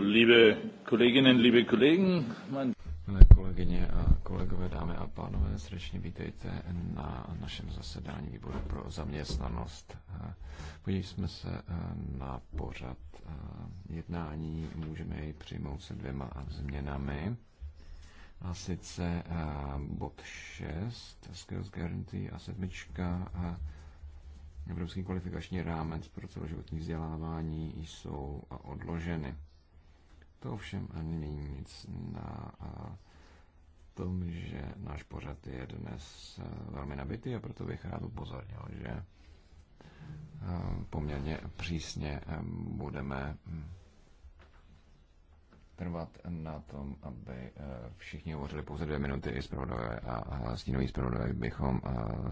liebe Kolleginnen, liebe Kollegen, mein... Milé kolegyně a kolegové, dámy a pánové, srdečně vítejte na našem zasedání výboru pro zaměstnanost. Podívejme jsme se eh, na pořad eh, jednání, můžeme jej přijmout se dvěma změnami. A sice eh, bod 6, Skills Guarantee a sedmička, Evropský kvalifikační rámec pro celoživotní vzdělávání jsou odloženy. To ovšem není nic na tom, že náš pořad je dnes e, velmi nabitý a proto bych rád upozornil, že e, poměrně přísně e, budeme hm, trvat na tom, aby všichni hovořili pouze dvě minuty i zpravodové a stínový zpravodové, bychom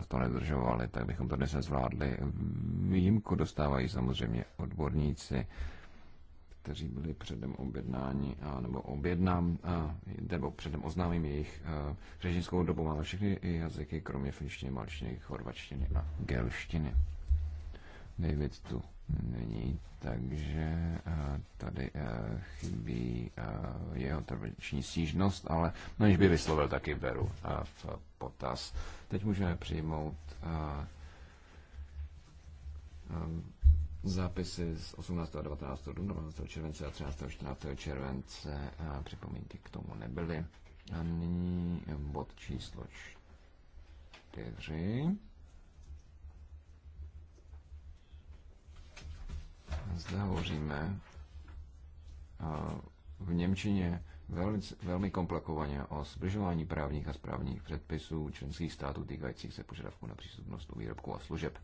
to nedržovali, tak bychom to dnes zvládli. Výjimku dostávají samozřejmě odborníci kteří byli předem objednáni a, nebo objednám a, nebo předem oznámím jejich řečnickou dobu. Máme všechny jazyky, kromě finštiny, malštiny, chorvačtiny a gelštiny. David tu není, takže tady chybí jeho tradiční stížnost, ale no, než by vyslovil, taky beru v potaz. Teď můžeme přijmout zápisy z 18. a 19. dubna, 12. července a 13. a 14. července. A připomínky k tomu nebyly. A nyní bod číslo 4. Zde hovoříme v Němčině velmi, velmi komplikovaně o zbližování právních a správních předpisů členských států týkajících se požadavků na přístupnost výrobků a služeb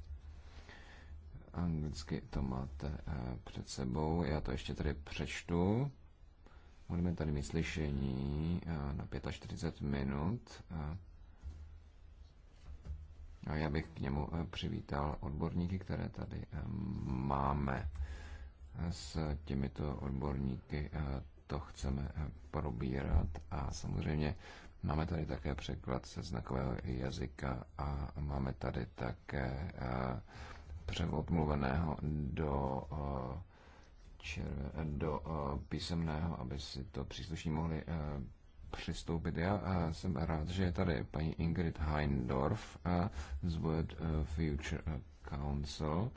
anglicky to máte eh, před sebou. Já to ještě tady přečtu. Budeme tady mít slyšení eh, na 45 minut. Eh, a já bych k němu přivítal odborníky, které tady máme. S těmito odborníky to chceme probírat a samozřejmě máme tady také překlad se znakového jazyka a máme tady také převod mluveného do, eh, červe, do eh, písemného, aby si to příslušní mohli eh, přistoupit. Já jsem rád, že je tady paní Ingrid Heindorf z World Future Council,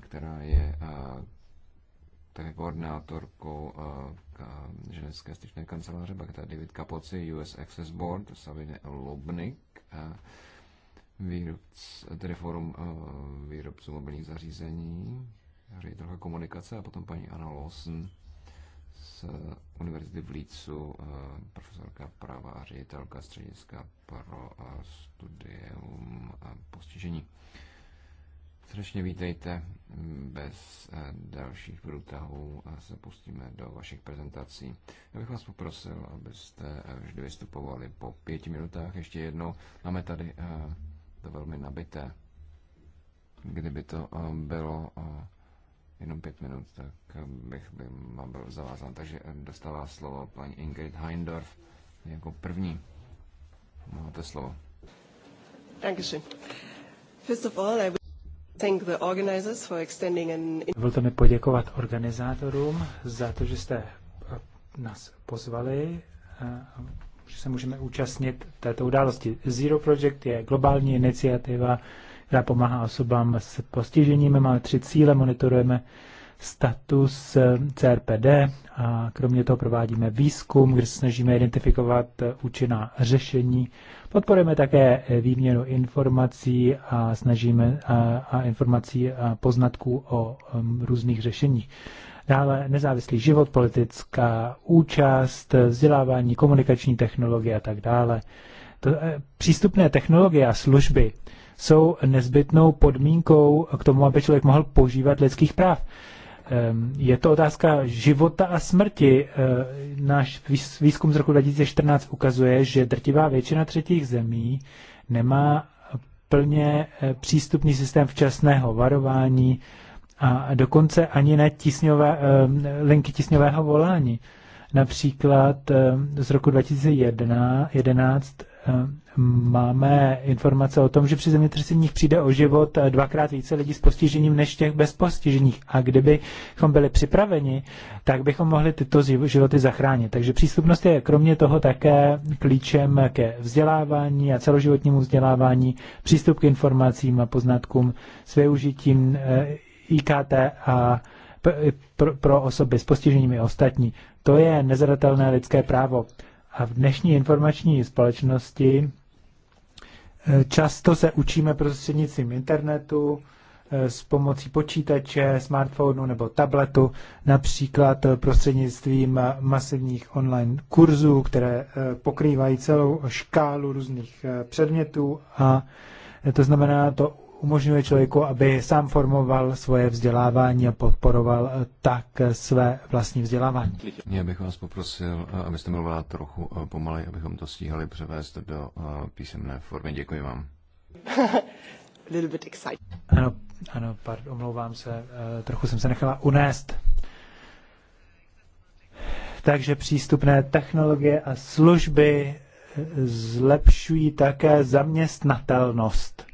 která je také koordinátorkou ženské styčné kanceláře, pak tady David Kapoci, US Access Board, Sabine Lobnik, výrobc, tedy forum eh, výrobců mobilních zařízení, ředitelka komunikace a potom paní Anna Lawson z Univerzity v Lícu, eh, profesorka práva a ředitelka střediska pro eh, studium a postižení. Srdečně vítejte. Bez dalších průtahů se pustíme do vašich prezentací. Já bych vás poprosil, abyste vždy vystupovali po pěti minutách. Ještě jednou máme tady to velmi nabité. Kdyby to eh, bylo eh, jenom pět minut, tak eh, bych by byl zavázán. Takže dostává slovo paní Ingrid Heindorf jako první. Máte slovo. First of all, I thank the for extending an... Dovolte mi poděkovat organizátorům za to, že jste nás pozvali že se můžeme účastnit této události. Zero Project je globální iniciativa, která pomáhá osobám s postižením. Máme tři cíle, monitorujeme status eh, CRPD a kromě toho provádíme výzkum, kde se snažíme identifikovat eh, účinná řešení. Podporujeme také eh, výměnu informací a snažíme a, a informací a poznatků o um, různých řešeních. Dále nezávislý život, politická účast, vzdělávání, komunikační technologie a tak dále. To, eh, přístupné technologie a služby jsou nezbytnou podmínkou k tomu, aby člověk mohl požívat lidských práv. Ehm, je to otázka života a smrti. Eh, náš výzkum z roku 2014 ukazuje, že drtivá většina třetích zemí nemá plně eh, přístupný systém včasného varování, a dokonce ani ne tisňové eh, linky tisňového volání. Například eh, z roku 2011 eh, máme informace o tom, že při zemětřeseních přijde o život dvakrát více lidí s postižením než těch bez postižených. A kdybychom byli připraveni, tak bychom mohli tyto životy zachránit. Takže přístupnost je kromě toho také klíčem ke vzdělávání a celoživotnímu vzdělávání, přístup k informacím a poznatkům s využitím IKT a pro, pro osoby s postiženími ostatní. To je nezadatelné lidské právo. A v dnešní informační společnosti e, často se učíme prostřednictvím internetu, e, s pomocí počítače, smartphonu nebo tabletu, například e, prostřednictvím masivních online kurzů, které pokrývají celou škálu různých předmětů a to znamená, to umožňuje člověku, aby sám formoval svoje vzdělávání a podporoval eh, tak eh, své vlastní vzdělávání. Já bych vás poprosil, eh, abyste mluvila trochu pomalej, abychom to stíhali převést do písemné formy. Děkuji vám. little bit excited. Ano, ano, pardon, omlouvám se, trochu jsem se nechala unést. Takže přístupné technologie a služby zlepšují také zaměstnatelnost.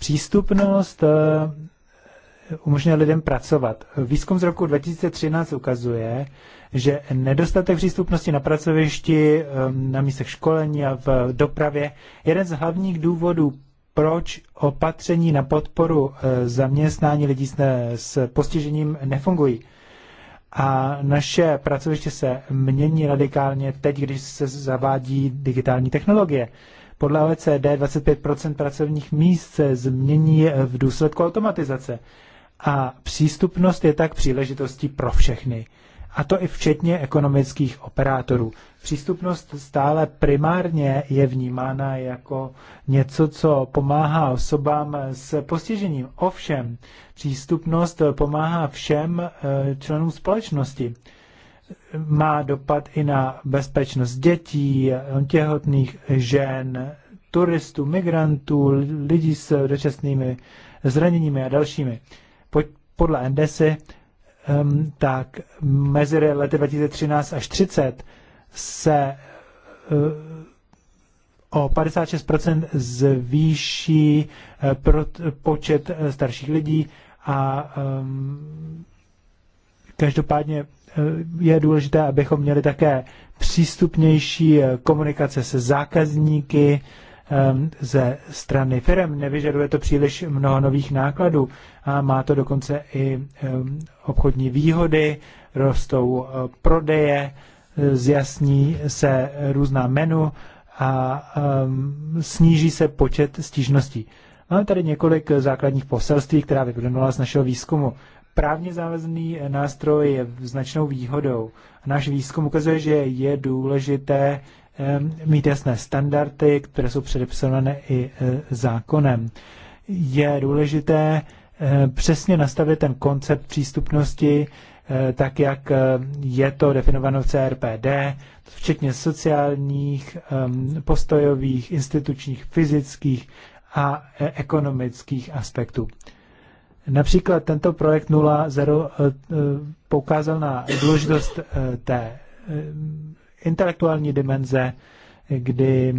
Přístupnost eh, umožňuje lidem pracovat. Výzkum z roku 2013 ukazuje, že nedostatek přístupnosti na pracovišti, eh, na místech školení a v dopravě jeden z hlavních důvodů, proč opatření na podporu eh, zaměstnání lidí s postižením nefungují. A naše pracoviště se mění radikálně teď, když se zavádí digitální technologie. Podle OECD 25% pracovních míst se změní v důsledku automatizace. A přístupnost je tak příležitostí pro všechny. A to i včetně ekonomických operátorů. Přístupnost stále primárně je vnímána jako něco, co pomáhá osobám s postižením. Ovšem, přístupnost pomáhá všem eh, členům společnosti má dopad i na bezpečnost dětí, těhotných žen, turistů, migrantů, lidí s dočasnými zraněními a dalšími. Podle Endesy, ehm, tak mezi lety 2013 až 30 se eh, o 56% zvýší eh, počet eh, starších lidí a ehm, každopádně je důležité, abychom měli také přístupnější eh, komunikace se zákazníky ze strany firm. Nevyžaduje to příliš mnoho nových nákladů a má to dokonce i obchodní výhody, rostou eh, prodeje, zjasní se různá menu a sníží se počet stížností. Máme tady několik základních poselství, která vyplynula z našeho výzkumu právně závazný eh, nástroj je značnou výhodou. Náš výzkum ukazuje, že je důležité mít jasné standardy, které jsou předepsané i eh, zákonem. Je důležité eh, přesně nastavit ten koncept přístupnosti, tak jak je to definováno v CRPD, včetně sociálních, postojových, institučních, fyzických a ekonomických aspektů. Například tento projekt 0.0 eh, eh, poukázal na důležitost eh, té intelektuální dimenze, kdy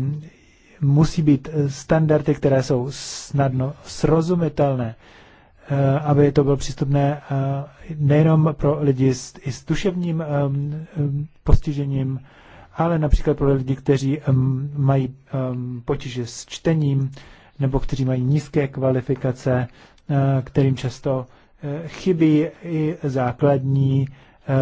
musí být standardy, které jsou snadno srozumitelné, aby to bylo přístupné nejenom pro lidi s, i s duševním postižením, ale například pro lidi, kteří mají potíže s čtením nebo kteří mají nízké kvalifikace Eh, kterým často eh, chybí i základní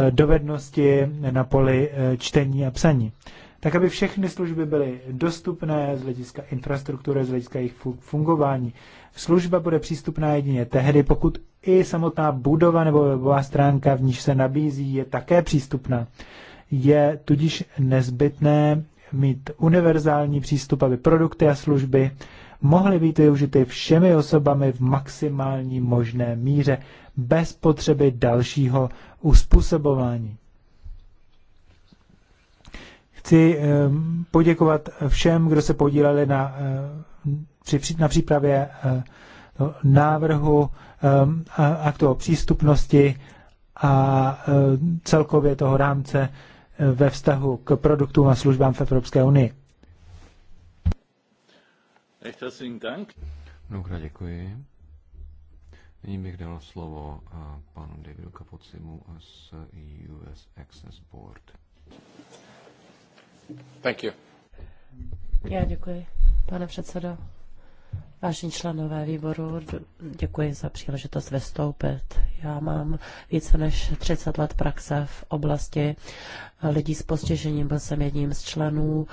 eh, dovednosti na poli čtení a psaní. Tak, aby všechny služby byly dostupné z hlediska infrastruktury, z hlediska jejich fungování. Služba bude přístupná jedině tehdy, pokud i samotná budova nebo webová stránka, v níž se nabízí, je také přístupná. Je tudíž nezbytné mít univerzální přístup, aby produkty a služby mohly být využity všemi osobami v maximální možné míře, bez potřeby dalšího uspůsobování. Chci poděkovat všem, kdo se podíleli na, eh, na přípravě eh, návrhu aktu o přístupnosti a eh, celkově toho rámce ve vztahu k produktům a službám v Evropské unii herzlichen Dank. Mnohokrát děkuji. Nyní bych dal slovo eh, panu Davidu Kapocimu z US Access Board. Thank you. Já děkuji, pane předsedo. Vážení členové výboru, děkuji za příležitost vystoupit. Já mám více než 30 let praxe v oblasti lidí s postižením. Byl jsem jedním z členů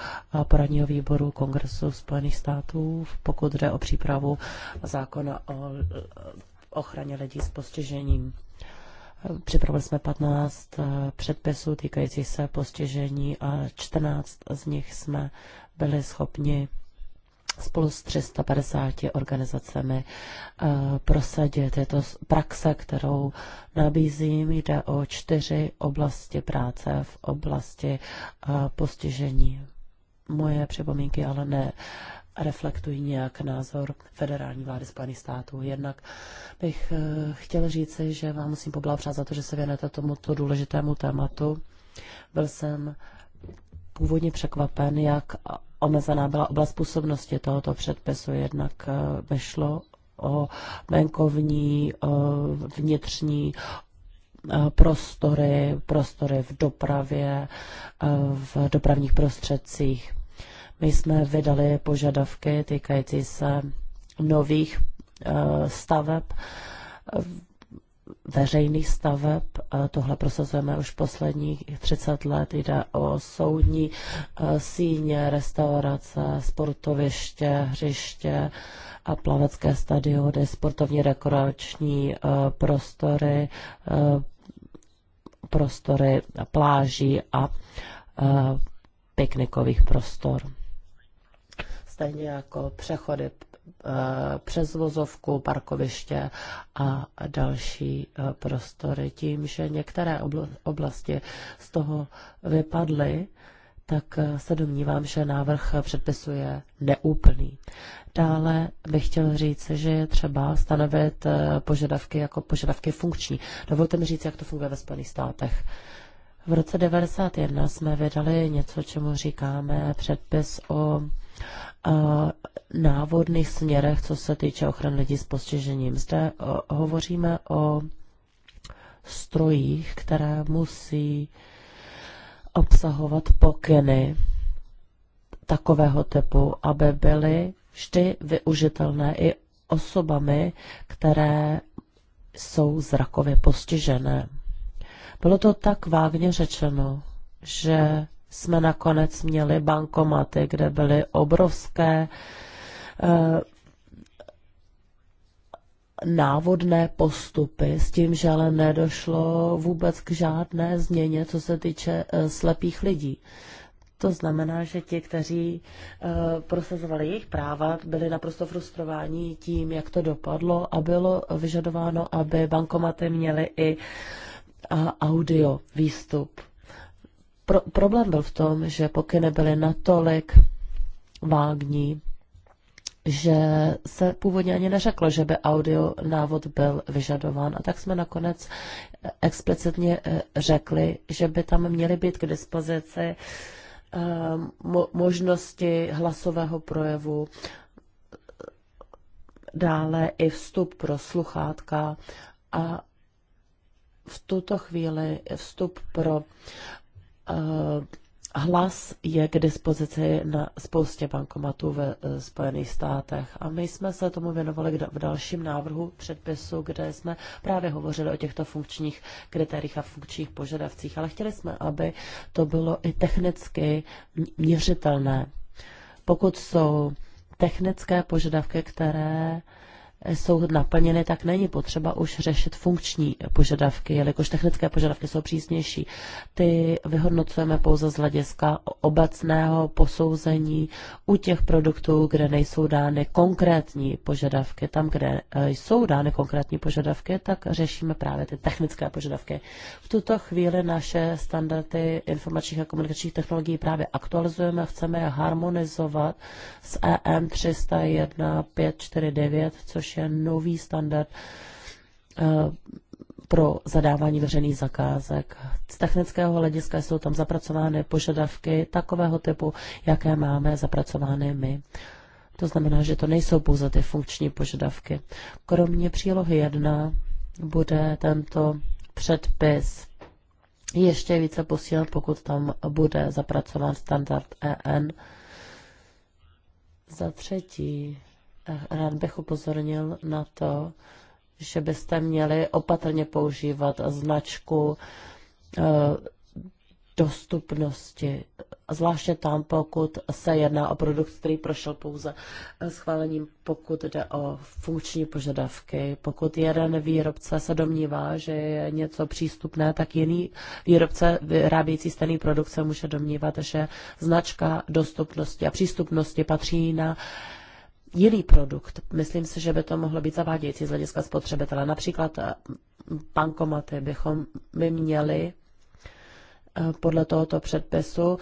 poradního výboru Kongresu Spojených států, pokud jde o přípravu zákona o ochraně lidí s postižením. Připravili jsme 15 eh, předpisů týkajících se postižení a 14 z nich jsme byli schopni spolu s 350 organizacemi eh, prosadit. Je to praxe, kterou nabízím. Jde o čtyři oblasti práce v oblasti eh, postižení. Moje připomínky ale ne reflektují nějak názor federální vlády Spojených států. Jednak bych eh, chtěl říci, že vám musím poblahopřát za to, že se věnete tomuto důležitému tématu. Byl jsem původně překvapen, jak omezená byla oblast působnosti tohoto předpisu. Jednak nešlo eh, o venkovní, eh, vnitřní eh, prostory, prostory v dopravě, v dopravních prostředcích. My jsme vydali požadavky týkající se nových staveb veřejných staveb. Tohle prosazujeme už posledních 30 let. Jde o soudní eh, síně, restaurace, sportoviště, hřiště a plavecké stadiony, sportovní rekreační eh, prostory, eh, prostory pláží a piknikových prostor. Stejně jako přechody Eh, přes vozovku, parkoviště a další eh, prostory. Tím, že některé oblasti z toho vypadly, tak eh, se domnívám, že návrh předpisuje neúplný. Dále bych chtěl říct, že je třeba stanovit požadavky jako požadavky funkční. Dovolte mi říct, jak to funguje ve Spojených státech. V roce 1991 jsme vydali něco, čemu říkáme předpis o návodných směrech, co se týče ochrany lidí s postižením. Zde hovoříme o strojích, které musí obsahovat pokyny takového typu, aby byly vždy využitelné i osobami, které jsou zrakově postižené. Bylo to tak vágně řečeno, že jsme nakonec měli bankomaty, kde byly obrovské eh, návodné postupy, s tím, že ale nedošlo vůbec k žádné změně, co se týče eh, slepých lidí. To znamená, že ti, kteří uh, prosazovali jejich práva, byli naprosto frustrováni tím, jak to dopadlo a bylo vyžadováno, aby bankomaty měly i uh, audio výstup. Pro, problém byl v tom, že pokyny byly natolik vágní, že se původně ani neřeklo, že by audio návod byl vyžadován. A tak jsme nakonec eh, explicitně eh, řekli, že by tam měly být k dispozici eh, možnosti hlasového projevu, dále i vstup pro sluchátka a v tuto chvíli vstup pro Eh, hlas je k dispozici na spoustě bankomatů ve eh, Spojených státech a my jsme se tomu věnovali v dalším návrhu předpisu, kde jsme právě hovořili o těchto funkčních kritériích a funkčních požadavcích, ale chtěli jsme, aby to bylo i technicky měřitelné. Pokud jsou technické požadavky, které jsou naplněny, tak není potřeba už řešit funkční požadavky, jelikož technické požadavky jsou přísnější. Ty vyhodnocujeme pouze z hlediska obecného posouzení u těch produktů, kde nejsou dány konkrétní požadavky. Tam, kde e, jsou dány konkrétní požadavky, tak řešíme právě ty technické požadavky. V tuto chvíli naše standardy informačních a komunikačních technologií právě aktualizujeme, chceme je harmonizovat s EM 301 549, což což nový standard eh, pro zadávání veřejných zakázek. Z technického hlediska jsou tam zapracovány požadavky takového typu, jaké máme zapracovány my. To znamená, že to nejsou pouze ty funkční požadavky. Kromě přílohy 1 bude tento předpis ještě více posílen, pokud tam bude zapracován standard EN. Za třetí, rád bych upozornil na to, že byste měli opatrně používat značku eh, dostupnosti, zvláště tam, pokud se jedná o produkt, který prošel pouze eh, schválením, pokud jde o funkční požadavky. Pokud jeden výrobce se domnívá, že je něco přístupné, tak jiný výrobce vyrábějící stejný produkt se může domnívat, že značka dostupnosti a přístupnosti patří na uh, jiný produkt. Myslím si, že by to mohlo být zavádějící z hlediska spotřebitele. Například eh, bankomaty bychom by měli eh, podle tohoto předpisu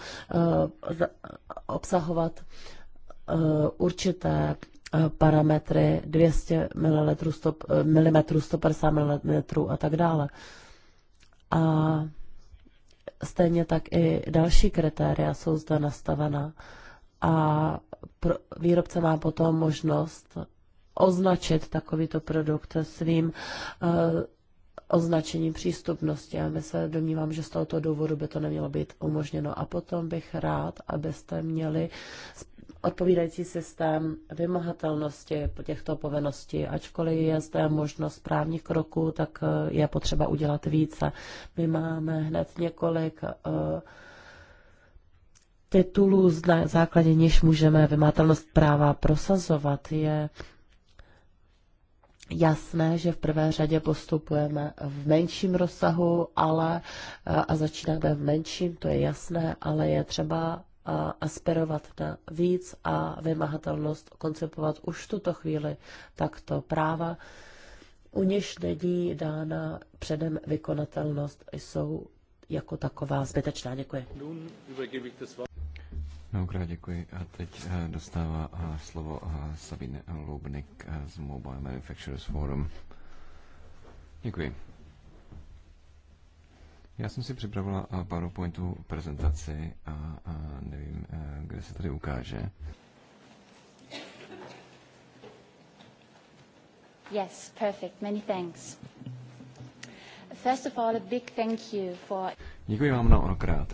eh, obsahovat určité parametry 200 ml, 100, mm, 150 ml a tak dále. A stejně tak i další kritéria jsou zde nastavena. Uh, a výrobce má potom možnost označit takovýto produkt svým eh, označením přístupnosti. A my se domnívám, že z tohoto důvodu by to nemělo být umožněno. A potom bych rád, abyste měli odpovídající systém vymahatelnosti těchto povinností. Ačkoliv je zde možnost právních kroků, tak eh, je potřeba udělat více. My máme hned několik uh, titulů, na základě níž můžeme vymátelnost práva prosazovat, je jasné, že v prvé řadě postupujeme v menším rozsahu, ale a začínáme v menším, to je jasné, ale je třeba aspirovat na víc a vymahatelnost koncipovat už v tuto chvíli takto práva, u něž není dána předem vykonatelnost, jsou jako taková zbytečná. Děkuji. Mnohokrát děkuji. A teď eh, dostává eh, slovo eh, Sabine Loubnik z Mobile Manufacturers Forum. Děkuji. Já jsem si připravila PowerPointu prezentaci a nevím, kde se tady ukáže. Yes, perfect. Many thanks. First of all, a big thank you for... Děkuji vám mnohokrát.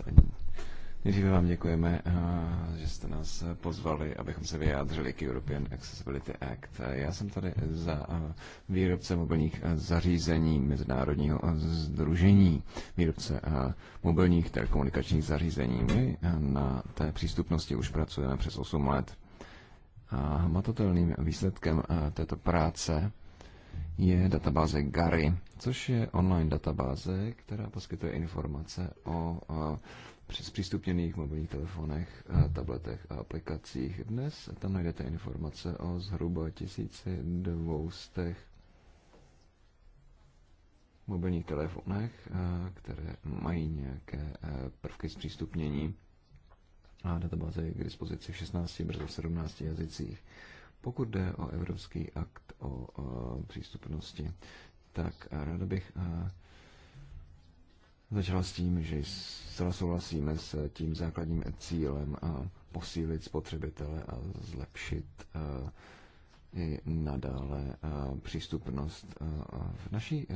Nejdříve vám děkujeme, eh, že jste nás eh, pozvali, abychom se vyjádřili k European Accessibility Act. Já jsem tady za eh, výrobce mobilních zařízení Mezinárodního združení výrobce mobilních telekomunikačních zařízení. My na té přístupnosti už pracujeme přes 8 let. A hmatatelným výsledkem této práce je databáze GARI, což je online databáze, která poskytuje informace o, o zpřístupněných mobilních telefonech, tabletech a aplikacích. Dnes tam najdete informace o zhruba 1200 mobilních telefonech, které mají nějaké e, prvky zpřístupnění. A databáze je k dispozici v 16, brzo 17 jazycích. Pokud jde o Evropský akt o, o přístupnosti, tak ráda bych začala s tím, že zcela souhlasíme s tím základním cílem a posílit spotřebitele a zlepšit i nadále přístupnost. V naší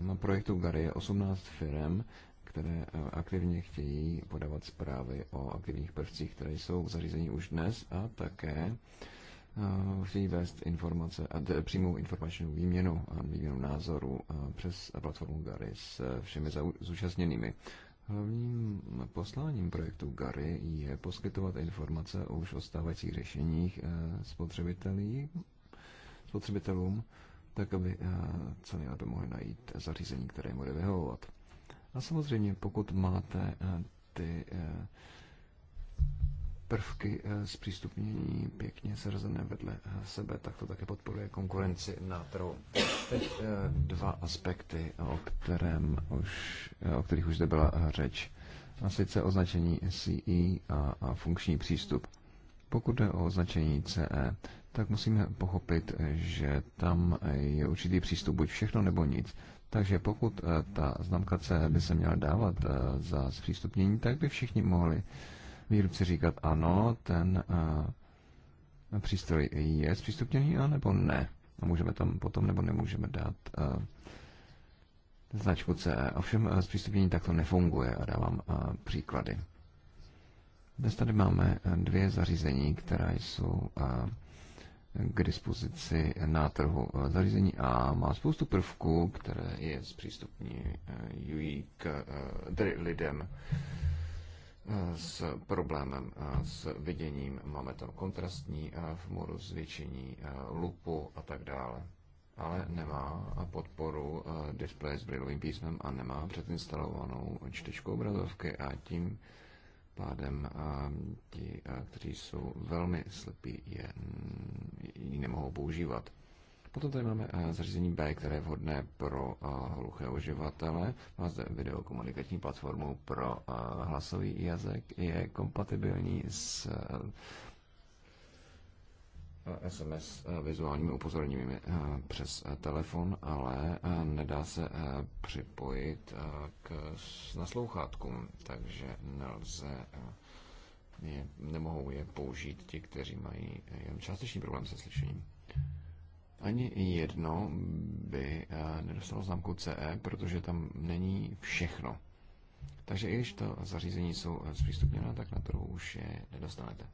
na projektu GARI je 18 firm, které aktivně chtějí podávat zprávy o aktivních prvcích, které jsou v zařízení už dnes a také Eh, chtějí vést informace, přímou informační výměnu a výměnu názorů eh, přes platformu Gary s eh, všemi zúčastněnými. Hlavním posláním projektu Gary je poskytovat informace o už ostávajících řešeních spotřebitelům, tak aby co nejlépe mohli najít zařízení, které jim bude vyhovovat. A samozřejmě, pokud máte ty prvky eh, zpřístupnění pěkně seřazené vedle eh, sebe, tak to také podporuje konkurenci na trhu. Teď eh, dva aspekty, o, kterém už, o kterých už zde byla řeč, a sice označení CE a, a funkční přístup. Pokud jde o označení CE, tak musíme pochopit, že tam je určitý přístup buď všechno nebo nic. Takže pokud ta známka CE by se měla dávat za zpřístupnění, tak by všichni mohli výrobci říkat ano, ten uh, přístroj je zpřístupněný, nebo ne. A můžeme tam potom nebo nemůžeme dát uh, značku CE. Ovšem uh, zpřístupnění takto nefunguje a dávám uh, příklady. Dnes tady máme dvě zařízení, která jsou k dispozici na trhu. Zařízení A má spoustu prvků, které je zpřístupní k tedy lidem s problémem s viděním. Máme tam kontrastní v fmoru, zvětšení lupu a tak dále. Ale nemá podporu displeje s brýlovým písmem a nemá předinstalovanou čtečku obrazovky a tím pádem ti, kteří jsou velmi slepí, je, ji nemohou používat. Potom tady máme eh, zařízení B, které je vhodné pro eh, hluché uživatele. Má zde videokomunikační platformu pro eh, hlasový jazyk. Je kompatibilní s SMS vizuálními upozorněními přes telefon, ale nedá se připojit k naslouchátkům, takže nelze je, nemohou je použít ti, kteří mají jen částečný problém se slyšením ani jedno by eh, nedostalo známku CE, protože tam není všechno. Takže i když to zařízení jsou eh, zpřístupněná, tak na trhu už je nedostanete.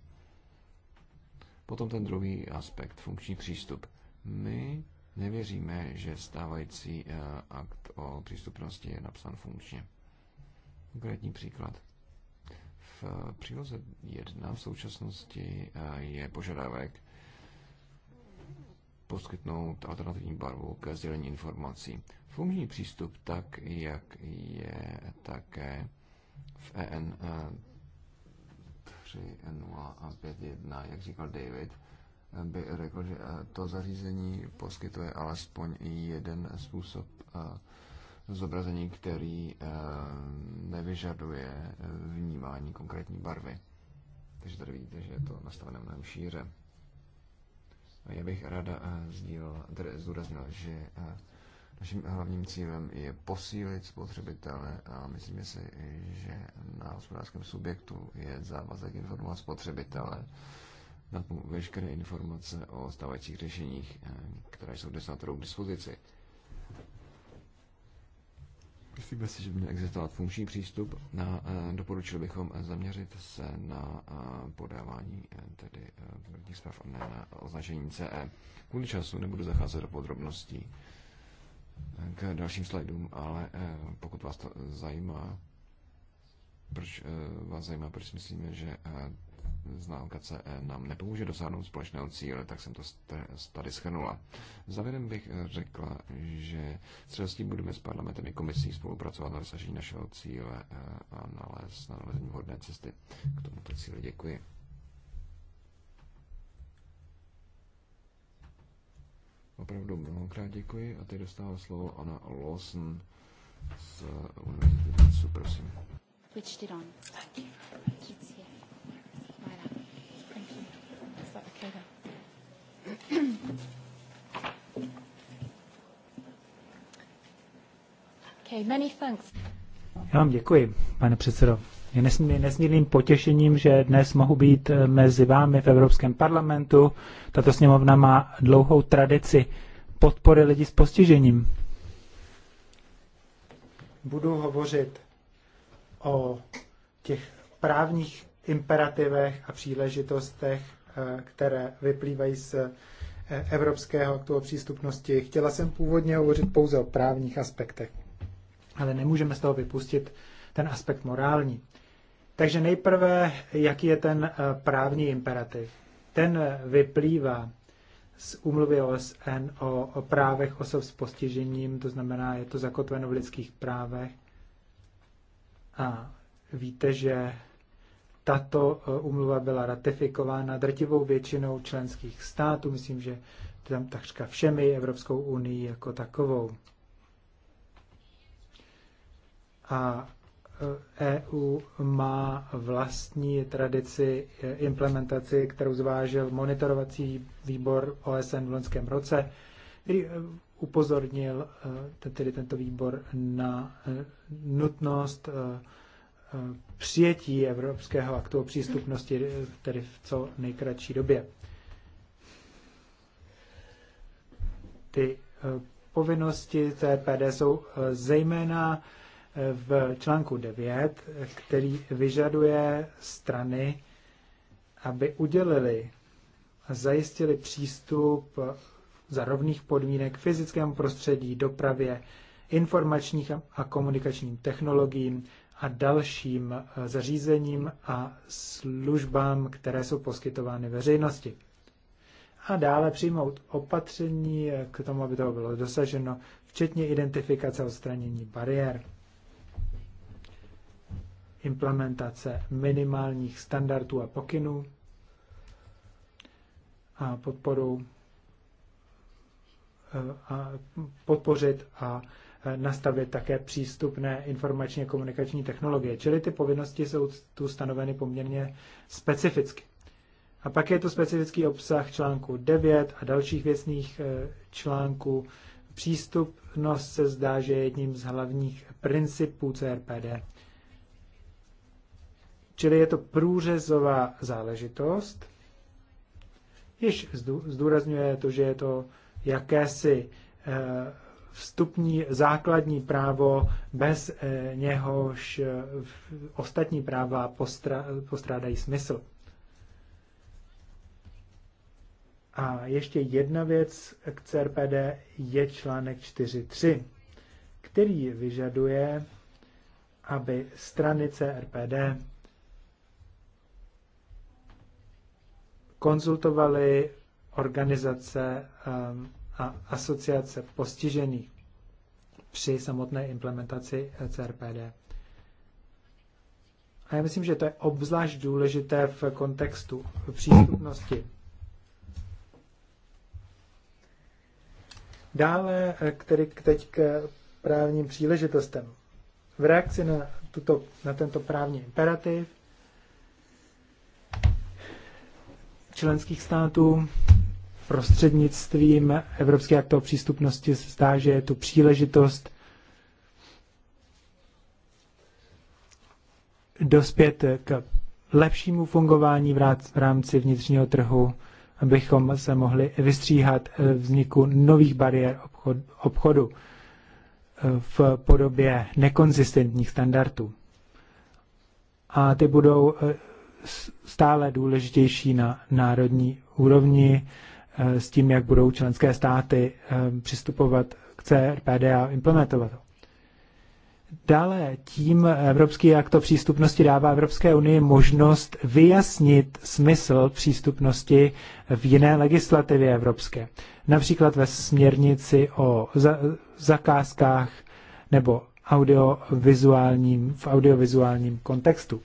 Potom ten druhý aspekt, funkční přístup. My nevěříme, že stávající eh, akt o přístupnosti je napsán funkčně. Konkrétní příklad. V příloze 1 v současnosti je požadavek, poskytnout alternativní barvu ke sdělení informací. Funkční přístup, tak jak je také v EN 3051, eh, jak říkal David, eh, by řekl, že eh, to zařízení poskytuje alespoň jeden způsob zobrazení, který nevyžaduje vnímání konkrétní barvy. Takže tady vidíte, že je to nastavené mnohem šíře. Já bych ráda eh, zdůraznil, že eh, naším hlavním cílem je posílit spotřebitele a myslím si, že na hospodářském subjektu je závazek informovat spotřebitele na veškeré informace o stávajících řešeních, eh, které jsou dnes na trhu k dispozici. Myslíme si, že by měl existovat funkční přístup. Na, eh, doporučil bychom zaměřit se na eh, podávání eh, tedy konkrétních zpráv a ne na označení CE. Kvůli času nebudu zacházet do podrobností k dalším slajdům, ale pokud vás to zajímá, proč vás zajímá, proč myslíme, že známka CE nám nepomůže dosáhnout společného cíle, tak jsem to tady schrnula. Závěrem bych eh, řekla, že s budeme s parlamentem i komisí spolupracovat na dosažení našeho cíle eh, a nalézt na nalezení vhodné cesty k tomuto cíli. Děkuji. Opravdu mnohokrát děkuji a teď dostává slovo Anna Lawson z Univerzity Prosím. Switched it on. Thank you Kleda. Okay, many thanks. Já vám děkuji, pane předsedo. Je nesmírným potěšením, že dnes mohu být eh, mezi vámi v Evropském parlamentu. Tato sněmovna má dlouhou tradici podpory lidí s postižením. Budu hovořit o těch právních imperativech a příležitostech které vyplývají z eh, Evropského aktu o přístupnosti. Chtěla jsem původně hovořit pouze o právních aspektech, ale nemůžeme z toho vypustit ten aspekt morální. Takže nejprve, jaký je ten eh, právní imperativ? Ten eh, vyplývá z úmluvy OSN o, o právech osob s postižením, to znamená, je to zakotveno v lidských právech. A víte, že tato umluva e, byla ratifikována drtivou většinou členských států, myslím, že tam takřka všemi Evropskou unii jako takovou. A EU e má vlastní tradici e, implementaci, kterou zvážil monitorovací výbor OSN v loňském roce, který upozornil tedy tento výbor na nutnost Eh, přijetí Evropského aktu o přístupnosti, tedy v co nejkratší době. Ty eh, povinnosti CPD jsou eh, zejména v článku 9, který vyžaduje strany, aby udělili a zajistili přístup za rovných podmínek fyzickému prostředí, dopravě, informačních a komunikačním technologiím, a dalším eh, zařízením a službám, které jsou poskytovány veřejnosti. A dále přijmout opatření eh, k tomu, aby toho bylo dosaženo, včetně identifikace a odstranění bariér, implementace minimálních standardů a pokynů a podporu eh, a podpořit a nastavit také přístupné informačně komunikační technologie. Čili ty povinnosti jsou tu stanoveny poměrně specificky. A pak je to specifický obsah článku 9 a dalších věcných eh, článků. Přístupnost se zdá, že je jedním z hlavních principů CRPD. Čili je to průřezová záležitost, již zdůrazňuje to, že je to jakési eh, vstupní základní právo, bez eh, něhož eh, ostatní práva postrádají smysl. A ještě jedna věc k CRPD je článek 4.3, který vyžaduje, aby strany CRPD konzultovaly organizace ehm, a asociace postižených při samotné implementaci CRPD. A já myslím, že to je obzvlášť důležité v kontextu v přístupnosti. Dále který teď k právním příležitostem. V reakci na, tuto, na tento právní imperativ členských států prostřednictvím Evropské akta o přístupnosti zdá, že je tu příležitost dospět k lepšímu fungování v rámci vnitřního trhu, abychom se mohli vystříhat vzniku nových bariér obchodu v podobě nekonzistentních standardů. A ty budou eh, stále důležitější na národní úrovni Eh, s tím, jak budou členské státy eh, přistupovat k CRPD a implementovat ho. Dále tím Evropský akt o přístupnosti dává Evropské unii možnost vyjasnit smysl přístupnosti v jiné legislativě evropské. Například ve směrnici o za- zakázkách nebo audiovizuálním, v audiovizuálním kontextu.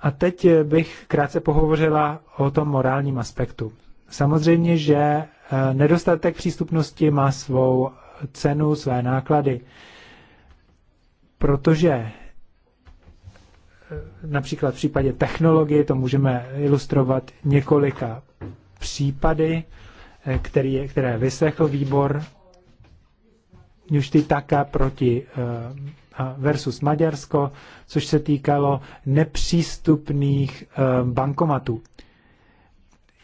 A teď bych krátce pohovořila o tom morálním aspektu. Samozřejmě, že eh, nedostatek přístupnosti má svou cenu, své náklady, protože eh, například v případě technologie to můžeme ilustrovat několika případy, eh, který, které vyslechl výbor Jušty Taka proti versus Maďarsko, což se týkalo nepřístupných bankomatů.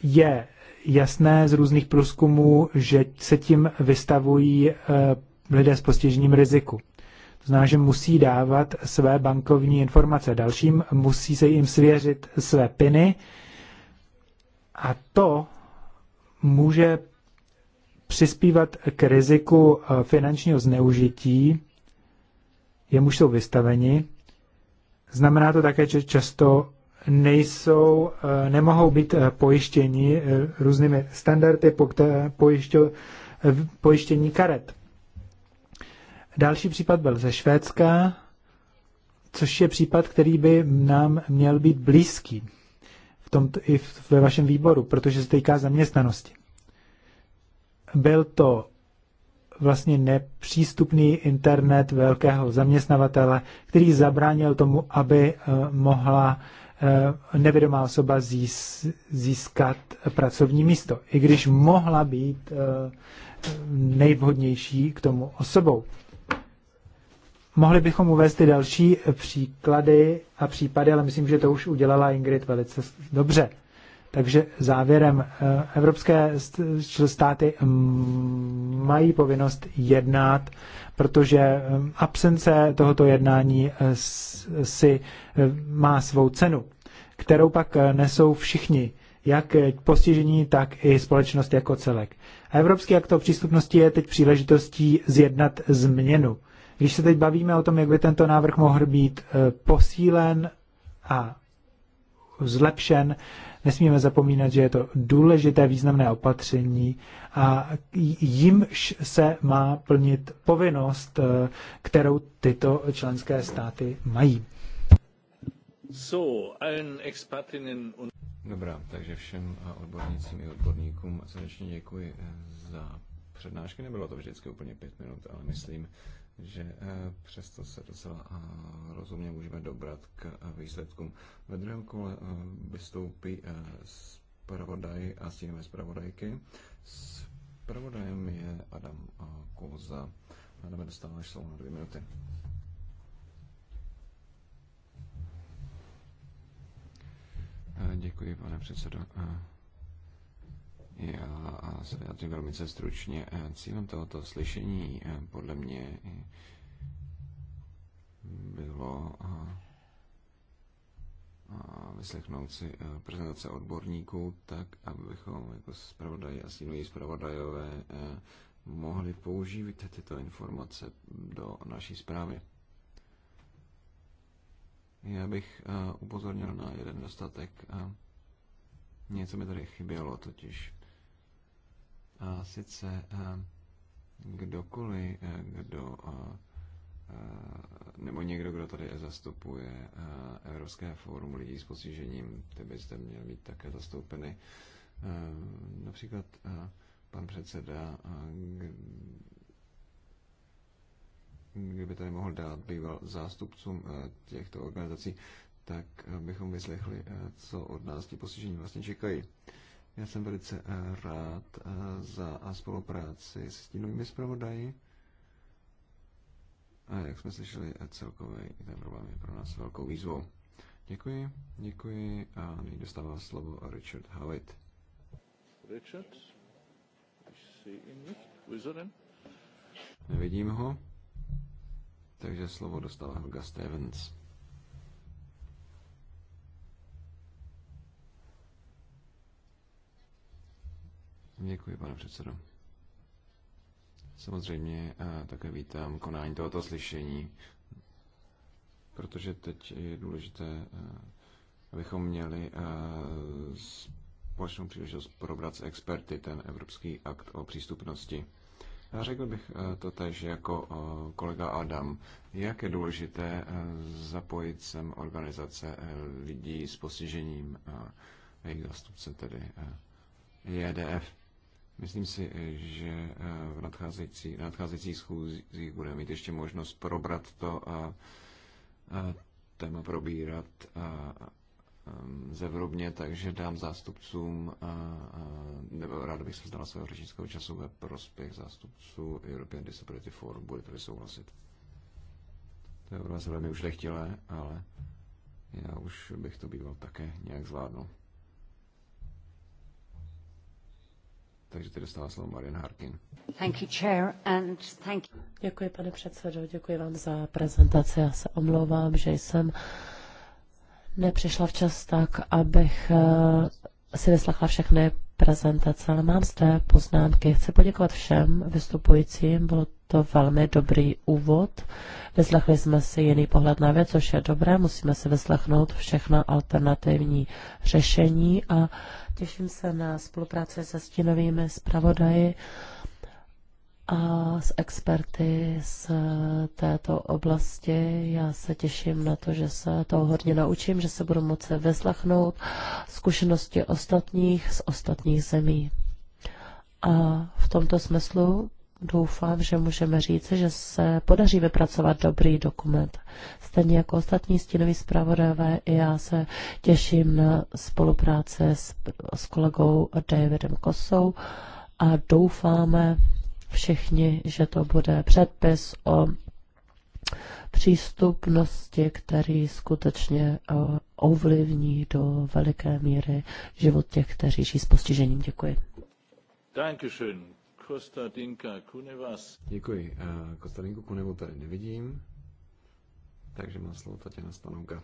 Je jasné z různých průzkumů, že se tím vystavují eh, lidé s postižením riziku. To znamená, že musí dávat své bankovní informace dalším, musí se jim svěřit své piny a to může přispívat k riziku eh, finančního zneužití, jemuž jsou vystaveni. Znamená to také, že často nejsou, eh, nemohou být eh, pojištěni eh, různými standardy pojištění karet. Další případ byl ze Švédska, což je případ, který by nám měl být blízký v tom, i v, ve vašem výboru, protože se týká zaměstnanosti. Byl to vlastně nepřístupný internet velkého zaměstnavatele, který zabránil tomu, aby mohla Eh, nevědomá osoba získat pracovní místo, i když mohla být eh, nejvhodnější k tomu osobou. Mohli bychom uvést i další příklady a případy, ale myslím, že to už udělala Ingrid velice dobře. Takže závěrem eh, evropské státy mm, mají povinnost jednat, protože mm, absence tohoto jednání eh, si eh, má svou cenu, kterou pak nesou všichni, jak postižení, tak i společnost jako celek. A Evropský akt o přístupnosti je teď příležitostí zjednat změnu. Když se teď bavíme o tom, jak by tento návrh mohl být posílen a zlepšen, Nesmíme zapomínat, že je to důležité významné opatření a jimž se má plnit povinnost, eh, kterou tyto členské státy mají. So, Dobrá, takže všem odbornicím i odborníkům srdečně děkuji eh, za přednášky. Nebylo to vždycky úplně pět minut, ale myslím, že eh, přesto se docela eh, rozumně můžeme dobrat k eh, výsledkům. Ve druhém kole vystoupí zpravodaj a stínové zpravodajky. Zpravodajem je Adam Kouza. Adam dostáváš slovo na dvě minuty. Děkuji, pane předsedo. Já se vyjádřím velmi stručně. Eh, cílem tohoto slyšení eh, podle mě eh, bylo vyslechnout si prezentace odborníků, tak abychom jako zpravodaj a sínoví zpravodajové mohli použít tyto informace do naší zprávy. Já bych upozornil na jeden dostatek. Něco mi tady chybělo totiž. A sice eh, kdokoliv, eh, kdo eh, nebo někdo, kdo tady zastupuje Evropské fórum lidí s postižením, ty byste měli být také zastoupeny. Například pan předseda, kdyby tady mohl dát býval zástupcům těchto organizací, tak bychom vyslechli, co od nás ti postižení vlastně čekají. Já jsem velice eh, rád eh, za eh, spolupráci s stínovými zpravodaji. A jak jsme slyšeli, celkově ten problém je pro nás velkou výzvou. Děkuji, děkuji a nyní dostává slovo Richard Howitt. Richard? Nevidím ho, takže slovo dostává Helga Stevens. Děkuji, pane předsedo. Samozřejmě eh, také vítám konání tohoto slyšení, protože teď je důležité, eh, abychom měli eh, společnou příležitost probrat s experty ten Evropský akt o přístupnosti. A řekl bych to tež jako kolega Adam, jak je důležité zapojit sem organizace lidí s postižením a jejich zastupce, tedy EDF. Myslím si, že eh, v nadcházející, nadcházející schůzích budeme mít ještě možnost probrat to a, a téma probírat a, a zevrubně, takže dám zástupcům, a, a, nebo rád bych se vzdala svého řečnického času ve prospěch zástupců European Disability Forum, budete-li souhlasit. To je pro vás velmi ušlechtilé, ale já už bych to býval také nějak zvládnul. Takže tady dostává slovo Marian Harkin. Thank you, chair, and thank you. Děkuji, pane předsedo, děkuji vám za prezentaci. Já se omlouvám, že jsem nepřišla včas tak, abych eh, si vyslechla všechny prezentace, ale mám zde poznámky. Chci poděkovat všem vystupujícím, bylo to velmi dobrý úvod. Vyslechli jsme si jiný pohled na věc, což je dobré. Musíme si vyslechnout všechna alternativní řešení a těším se na spolupráci se stínovými zpravodaji a s experty z této oblasti. Já se těším na to, že se toho hodně naučím, že se budu moci vyslechnout zkušenosti ostatních z ostatních zemí. A v tomto smyslu doufám, že můžeme říct, že se podaří vypracovat dobrý dokument. Stejně jako ostatní stínoví zpravodajové, i já se těším na spolupráci s, s kolegou Davidem Kosou a doufáme všichni, že to bude předpis o přístupnosti, který skutečně eh, ovlivní do veliké míry život těch, kteří žijí s postižením. Děkuji. Dankeschön. Kostadinka Kunevas. Děkuji. Eh, Kostadinku Kunevu tady nevidím, takže má slovo Tatiana Stanouka.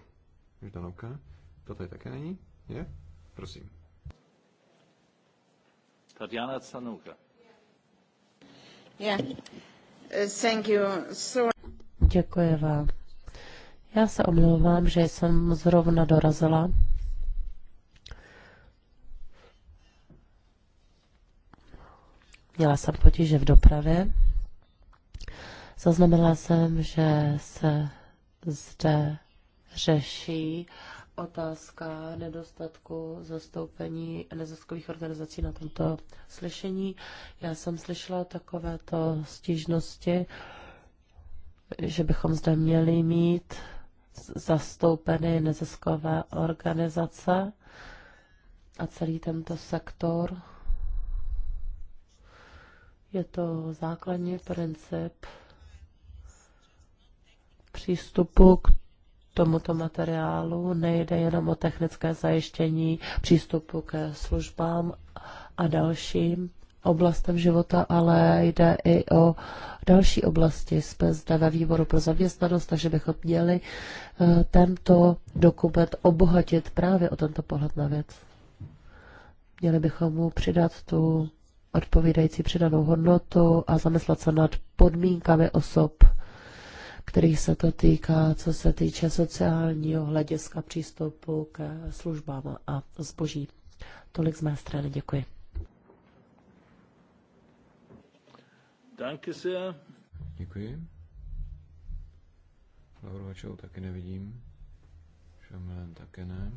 Ždanovka. To tady také není? Je? Prosím. Tatiana Stanouka. Yeah. Eh, thank you. So... Děkuji vám. Já se omlouvám, že jsem zrovna dorazila Měla jsem potíže v dopravě. Zaznamenala jsem, že se zde řeší otázka nedostatku zastoupení neziskových organizací na tomto slyšení. Já jsem slyšela takovéto stížnosti, že bychom zde měli mít zastoupeny neziskové organizace a celý tento sektor je to základní princip přístupu k tomuto materiálu. Nejde jenom o technické zajištění přístupu ke službám a dalším oblastem života, ale jde i o další oblasti. Jsme zde ve výboru pro zaměstnanost, takže bychom měli eh, tento dokument obohatit právě o tento pohled na věc. Měli bychom mu přidat tu odpovídající předanou hodnotu a zamyslet se nad podmínkami osob, kterých se to týká, co se týče sociálního hlediska přístupu k službám a zboží. Tolik z mé strany, děkuji. Danke sehr. Děkuji. Lavrovačovou taky nevidím. Šamelen také ne.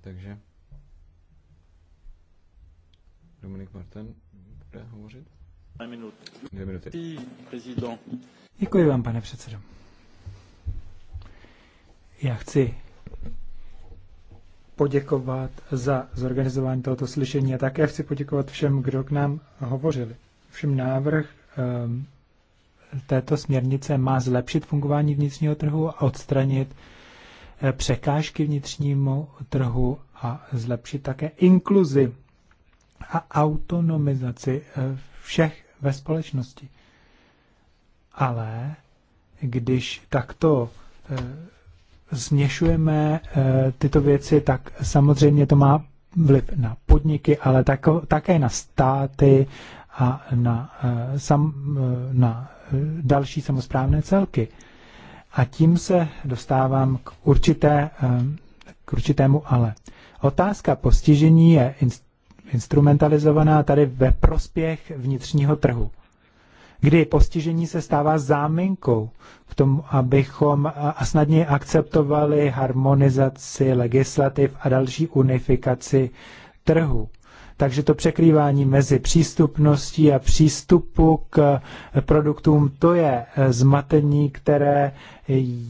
Takže Dominik Martin bude hovořit. Dvě minuty. Děkuji vám, pane předsedo. Já chci poděkovat za zorganizování tohoto slyšení a také chci poděkovat všem, kdo k nám hovořili. Všem návrh um, této směrnice má zlepšit fungování vnitřního trhu a odstranit eh, překážky vnitřnímu trhu a zlepšit také inkluzi a autonomizaci eh, všech ve společnosti. Ale když takto eh, změšujeme eh, tyto věci, tak samozřejmě to má vliv na podniky, ale také na státy a na, sam, na další samozprávné celky. A tím se dostávám k, určité, k určitému ale. Otázka postižení je instrumentalizovaná tady ve prospěch vnitřního trhu, kdy postižení se stává záminkou k tomu, abychom a snadně akceptovali harmonizaci legislativ a další unifikaci trhu. Takže to překrývání mezi přístupností a přístupu k produktům, to je e, zmatení, které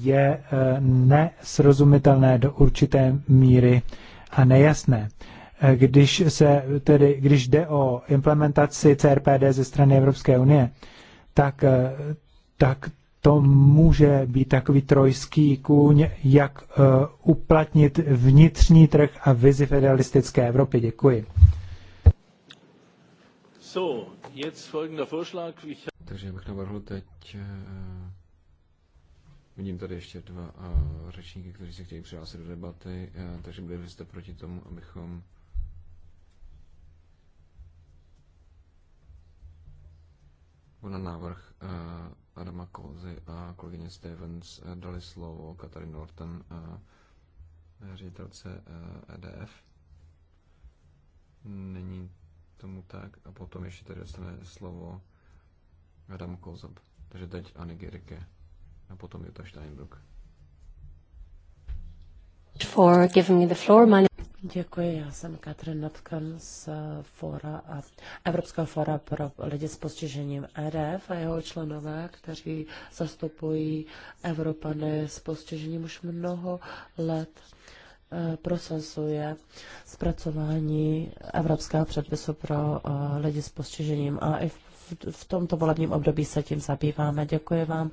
je e, nesrozumitelné do určité míry a nejasné. Eh, když, se, tedy, když jde o implementaci CRPD ze strany Evropské unie, tak, eh, tak to může být takový trojský kůň, jak uh, uplatnit vnitřní trh a vizi federalistické Evropy. Děkuji. So, jetzt folgender Vorschlag. Ich... Takže bych navrhl teď... Uh, vidím tady ještě dva uh, řečníky, kteří se chtějí přihlásit do debaty, uh, takže byli jste proti tomu, abychom na návrh eh, Adama Kozy a kolegyně Stevens eh, dali slovo Katarin Norton, eh, ředitelce EDF. E Není tomu tak. A potom ještě tady dostane slovo Adam Kozab. Takže teď Anny Gerke a potom Jutta Steinbrück. For giving me the floor. My Děkuji, já jsem Katrin Notkan z fora a Evropského fora pro lidi s postižením EDF a jeho členové, kteří zastupují Evropany s postižením už mnoho let eh, prosazuje zpracování evropského předpisu pro eh, lidi s postižením a i v, v tomto volebním období se tím zabýváme. Děkuji vám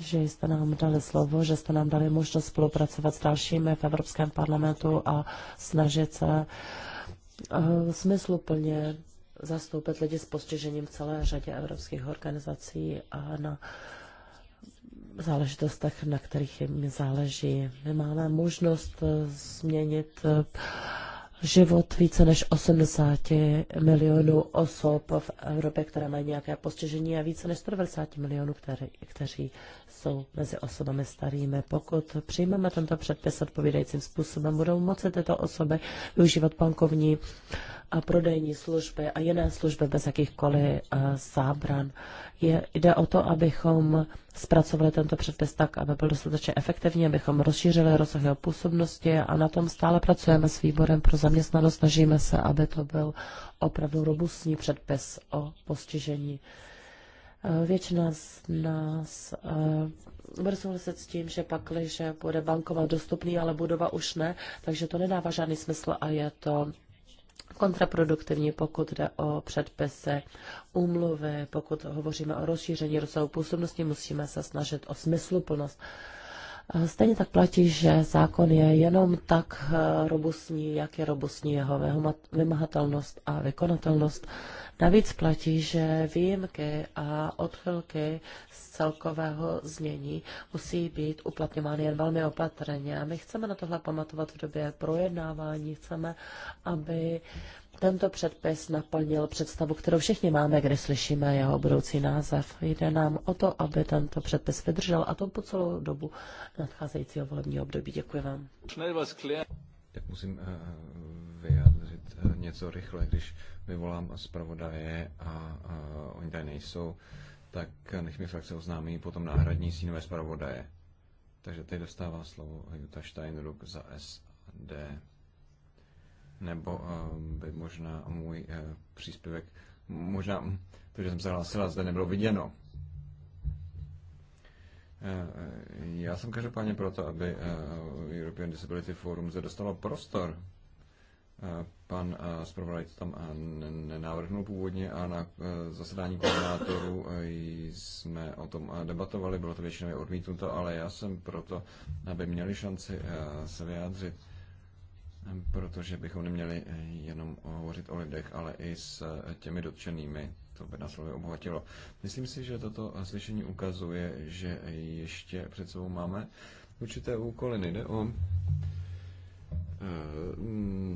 že jste nám dali slovo, že jste nám dali možnost spolupracovat s dalšími v Evropském parlamentu a snažit se eh, smysluplně zastoupit lidi s postižením v celé řadě evropských organizací a na záležitostech, na kterých jim záleží. My máme možnost eh, změnit eh, život více než 80 milionů osob v Evropě, které mají nějaké postižení a více než 190 milionů, které, kteří jsou mezi osobami starými. Pokud přijmeme tento předpis odpovídajícím způsobem, budou moci tyto osoby využívat bankovní a prodejní služby a jiné služby bez jakýchkoliv eh, zábran. Je, jde o to, abychom zpracovali tento předpis tak, aby byl dostatečně efektivní, abychom rozšířili rozsah jeho působnosti a na tom stále pracujeme s výborem pro zaměstnanost. Snažíme se, aby to byl opravdu robustní předpis o postižení. Eh, většina z nás eh, bude souhlasit s tím, že pak, že bude bankovat dostupný, ale budova už ne, takže to nedává žádný smysl a je to kontraproduktivní, pokud jde o předpisy, úmluvy, pokud hovoříme o rozšíření rozsahu působnosti, musíme se snažit o smysluplnost. Stejně tak platí, že zákon je jenom tak eh, robustní, jak je robustní jeho vymahatelnost a vykonatelnost. Navíc platí, že výjimky a odchylky z celkového znění musí být uplatňovány jen velmi opatrně. A my chceme na tohle pamatovat v době projednávání, chceme, aby tento předpis naplnil představu, kterou všichni máme, když slyšíme jeho budoucí název. Jde nám o to, aby tento předpis vydržel a to po celou dobu nadcházejícího volebního období. Děkuji vám. Tak musím eh, eh, vyjádřit eh, něco rychle, když vyvolám zpravodaje a, a oni tady nejsou, tak nech mi frakce oznámí potom náhradní sínové zpravodaje. Takže teď dostává slovo Jutta Steinruck za SD. Nebo uh, by možná můj uh, příspěvek, možná hm, to, že jsem se hlásila, zde nebylo viděno. Eh, já jsem každopádně proto, aby European Disability Forum zde dostalo prostor, Pan zpravodaj to tam nenávrhnul původně a na e, zasedání koordinátorů e, jsme o tom debatovali, bylo to většinou odmítnuto, ale já jsem proto, aby měli šanci e, se vyjádřit protože bychom neměli jenom hovořit o lidech, ale i s těmi dotčenými. To by nás slovy obohatilo. Myslím si, že toto slyšení ukazuje, že ještě před sebou máme určité úkoly. Nejde o Eh,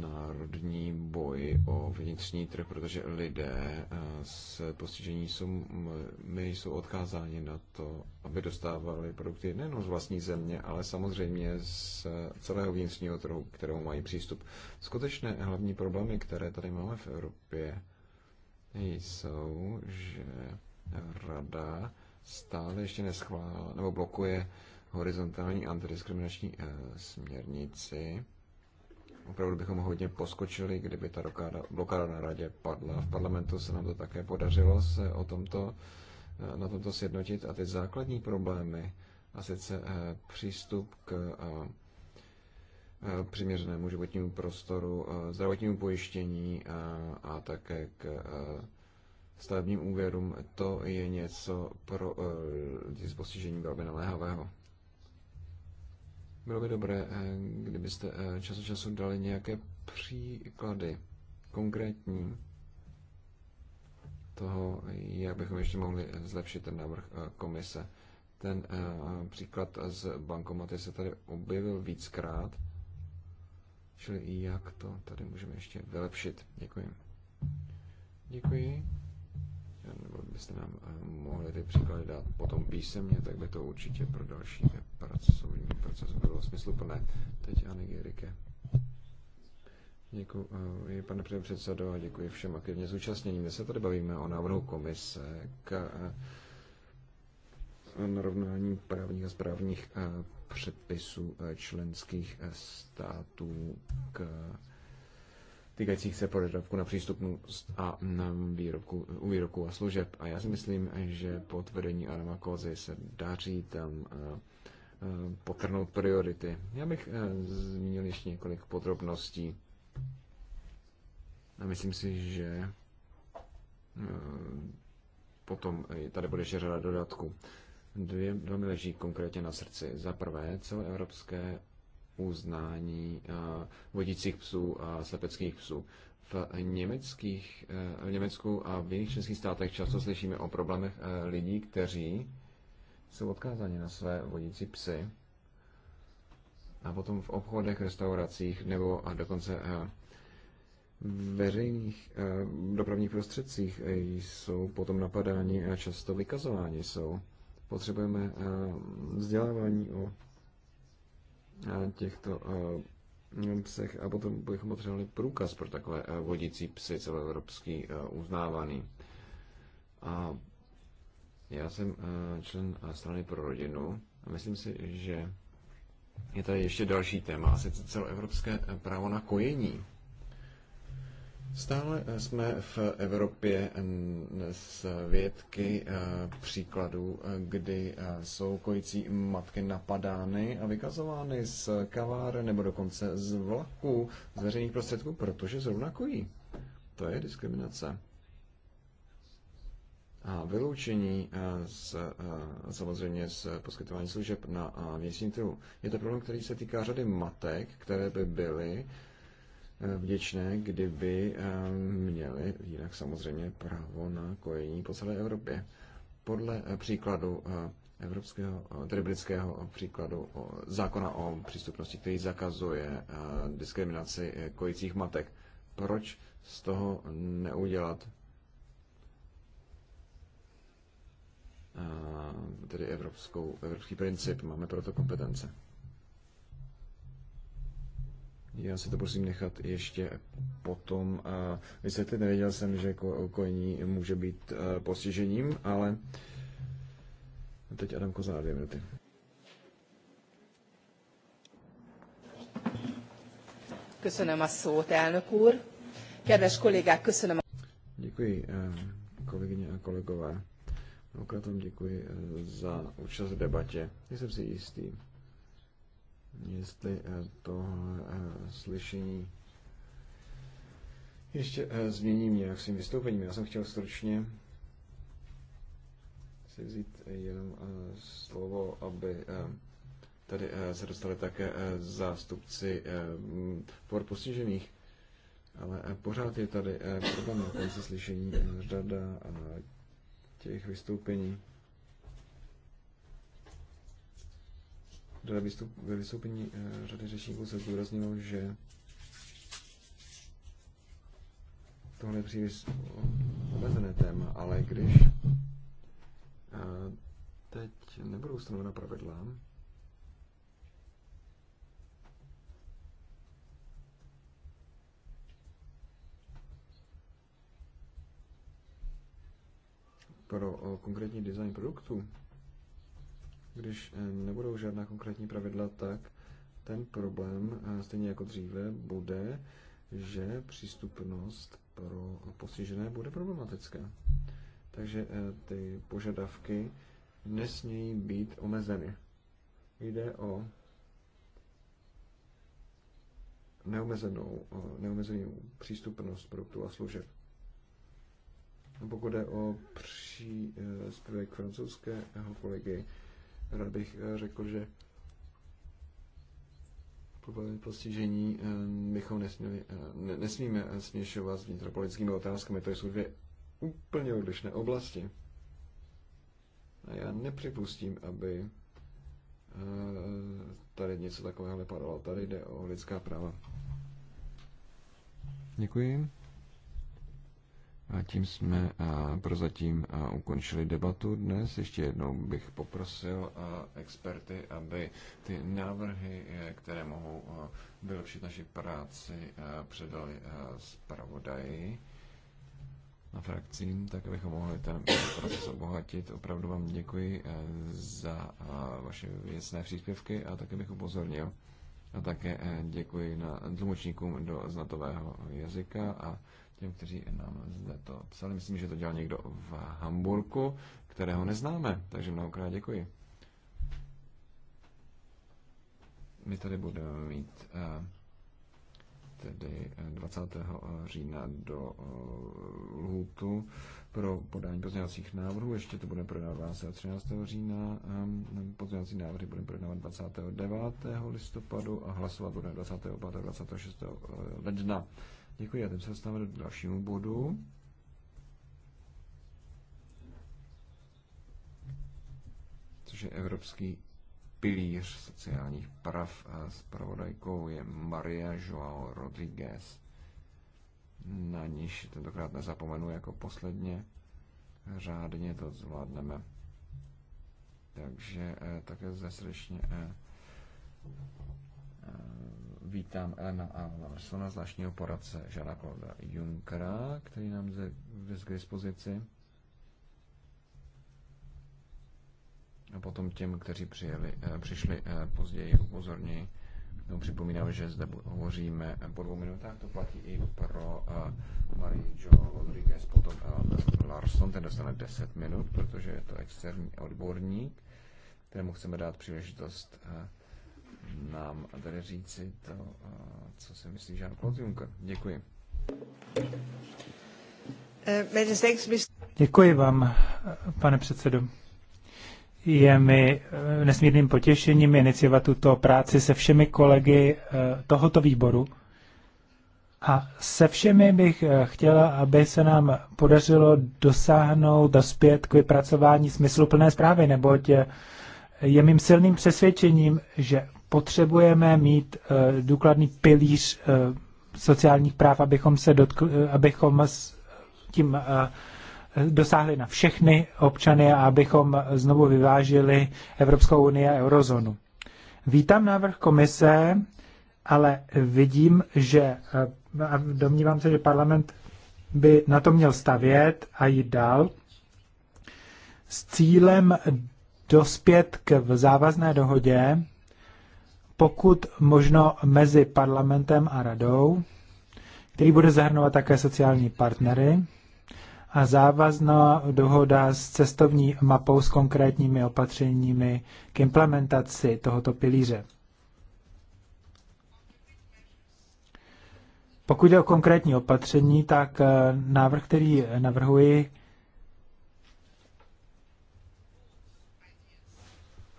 národní boj o vnitřní trh, protože lidé eh, s postižení jsou, mm, my jsou odkázáni na to, aby dostávali produkty nejen z vlastní země, ale samozřejmě z celého vnitřního trhu, kterému mají přístup. Skutečné hlavní problémy, které tady máme v Evropě, jsou, že rada stále ještě neschválila nebo blokuje horizontální antidiskriminační eh, směrnici opravdu bychom hodně poskočili, kdyby ta blokáda, na radě padla. V parlamentu se nám to také podařilo se o tomto, eh, na tomto sjednotit a ty základní problémy, a sice eh, přístup k eh, přiměřenému životnímu prostoru, zdravotnímu pojištění a, a také k stavebním úvěrům, to je něco pro lidi s postižením velmi naléhavého. Bylo by dobré, eh, kdybyste eh, čas od času dali nějaké příklady konkrétní toho, jak bychom ještě mohli zlepšit ten návrh eh, komise. Ten příklad z bankomaty se tady objevil víckrát, čili jak to tady můžeme ještě vylepšit. Děkuji. Děkuji nebo byste nám eh, mohli ty příklady dát potom písemně, tak by to určitě pro další pracovní proces bylo smysluplné. Teď Ani Jirike. Děkuji, eh, pane předsedo, a děkuji všem aktivně zúčastněním. My se tady bavíme o návrhu komise k eh, narovnání právních a správních předpisů členských států k týkajících se požadavku na přístupnost a na výrobku, u výrobků a služeb. A já si myslím, že po vedení Adama Kozy se daří tam eh, eh, potrhnout priority. Já bych eh, zmínil ještě několik podrobností. A myslím si, že potom tady bude ještě řada dodatků. Dvě, dva mi leží konkrétně na srdci. Za prvé, celoevropské uznání eh, vodících psů a slepeckých psů. V, německých, eh, v Německu a v jiných českých státech často slyšíme o problémech eh, lidí, kteří jsou odkázáni na své vodící psy a potom v obchodech, restauracích nebo a dokonce veřejných dopravních prostředcích jsou potom napadáni a často vykazováni jsou. Potřebujeme vzdělávání o Eh, těchto eh, psech a potom bychom potřebovali průkaz pro takové eh, vodící psy celoevropský uznávaný. A já jsem člen strany pro rodinu a myslím si, že je tady ještě další téma, a sice celoevropské právo na kojení. Stále eh, jsme v Evropě s vědky eh, příkladů, eh, kdy jsou kojící matky napadány a vykazovány z kavár nebo dokonce z vlaků, z veřejných prostředků, protože zrovna kojí. To je diskriminace. A vyloučení z, samozřejmě z poskytování služeb na vnitřním trhu. Je to problém, který se týká řady matek, které by byly vděčné, kdyby eh, měli jinak samozřejmě právo na kojení po celé Evropě. Podle eh, příkladu eh, evropského, tedy britského příkladu zákona o přístupnosti, který zakazuje diskriminaci kojících matek. Proč z toho neudělat tedy evropskou, evropský princip? Máme proto kompetence. Já si to prosím nechat ještě potom teď Nevěděl jsem, že kojení může být e, postižením, ale teď Adam Kozá dvě minuty. Köszönöm a szót, elnök úr. Kedves kollégák, köszönöm. Děkuji, e, kolegyně a kolegové. Mnohokrát vám děkuji e, za účast v debatě. Jsem si jistý, jestli eh, to eh, slyšení ještě eh, změním nějak svým vystoupením. Já jsem chtěl stručně si vzít jenom slovo, aby tady se dostali také zástupci por postižených. Ale pořád je tady problém na konci slyšení řada těch vystoupení. Ve, vystup, ve vystoupení eh, řady řečníků se zdůraznilo, že tohle je příliš omezené téma, ale když eh, teď nebudou stanovena pravidla, pro eh, konkrétní design produktu, když eh, nebudou žádná konkrétní pravidla, tak ten problém, eh, stejně jako dříve, bude, že přístupnost pro postižené bude problematická. Takže eh, ty požadavky nesmějí být omezeny. Jde o neomezenou, neomezenou přístupnost produktů a služeb. A pokud jde o příspěvek francouzského kolegy, Rád bych eh, řekl, že problémy postižení eh, bychom nesměli, eh, ne, nesmíme směšovat s vnitropolitickými otázkami. To jsou dvě úplně odlišné oblasti. A já nepřipustím, aby tady něco takového nepadalo. Tady jde o lidská práva. Děkuji. A tím jsme prozatím ukončili debatu dnes. Ještě jednou bych poprosil experty, aby ty návrhy, e, které mohou vylepšit naši práci, předali zpravodaji na frakcím, tak abychom mohli ten proces obohatit. Opravdu vám děkuji e, za vaše věcné příspěvky a také bych upozornil. A také e, děkuji na tlumočníkům do znatového jazyka a hostů, kteří nám zde to psali. Myslím, že to dělal někdo v Hamburku, kterého neznáme, takže mnohokrát děkuji. My tady budeme mít eh, tedy 20. Eh, eh, října do lhůtu pro podání pozměňovacích návrhů. Ještě to budeme prodávat 13. října. Pozměňovací návrhy budeme prodávat 29. listopadu a hlasovat budeme 25. a 26. ledna. Děkuji a teď se dostáváme do dalšímu bodu. Což je Evropský pilíř sociálních prav. A zpravodajkou je Maria Joao Rodriguez. Na níž tentokrát nezapomenu jako posledně. Řádně to zvládneme. Takže eh, také zde srdečně eh, eh, Vítám Elena A. Larsona, zvláštního poradce Žana Klauda Junkera, který nám zde k dispozici. A potom těm, kteří přijeli, eh, přišli eh, později, upozorněji. No, připomínám, že zde hovoříme po dvou minutách, to platí i pro uh, Marie Jo Rodriguez, potom uh, Larson, ten dostane 10 minut, protože je to externí odborník, kterému chceme dát příležitost uh, nám tady říci to, eh, co si myslí Jean-Claude Juncker. Děkuji. Eh, Děkuji vám, pane předsedo. Je mi eh, nesmírným potěšením iniciovat tuto práci se všemi kolegy tohoto výboru. A se všemi bych chtěla, aby se nám podařilo dosáhnout dospět k vypracování smysluplné zprávy, neboť je mým silným přesvědčením, že potřebujeme mít eh, důkladný pilíř eh, sociálních práv, abychom se dotkli, eh, abychom tím dosáhli na všechny občany a abychom znovu vyvážili Evropskou unii a eurozónu. Vítám návrh komise, ale vidím, že a domnívám se, že parlament by na to měl stavět a jít dál s cílem dospět k závazné dohodě pokud možno mezi parlamentem a radou, který bude zahrnovat také sociální partnery a závazná dohoda s cestovní mapou s konkrétními opatřeními k implementaci tohoto pilíře. Pokud je o konkrétní opatření, tak eh, návrh, který navrhuji,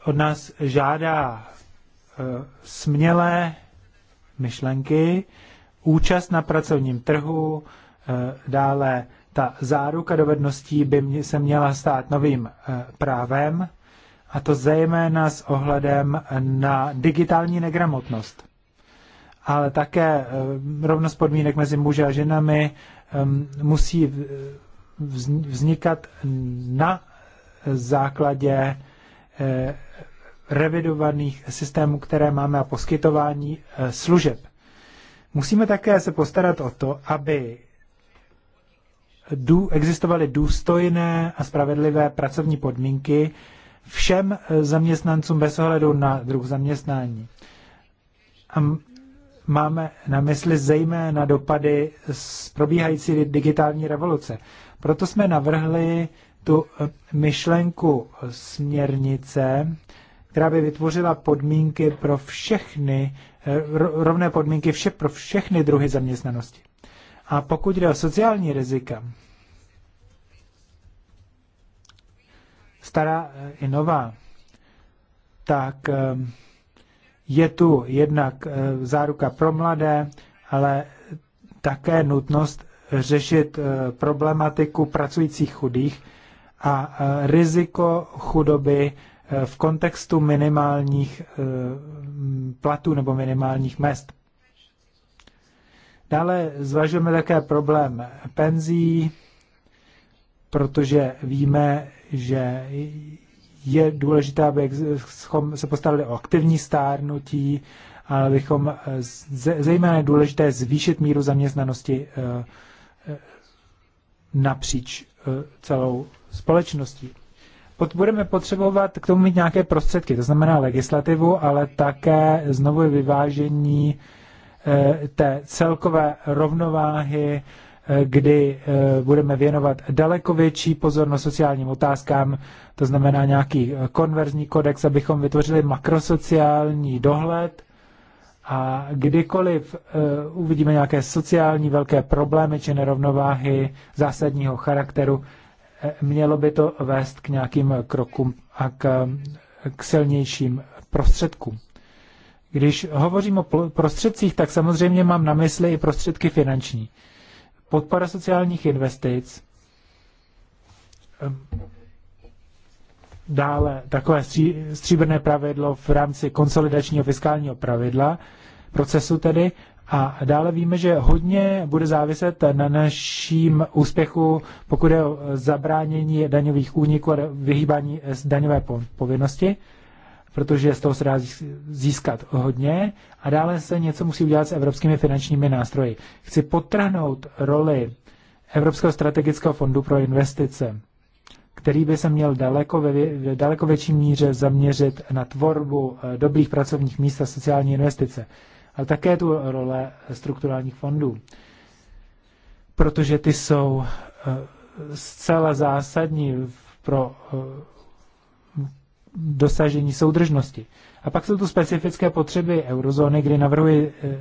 od nás žádá Eh, smělé myšlenky, účast na pracovním trhu, eh, dále ta záruka dovedností by se měla stát novým eh, právem, a to zejména s ohledem na digitální negramotnost, ale také rovnost podmínek mezi muži a ženami musí vznikat na základě revidovaných systémů, které máme a poskytování eh, služeb. Musíme také se postarat o to, aby existovaly důstojné a spravedlivé pracovní podmínky všem eh, zaměstnancům bez ohledu na druh zaměstnání. A máme na mysli zejména dopady z probíhající digitální revoluce. Proto jsme navrhli tu eh, myšlenku směrnice která by vytvořila podmínky pro všechny, eh, rovné podmínky vše, pro všechny druhy zaměstnanosti. A pokud jde o sociální rizika, stará eh, i nová, tak eh, je tu jednak záruka pro mladé, ale také nutnost řešit problematiku pracujících chudých a riziko chudoby v kontextu minimálních eh, platů nebo minimálních mest. Dále zvažujeme také problém penzí, protože víme, že je důležité, aby se postarali o aktivní stárnutí, ale bychom eh, zejména je důležité zvýšit míru zaměstnanosti eh, napříč celou společností pod, budeme potřebovat k tomu mít nějaké prostředky, to znamená legislativu, ale také znovu vyvážení e, té celkové rovnováhy, e, kdy e, budeme věnovat daleko větší pozornost sociálním otázkám, to znamená nějaký konverzní kodex, abychom vytvořili makrosociální dohled a kdykoliv uvidíme nějaké sociální velké problémy či nerovnováhy zásadního charakteru, mělo by to vést k nějakým krokům a k, k silnějším prostředkům. Když hovořím o prostředcích, tak samozřejmě mám na mysli i prostředky finanční. Podpora sociálních investic, ehm, dále takové stří, stříbrné pravidlo v rámci konsolidačního fiskálního pravidla, procesu tedy, a dále víme, že hodně bude záviset na naším úspěchu, pokud je o zabránění daňových úniků a vyhýbání z daňové povinnosti, protože z toho se dá získat hodně. A dále se něco musí udělat s evropskými finančními nástroji. Chci potrhnout roli Evropského strategického fondu pro investice, který by se měl daleko ve, v daleko větší míře zaměřit na tvorbu eh, dobrých pracovních míst a sociální investice ale také tu role strukturálních fondů. Protože ty jsou eh, zcela zásadní pro eh, dosažení soudržnosti. A pak jsou tu specifické potřeby eurozóny, kdy navrhuji eh,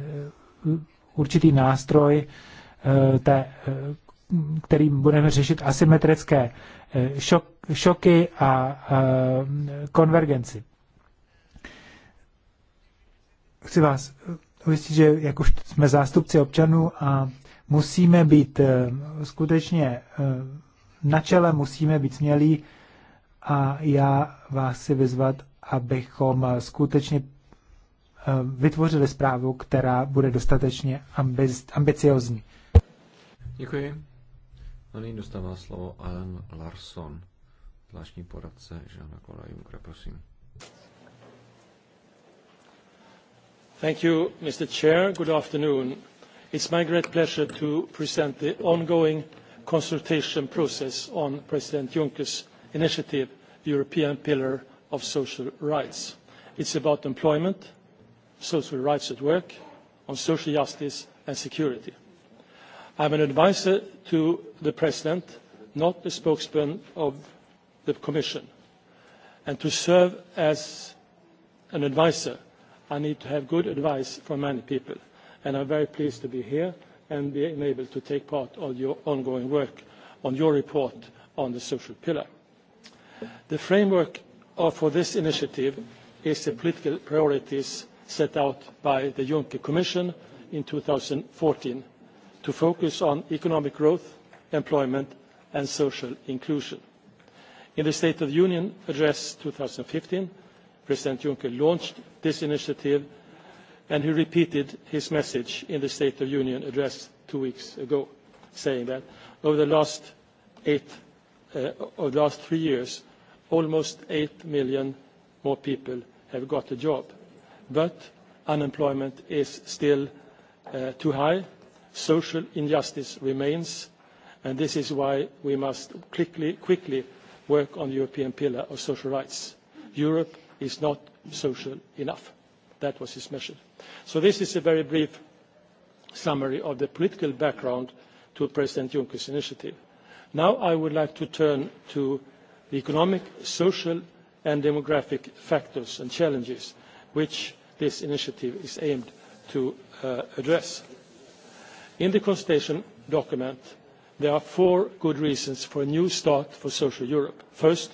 určitý nástroj, té, kterým budeme řešit asymetrické šok, šoky a konvergenci. Chci vás ujistit, že jak jsme zástupci občanů a musíme být eh, skutečně eh, na čele, musíme být smělí a já vás si vyzvat, abychom eh, skutečně vytvořili zprávu, která bude dostatečně ambiciozní. Děkuji. A nyní dostává slovo Alan Larson, zvláštní poradce Žána Kola Junkra, prosím. Thank you, Mr. Chair. Good afternoon. It's my great pleasure to present the ongoing consultation process on President Juncker's initiative, the European Pillar of Social Rights. it is about employment, social rights at work, on social justice and security. I am an adviser to the President, not a spokesman of the Commission. And to serve as an adviser i need to have good advice from many people. And I'm very pleased to be here and be able to take part of your ongoing work on your report on the social pillar. The framework for this initiative is the political priorities set out by the Juncker Commission in 2014 to focus on economic growth, employment and social inclusion. In the State of the Union address 2015, President Juncker launched this initiative and he repeated his message in the State of Union address two weeks ago, saying that over the last, eight, uh, over the last three years, almost 8 million more people have got a job. But unemployment is still uh, too high, social injustice remains, and this is why we must quickly, quickly work on the European pillar of social rights. Europe is not social enough. That was his message. So this is a very brief summary of the political background to President Juncker's initiative. Now I would like to turn to the economic, social, and demographic factors and challenges which this initiative is aimed to uh, address. In the consultation document, there are four good reasons for a new start for social Europe. First,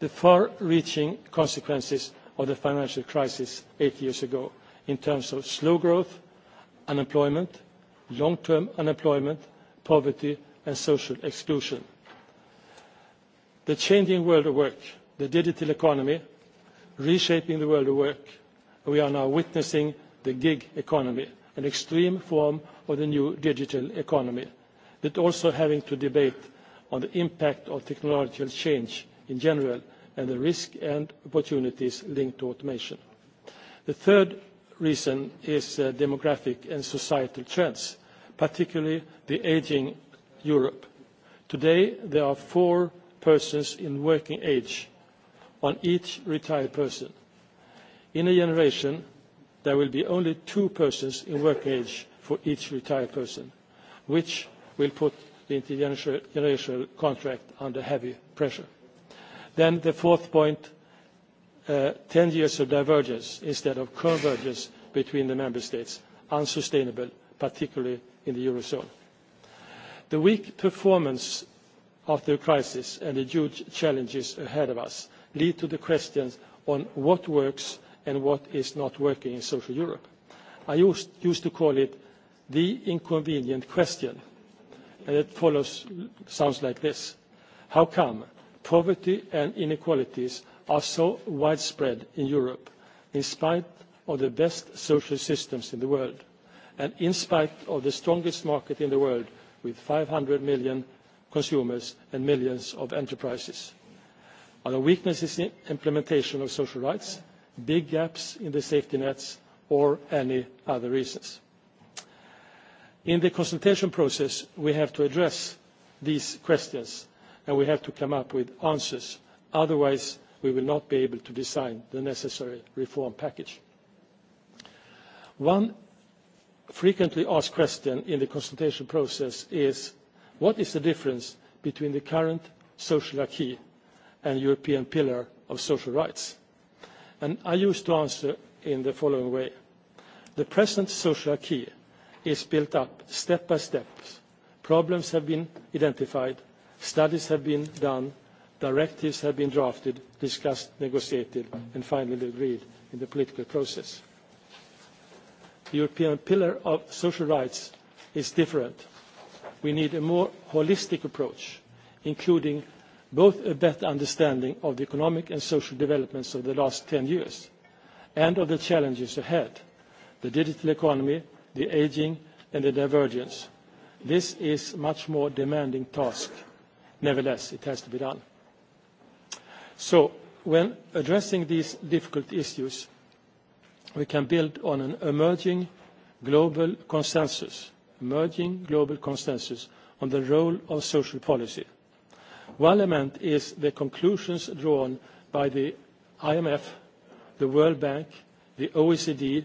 the far-reaching consequences of the financial crisis eight years ago in terms of slow growth, unemployment, long-term unemployment, poverty, and social exclusion. The changing world of work, the digital economy, reshaping the world of work. We are now witnessing the gig economy, an extreme form of the new digital economy, but also having to debate on the impact of technological change in general and the risk and opportunities linked to automation. The third reason is uh, demographic and societal trends, particularly the aging Europe. Today, there are four persons in working age on each retired person. In a generation, there will be only two persons in working age for each retired person, which will put the intergenerational contract under heavy pressure. Then the fourth point, uh, ten years of divergence instead of convergence between the member states, unsustainable, particularly in the Eurozone. The weak performance of the crisis and the huge challenges ahead of us lead to the questions on what works and what is not working in social Europe. I used, used to call it the inconvenient question, and it follows, sounds like this. How come poverty and inequalities are so widespread in europe in spite of the best social systems in the world and in spite of the strongest market in the world with five hundred million consumers and millions of enterprises. Are there weaknesses in implementation of social rights, big gaps in the safety nets, or any other reasons? In the consultation process, we have to address these questions and we have to come up with answers. Otherwise, we will not be able to design the necessary reform package. One frequently asked question in the consultation process is, what is the difference between the current social acquis and European pillar of social rights? I used to answer in the following way. The present social acquis is built up step by step. Problems have been identified, Studies have been done, directives have been drafted, discussed, negotiated, and finally agreed in the political process. The European pillar of social rights is different. We need a more holistic approach, including both a better understanding of the economic and social developments of the last 10 years and of the challenges ahead, the digital economy, the aging, and the divergence. This is a much more demanding task Nevertheless, it has to be done. So when addressing these difficult issues, we can build on an emerging global consensus, emerging global consensus on the role of social policy. One element is the conclusions drawn by the IMF, the World Bank, the OECD,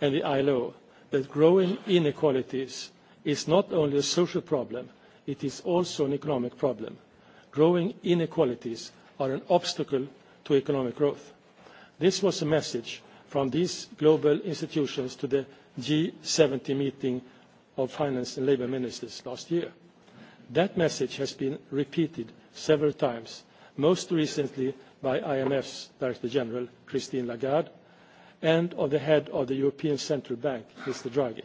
and the ILO that growing inequalities is not only a social problem, it is also an economic problem. Growing inequalities are an obstacle to economic growth. This was a message from these global institutions to the G70 meeting of finance and labour ministers last year. That message has been repeated several times, most recently by IMF's Director General, Christine Lagarde, and of the head of the European Central Bank, Mr. Draghi.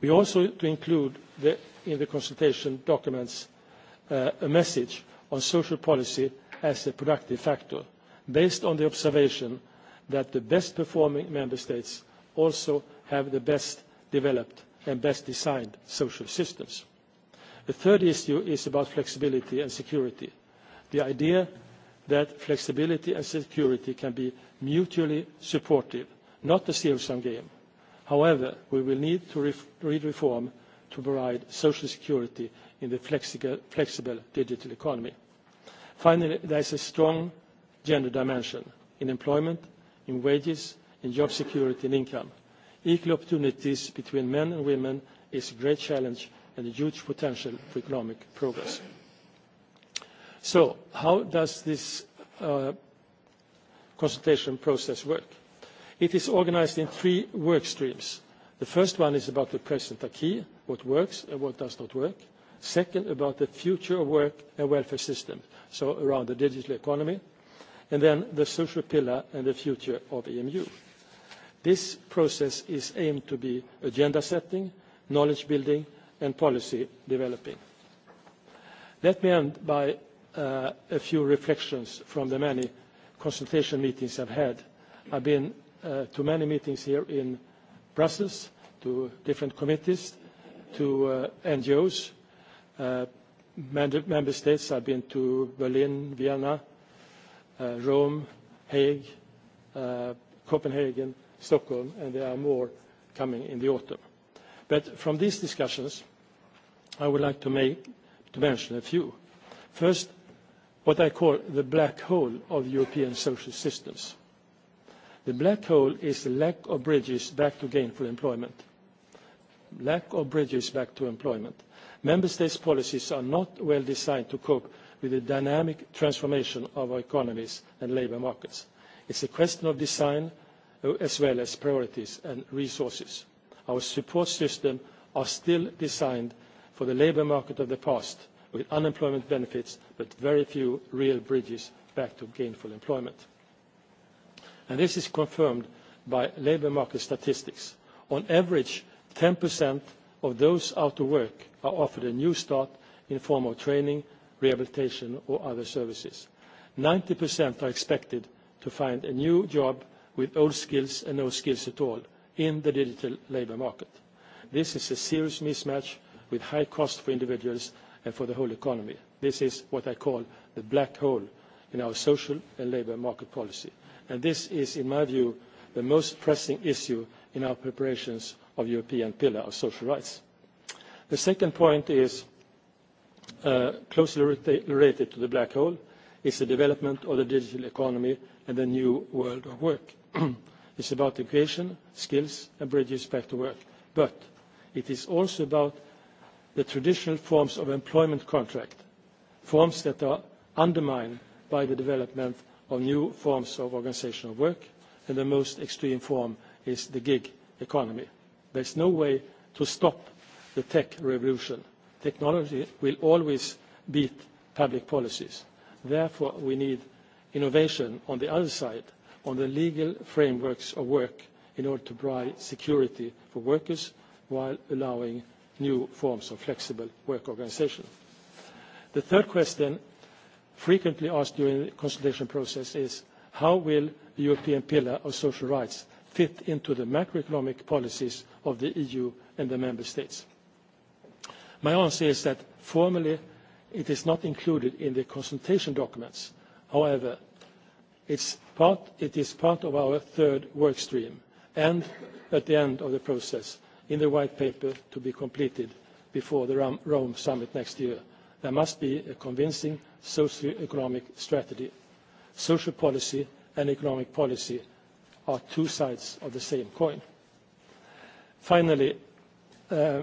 We also to include the in the consultation documents uh, a message on social policy as a productive factor, based on the observation that the best performing member states also have the best developed and best designed social systems. The third issue is about flexibility and security. The idea that flexibility and security can be mutually supportive, not a zero-sum game. However, we will need to reform to provide social security in the flexible digital economy. Finally, there is a strong gender dimension in employment, in wages, in job security and income. Equal opportunities between men and women is a great challenge and a huge potential for economic progress. So how does this uh, consultation process work? It is organized in three work streams. The first one is about the present acquis, what works and what does not work. Second, about the future of work and welfare systems, so around the digital economy. And then the social pillar and the future of EMU. This process is aimed to be agenda setting, knowledge building, and policy developing. Let me end by uh, a few reflections from the many consultation meetings I've had. I've been uh, to many meetings here in Brussels, to different committees, to uh, NGOs. Uh, member states, I've been to Berlin, Vienna, uh, Rome, Hague, uh, Copenhagen, Stockholm, and there are more coming in the autumn. But from these discussions, I would like to, make, to mention a few. First, what I call the black hole of European social systems. The black hole is the lack of bridges back to gainful employment lack of bridges back to employment. Member States' policies are not well designed to cope with the dynamic transformation of our economies and labour markets. It's a question of design uh, as well as priorities and resources. Our support systems are still designed for the labour market of the past, with unemployment benefits but very few real bridges back to gainful employment. And this is confirmed by labour market statistics. On average, 10% of those out of work are offered a new start in form of training, rehabilitation, or other services. 90% are expected to find a new job with old skills and no skills at all in the digital labour market. This is a serious mismatch with high cost for individuals and for the whole economy. This is what I call the black hole in our social and labour market policy. And this is, in my view, the most pressing issue in our preparations of European Pillar of Social Rights. The second point is uh, closely related to the black hole, is the development of the digital economy and the new world of work. It's about the creation, skills, and bridges back to work. But it is also about the traditional forms of employment contract, forms that are undermined by the development of new forms of organizational work, and the most extreme form is the gig economy there is no way to stop the tech revolution. Technology will always beat public policies. Therefore, we need innovation on the other side, on the legal frameworks of work in order to provide security for workers while allowing new forms of flexible work organization. The third question frequently asked during the consultation process is, how will the European Pillar of Social Rights fit into the macroeconomic policies of the EU and the member states. My answer is that formally, it is not included in the consultation documents. However, it is part of our third work stream and at the end of the process in the white paper to be completed before the Rome summit next year. There must be a convincing socio-economic strategy. Social policy and economic policy are two sides of the same coin. Finally, uh,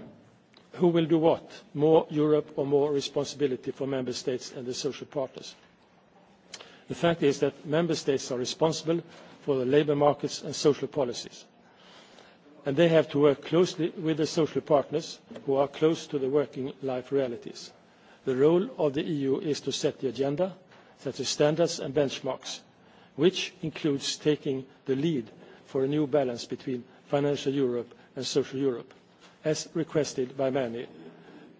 who will do what? More Europe or more responsibility for member states and the social partners? The fact is that member states are responsible for the labour markets and social policies. And they have to work closely with the social partners who are close to the working life realities. The role of the EU is to set the agenda, set the standards and benchmarks, which includes taking the lead for a new balance between financial Europe and social Europe, as requested by many,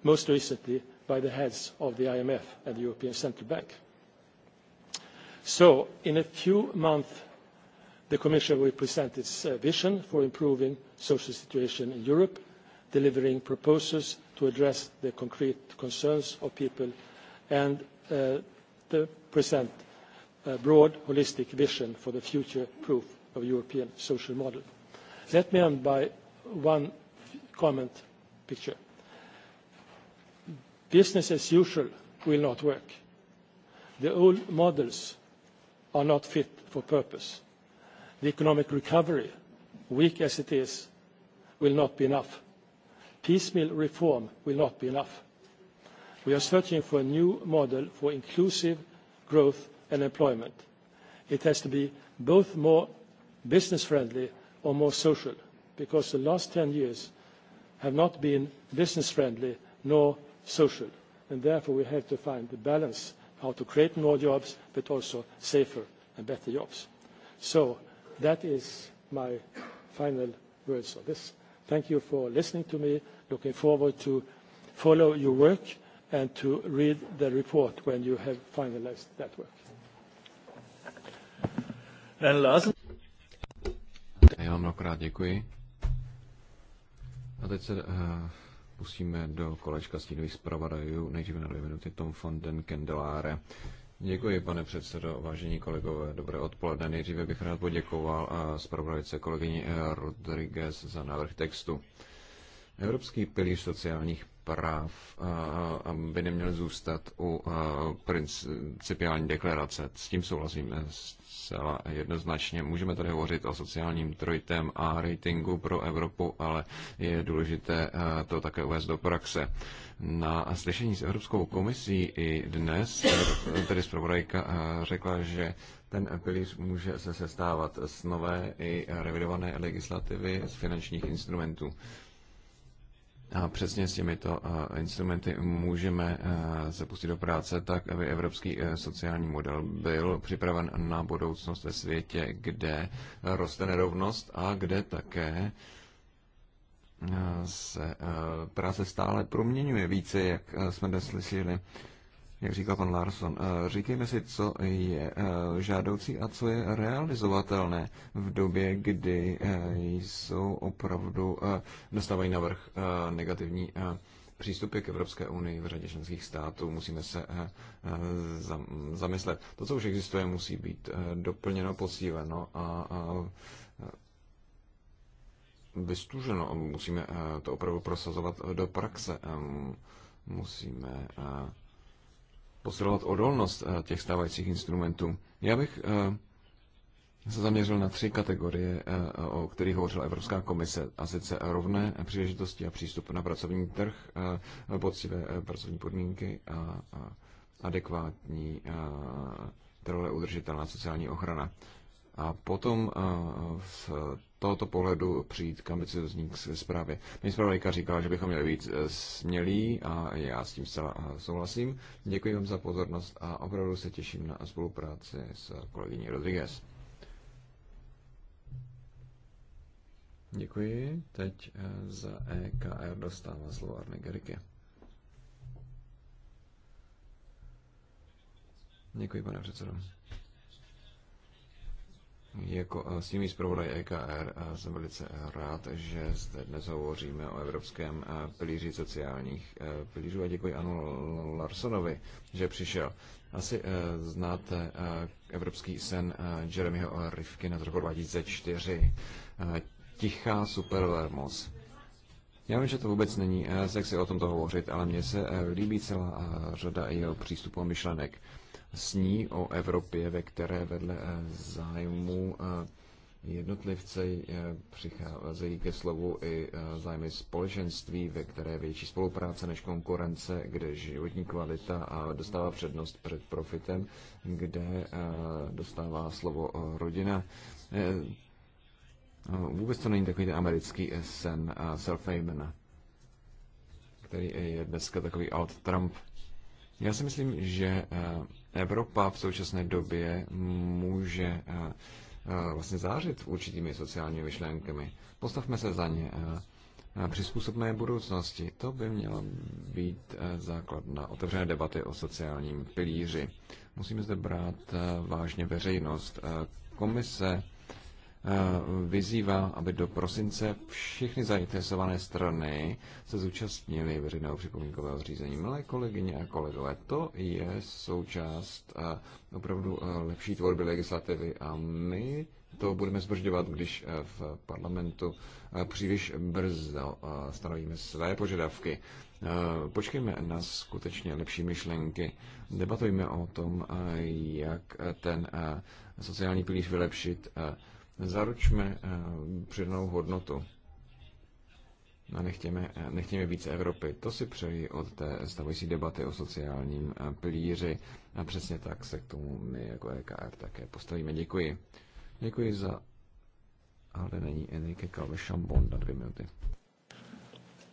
most recently by the heads of the IMF and the European Central Bank. So, in a few months, the Commission will present its uh, vision for improving social situation in Europe, delivering proposals to address the concrete concerns of people, and uh, the present broad, holistic vision for the future-proof of European social model. Let me end by one comment picture. Business as usual will not work. The old models are not fit for purpose. The economic recovery, weak as it is, will not be enough. Piecemeal reform will not be enough. We are searching for a new model for inclusive growth and employment. It has to be both more business-friendly or more social, because the last 10 years have not been business-friendly nor social. and Therefore, we have to find the balance how to create more jobs, but also safer and better jobs. So That is my final words on this. Thank you for listening to me. Looking forward to follow your work and to read the report when you have finalized that work. Já vám mnohokrát děkuji. A teď se uh, pustíme do kolečka stínových zpravodajů. Nejdříve na dvě minuty Tom von den Kendeláre. Děkuji, pane předsedo, vážení kolegové, dobré odpoledne. Nejdříve bych rád poděkoval a eh, zpravodajce kolegyni eh, Rodriguez za návrh textu. Evropský pilíř sociálních práv eh, by neměly zůstat u eh, principiální deklarace. S tím souhlasím zcela jednoznačně. Můžeme tady hovořit o sociálním trojtem a ratingu pro Evropu, ale je důležité eh, to také uvést do praxe. Na slyšení s Evropskou komisí i dnes, tedy zpravodajka řekla, že ten pilíř může se sestávat z nové i revidované legislativy z finančních instrumentů. A přesně s těmito instrumenty můžeme se pustit do práce tak, aby evropský e, sociální model byl připraven na budoucnost ve světě, kde roste nerovnost a kde také se práce stále proměňuje více, jak jsme dnes slyšeli jak říkal pan Larson. Eh, říkejme si, co je eh, žádoucí a co je realizovatelné v době, kdy eh, jsou opravdu, dostávají navrh negativní přístupy k Evropské unii v řadě členských států. Musíme se zamyslet. To, co už existuje, musí být doplněno, posíleno a vystuženo. Musíme to opravdu prosazovat do praxe. Musíme posilovat odolnost eh, těch stávajících instrumentů. Já bych eh, se zaměřil na tři kategorie, eh, o kterých hovořila Evropská komise, a sice rovné příležitosti a přístup na pracovní trh, poctivé pracovní podmínky a adekvátní trole udržitelná sociální ochrana. A potom tohoto pohledu přijít k ambiciozní zprávě. Paní zpravodajka říkala, že bychom měli být eh, smělí a já s tím zcela eh, souhlasím. Děkuji vám za pozornost a opravdu se těším na spolupráci s kolegyní Rodriguez. Děkuji. Teď eh, za EKR dostává slovo Arne Gerike. Děkuji, pane předsedo. Jako eh, tím zpravodaj EKR eh, jsem velice eh, rád, že zde dnes hovoříme o evropském pilíři sociálních pilířů a děkuji Anu Larsonovi, že přišel. Asi znáte evropský sen Jeremyho Rivky na roku 2004. Tichá supervermos. Já vím, že to vůbec není sexy o tomto hovořit, ale mně se líbí celá řada jeho přístupů a myšlenek sní o Evropě, ve které vedle eh, zájmu eh, jednotlivce eh, přicházejí ke slovu i zájmy společenství, ve které je větší spolupráce než konkurence, kde životní kvalita dostává přednost před profitem, kde dostává slovo rodina. Vůbec to není takový ten americký sen self který je dneska takový alt Trump. Já si myslím, že Evropa v současné době může eh, eh, vlastně zářit určitými sociálními myšlenkami. Postavme se za ně eh, přizpůsobné budoucnosti. To by měla být základ na otevřené debaty o sociálním pilíři. Musíme zde brát vážně veřejnost. Komise Eh, vyzývá, aby do prosince všechny zainteresované strany se zúčastnili veřejného připomínkového řízení. Milé kolegyně a kolegové, to je součást eh, opravdu eh, lepší tvorby legislativy a my to budeme zbržďovat, když v parlamentu příliš brzo stanovíme své požadavky. Počkejme na skutečně lepší myšlenky, debatujme o tom, jak ten sociální pilíř vylepšit, Zaručme eh, přidanou hodnotu a nechtěme, eh, nechtěme více Evropy. To si přeji od té stavující debaty o sociálním eh, pilíři a přesně tak se k tomu my jako EKR také postavíme. Děkuji. Děkuji za ale není Enrique Calve Šambon na dvě minuty.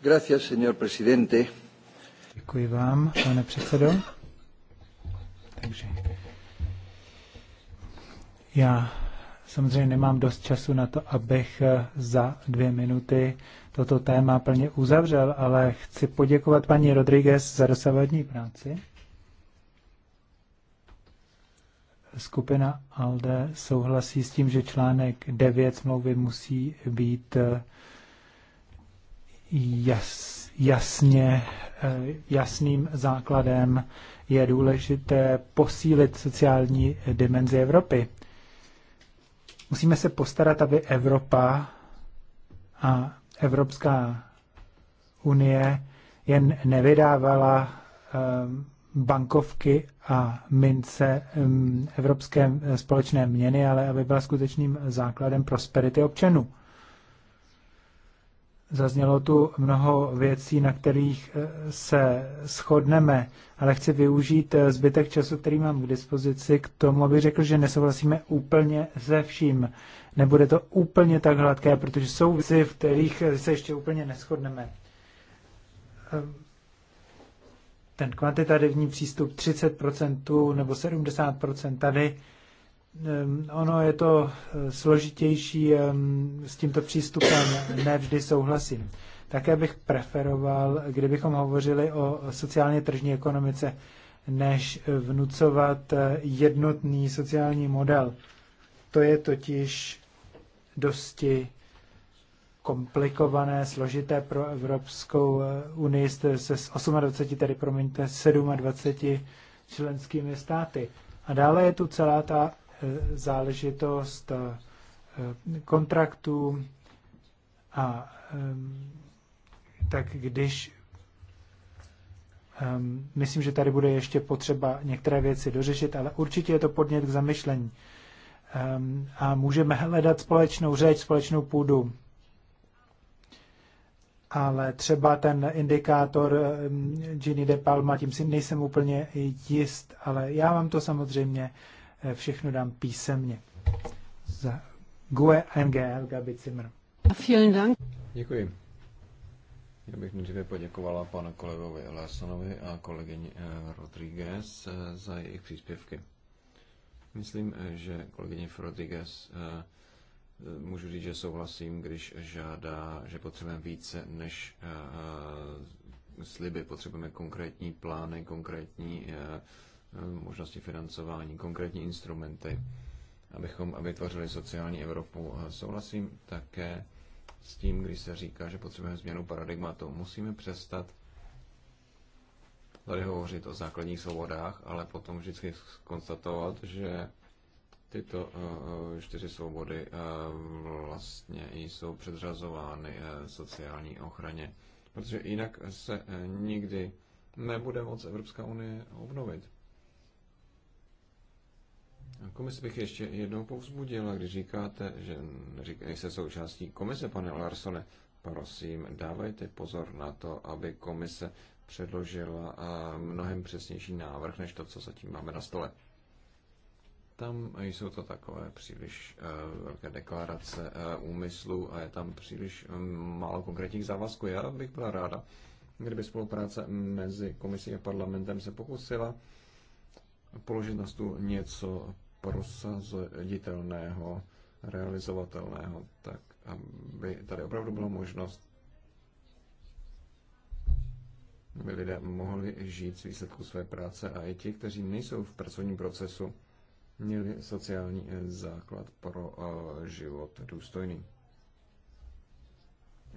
Gracias, señor presidente. Děkuji vám, pane předsedo. Takže já Samozřejmě nemám dost času na to, abych eh, za dvě minuty toto téma plně uzavřel, ale chci poděkovat paní Rodriguez za dosavadní práci. Skupina ALDE souhlasí s tím, že článek 9 smlouvy musí být eh, jas, jasně, eh, jasným základem. Je důležité posílit sociální dimenzi Evropy Musíme se postarat, aby Evropa a Evropská unie jen nevydávala ehm, bankovky a mince ehm, evropské eh, společné měny, ale aby byla skutečným základem prosperity občanů. Zaznělo tu mnoho věcí, na kterých eh, se shodneme, ale chci využít eh, zbytek času, který mám k dispozici, k tomu, aby řekl, že nesouhlasíme úplně se vším. Nebude to úplně tak hladké, protože jsou věci, v kterých eh, se ještě úplně neschodneme. Ehm, ten kvantitativní přístup 30% nebo 70% tady ono je to eh, složitější s tímto přístupem, nevždy souhlasím. Také bych preferoval, kdybychom hovořili o sociálně tržní ekonomice, než vnucovat eh, jednotný sociální model. To je totiž dosti komplikované, složité pro Evropskou eh, unii se s 28, tedy promiňte, 27 členskými státy. A dále je tu celá ta záležitost eh, kontraktů a eh, tak když eh, myslím, že tady bude ještě potřeba některé věci dořešit, ale určitě je to podnět k zamyšlení. A můžeme hledat společnou řeč, společnou půdu. Ale třeba ten indikátor Ginny de Palma, tím si nejsem úplně jist, ale já vám to samozřejmě Eh, všechno dám písemně. Za GUE NGL Gabi Zimmer. Vielen Dank. Děkuji. Já bych nejdříve poděkovala panu kolegovi Larsonovi a kolegyni eh, Rodriguez eh, za jejich příspěvky. Myslím, že kolegyně Rodriguez můžu říct, že souhlasím, když žádá, že potřebujeme více než sliby, potřebujeme konkrétní plány, konkrétní Eh, možnosti financování, konkrétní instrumenty, abychom vytvořili sociální Evropu. Souhlasím také s tím, když se říká, že potřebujeme změnu paradigmatu. Musíme přestat tady hovořit o základních svobodách, ale potom vždycky konstatovat, že tyto eh, čtyři svobody eh, vlastně jsou předřazovány sociální ochraně, protože jinak se nikdy nebude moc Evropská unie obnovit. Komise bych ještě jednou povzbudila, když říkáte, že nejste součástí komise, pane Larsone, prosím, dávajte pozor na to, aby komise předložila mnohem přesnější návrh, než to, co zatím máme na stole. Tam jsou to takové příliš e, velké deklarace e, úmyslu a je tam příliš e, málo konkrétních závazků. Já bych byla ráda, kdyby spolupráce mezi komisí a parlamentem se pokusila položit na stůl něco prosazitelného, realizovatelného, tak aby tady opravdu byla možnost, aby lidé mohli žít z výsledku své práce a i ti, kteří nejsou v pracovním procesu, měli sociální eh, základ pro eh, život důstojný.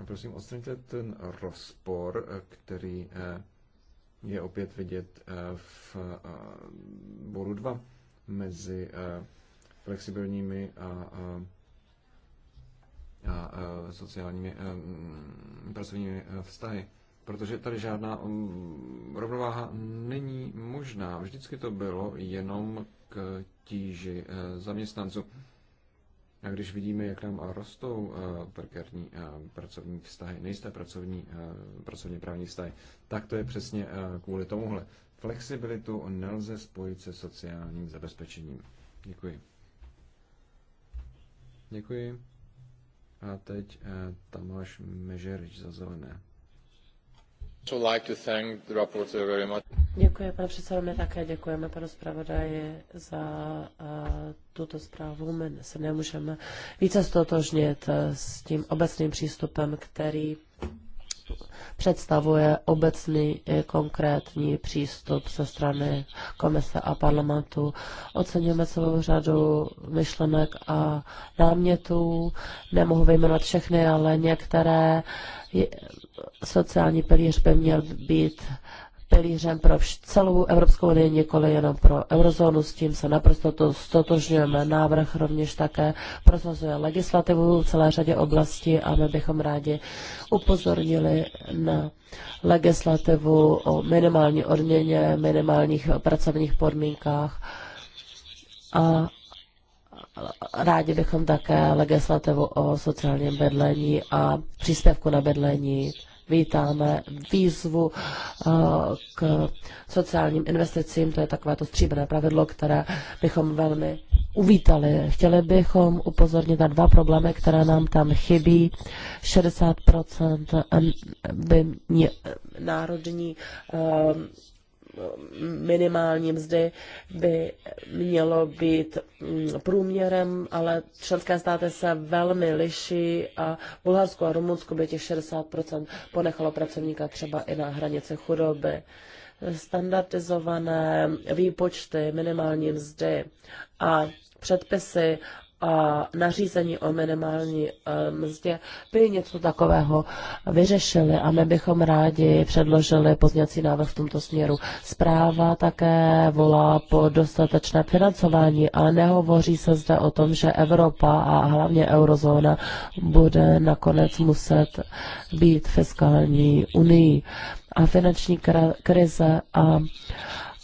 Prosím, odstraňte ten rozpor, eh, který je opět vidět v bodu 2 mezi eh, flexibilními a, a, a sociálními eh, mm, pracovními eh, vztahy. Protože tady žádná mm, rovnováha není možná. Vždycky to bylo jenom k tíži zaměstnanců. A když vidíme, jak nám rostou prekérní pracovní vztahy, nejisté pracovní, pracovně právní vztahy, tak to je přesně kvůli tomuhle flexibilitu nelze spojit se sociálním zabezpečením. Děkuji. Děkuji. A teď eh, Tamáš Mežerič za zelené. Děkuji, pane předsedo, my také děkujeme panu zpravodaji za eh, tuto zprávu. My se nemůžeme více stotožnit eh, s tím obecným přístupem, který představuje obecný i eh, konkrétní přístup ze strany komise a parlamentu. Oceníme celou řadu myšlenek a námětů. Nemohu vyjmenovat všechny, ale některé sociální pilíř by měl být pilířem pro celou Evropskou unii, nikoli jenom pro eurozónu. S tím se naprosto to stotožňujeme. Návrh rovněž také prosazuje legislativu v celé řadě oblastí a my bychom rádi upozornili na legislativu o minimální odměně, minimálních pracovních podmínkách a rádi bychom také legislativu o sociálním bydlení a příspěvku na bydlení vítáme výzvu eh, k sociálním investicím. To je takové to stříbené pravidlo, které bychom velmi uvítali. Chtěli bychom upozornit na dva problémy, které nám tam chybí. 60% eh, by mě, eh, národní minimální mzdy by mělo být mm, průměrem, ale členské státy se velmi liší a Bulharsko a Rumunsko by těch 60% ponechalo pracovníka třeba i na hranici chudoby. Standardizované výpočty minimální mzdy a předpisy nařízení o minimální mzdě by něco takového vyřešili a my bychom rádi předložili pozněcí návrh v tomto směru. Zpráva také volá po dostatečné financování, ale nehovoří se zde o tom, že Evropa a hlavně eurozóna bude nakonec muset být fiskální unii a finanční krize a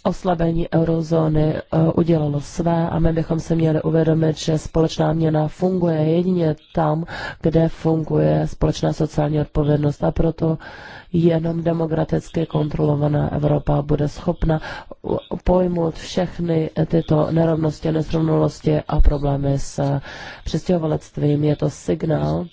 oslabení eurozóny eh, udělalo své a my bychom se měli uvědomit, že společná měna funguje jedině tam, kde funguje společná sociální odpovědnost a proto jenom demokraticky kontrolovaná Evropa bude schopna pojmout všechny tyto nerovnosti, nesrovnalosti a problémy s přistěhovalectvím. Je to signál,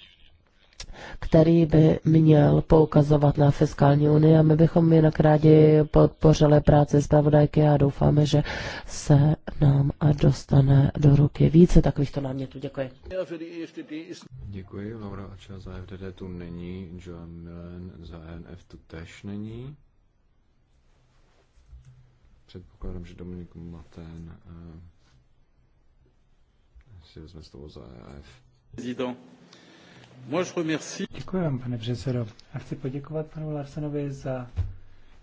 který by měl poukazovat na fiskální unii a my bychom jinak rádi podpořili práci zpravodajky a doufáme, že se nám a dostane do ruky více takovýchto námětů. Děkuji. Děkuji, Laura Ača za FDD tu není, Joan Milen za e NF tu tež není. Předpokládám, že Dominik Matén uh, si vezme toho za EF. Děkuji vám, pane předsedo. A chci poděkovat panu Larsenovi za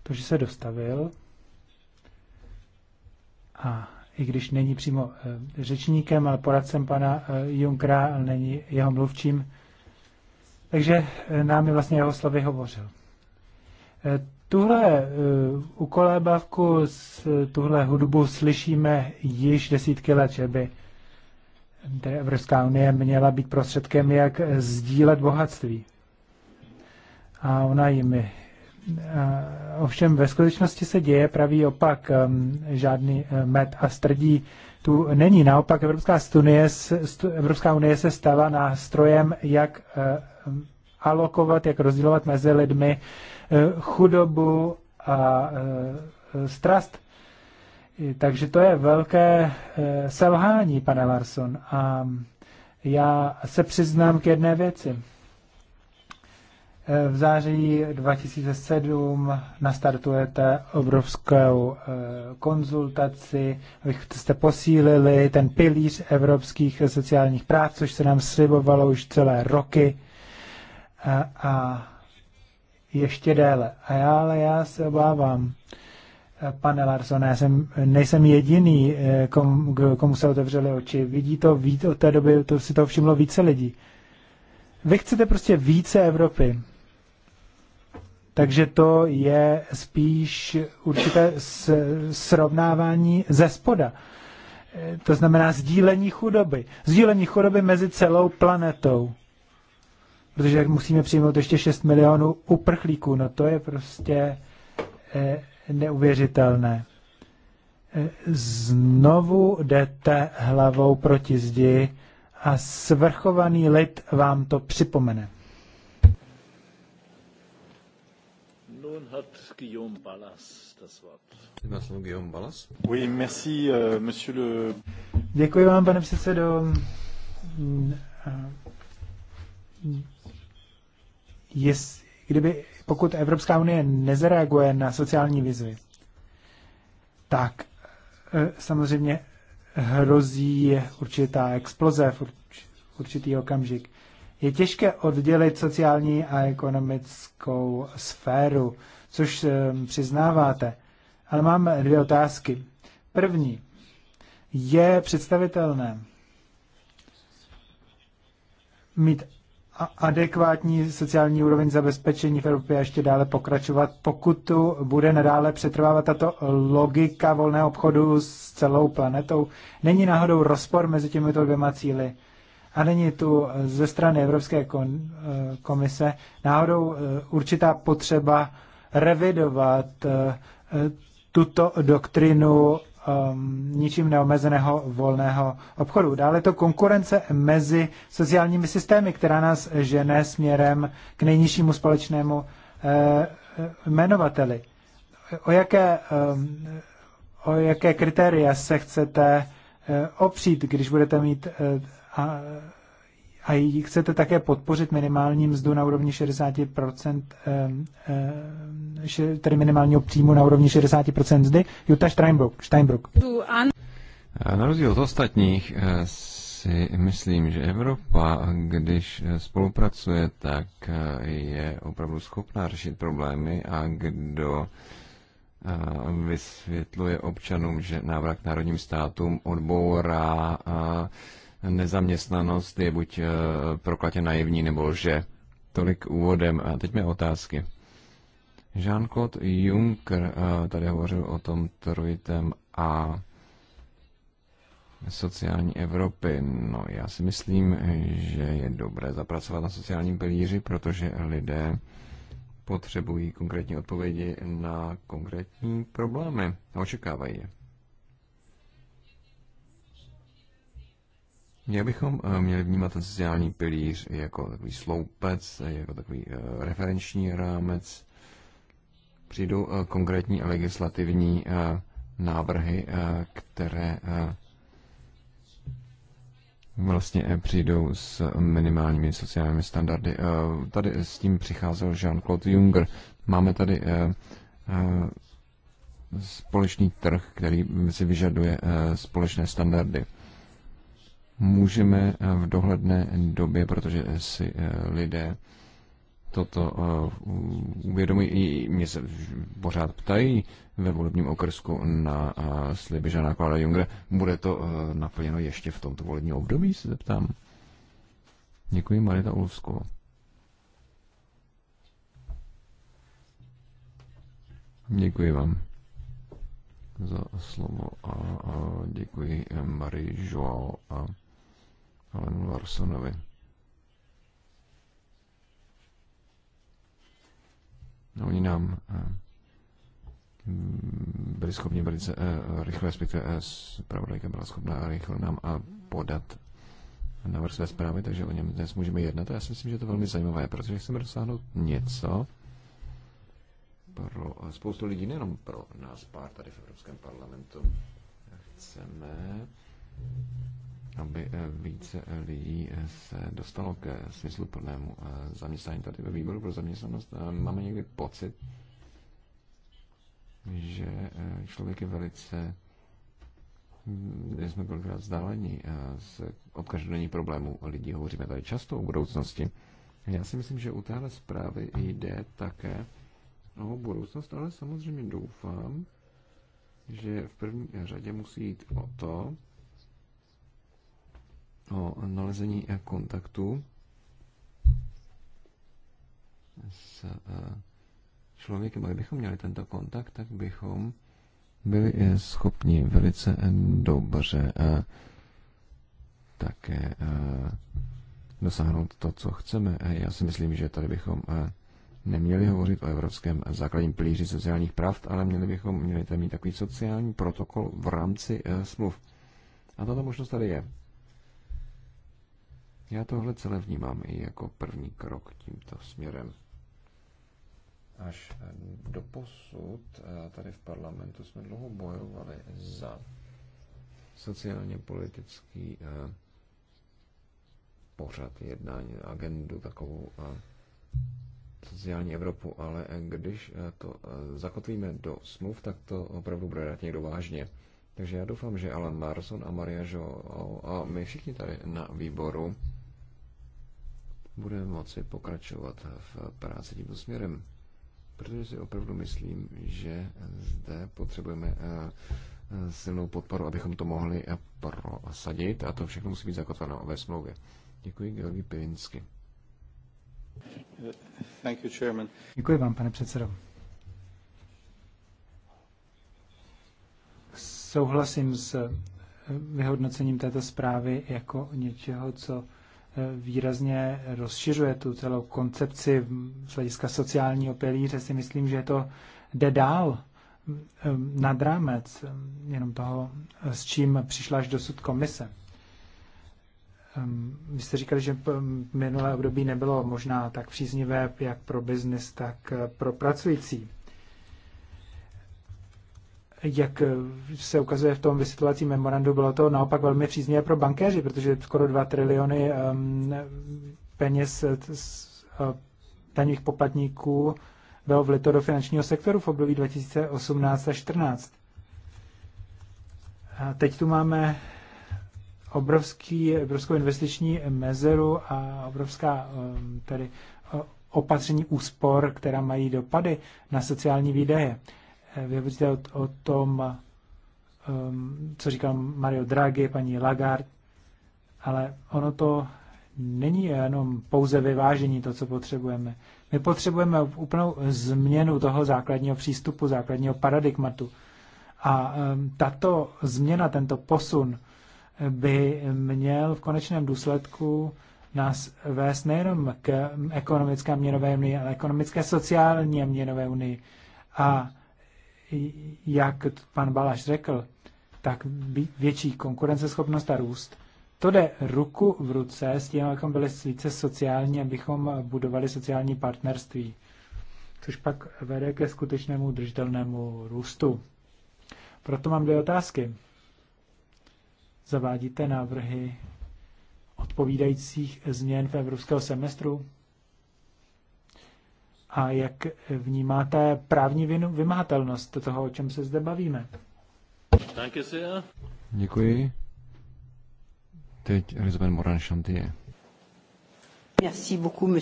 to, že se dostavil. A i když není přímo eh, řečníkem, ale poradcem pana eh, Junkra, ale není jeho mluvčím, takže eh, nám je vlastně jeho slovy hovořil. Tuhle ukolébavku, tuhle hudbu slyšíme již desítky let, že by tedy Evropská unie měla být prostředkem, jak sdílet bohatství. A ona jim. Eh, ovšem ve skutečnosti se děje pravý opak. Ehm, žádný eh, med a strdí tu není. Naopak Evropská, studie, Evropská unie se stala nástrojem, jak eh, alokovat, jak rozdělovat mezi lidmi chudobu a strast takže to je velké eh, selhání, pane Larson. A já se přiznám k jedné věci. Eh, v září 2007 nastartujete obrovskou eh, konzultaci, abyste posílili ten pilíř evropských sociálních práv, což se nám slibovalo už celé roky a, a ještě déle. A já, ale já se obávám, pane Larsone, já jsem, nejsem jediný, eh, kom, komu se otevřeli oči. Vidí to víc od té doby, to si to všimlo více lidí. Vy chcete prostě více Evropy. Takže to je spíš určité srovnávání ze spoda. Eh, to znamená sdílení chudoby. Sdílení chudoby mezi celou planetou. Protože musíme přijmout ještě 6 milionů uprchlíků. No to je prostě eh, neuvěřitelné. E, znovu jdete hlavou proti zdi a svrchovaný lid vám to připomene. Euh, Děkuji vám, pane předsedo. Yes, hm, hm. kdyby, pokud Evropská unie nezareaguje na sociální výzvy, tak e, samozřejmě hrozí určitá exploze v určitý okamžik. Je těžké oddělit sociální a ekonomickou sféru, což e, přiznáváte. Ale mám dvě otázky. První. Je představitelné mít adekvátní sociální úroveň zabezpečení v Evropě ještě dále pokračovat, pokud tu bude nadále přetrvávat tato logika volného obchodu s celou planetou. Není náhodou rozpor mezi těmito dvěma cíly a není tu ze strany Evropské eh, komise náhodou eh, určitá potřeba revidovat eh, tuto doktrinu um, ničím neomezeného volného obchodu. Dále to konkurence mezi sociálními systémy, která nás žene směrem k nejnižšímu společnému uh, jmenovateli. O jaké, um, o jaké kritéria se chcete uh, opřít, když budete mít uh, a chcete také podpořit minimální mzdu na úrovni 60%, tedy minimálního příjmu na úrovni 60% mzdy? Jutta Steinbrück. Steinbrück. Na rozdíl od ostatních eh, si myslím, že Evropa, když eh, spolupracuje, tak eh, je opravdu schopná řešit problémy a kdo vysvětluje občanům, že návrat k národním státům odbourá nezaměstnanost je buď eh, proklatě naivní nebo že Tolik úvodem. A teď mé otázky. Jean-Claude Juncker eh, tady hovořil o tom trojitém a sociální Evropy. No, já si myslím, že je dobré zapracovat na sociálním pilíři, protože lidé potřebují konkrétní odpovědi na konkrétní problémy a očekávají je. Jak bychom eh, měli vnímat ten sociální pilíř jako takový sloupec, eh, jako takový eh, referenční rámec? Přijdou konkrétní legislativní návrhy, které vlastně přijdou s minimálními sociálními standardy. Tady s tím přicházel Jean-Claude Juncker. Máme tady společný trh, který si vyžaduje společné standardy můžeme eh, v dohledné době, protože eh, si eh, lidé toto uvědomují, i mě se pořád ptají ve volebním okrsku na sliby Žana Klauda Jungre. Bude to naplněno ještě v tomto volebním období, se zeptám. Děkuji, Marita Ulfskou. Děkuji vám za slovo a, a děkuji Marie Joao a Alenu Larsonovi. No, oni nám eh, byli schopni velice eh, rychle, respektive eh, zpravodajka byla schopná rychle nám a eh, podat na své zprávy, takže o něm dnes můžeme jednat. A já si myslím, že to je velmi zajímavé, protože chceme dosáhnout něco pro spoustu lidí, nejenom pro nás pár tady v Evropském parlamentu. Chceme aby eh, více eh, lidí eh, se dostalo ke smysluplnému zaměstnání tady ve výboru pro zaměstnanost. Máme někdy pocit, že člověk je velice jsme kolikrát vzdáleni z, od každodenních problémů lidí. Hovoříme tady často o budoucnosti. Já si myslím, že u téhle zprávy jde také o budoucnost, ale samozřejmě doufám, že v první řadě musí jít o to, o nalezení kontaktu s eh, člověkem, kdybychom měli tento kontakt, tak bychom byli eh, schopni velice eh, dobře také dosáhnout to, co chceme. Já si myslím, že tady bychom neměli hovořit o evropském základním plíři sociálních práv, ale měli bychom měli tam mít takový sociální protokol v rámci smluv. A tato možnost tady je. Já tohle celé vnímám i jako první krok tímto směrem. Až eh, do posud eh, tady v parlamentu jsme dlouho bojovali za sociálně politický eh, pořad jednání, agendu takovou sociální Evropu, ale když to zakotvíme do smluv, tak to opravdu bude dát někdo vážně. Takže já doufám, že Alan Larson a Maria Jo a my všichni tady na výboru budeme moci pokračovat v práci tímto směrem. Protože si opravdu myslím, že zde potřebujeme eh, silnou podporu, abychom to mohli eh, prosadit a to všechno musí být zakotveno ve smlouvě. Děkuji, Georgi Pivinsky. Děkuji vám, pane předsedo. souhlasím s eh, vyhodnocením této zprávy jako něčeho, co eh, výrazně rozšiřuje tu celou koncepci z hlediska sociálního pilíře. Si myslím, že to jde dál ehm, nad rámec ehm, jenom toho, s čím přišla až dosud komise. Ehm, vy jste říkali, že minulé období nebylo možná tak příznivé jak pro biznis, tak eh, pro pracující jak se ukazuje v tom vysvětlovacím memorandu, bylo to naopak velmi příznivé pro bankéři, protože skoro 2 triliony um, peněz uh, daňových poplatníků bylo vlito do finančního sektoru v období 2018 a 2014. A teď tu máme obrovský, obrovskou investiční mezeru a obrovská um, tedy uh, opatření úspor, která mají dopady na sociální výdaje. Eh, hovoříte o, o tom, um, co říkal Mario Draghi, paní Lagarde, ale ono to není jenom pouze vyvážení to, co potřebujeme. My potřebujeme úplnou změnu toho základního přístupu, základního paradigmatu. A um, tato změna, tento posun eh, by měl v konečném důsledku nás vést nejenom k ekonomické měnové unii, ale ekonomické sociální měnové unii. A jak pan Balaš řekl, tak větší konkurenceschopnost a růst. To jde ruku v ruce s tím, abychom byli více sociální, abychom budovali sociální partnerství, což pak vede ke skutečnému držitelnému růstu. Proto mám dvě otázky. Zavádíte návrhy odpovídajících změn v evropského semestru? a jak vnímáte právní vinu, vymátelnost toho, o čem se zde bavíme. Děkuji. Teď Elizabeth Moran Chantier.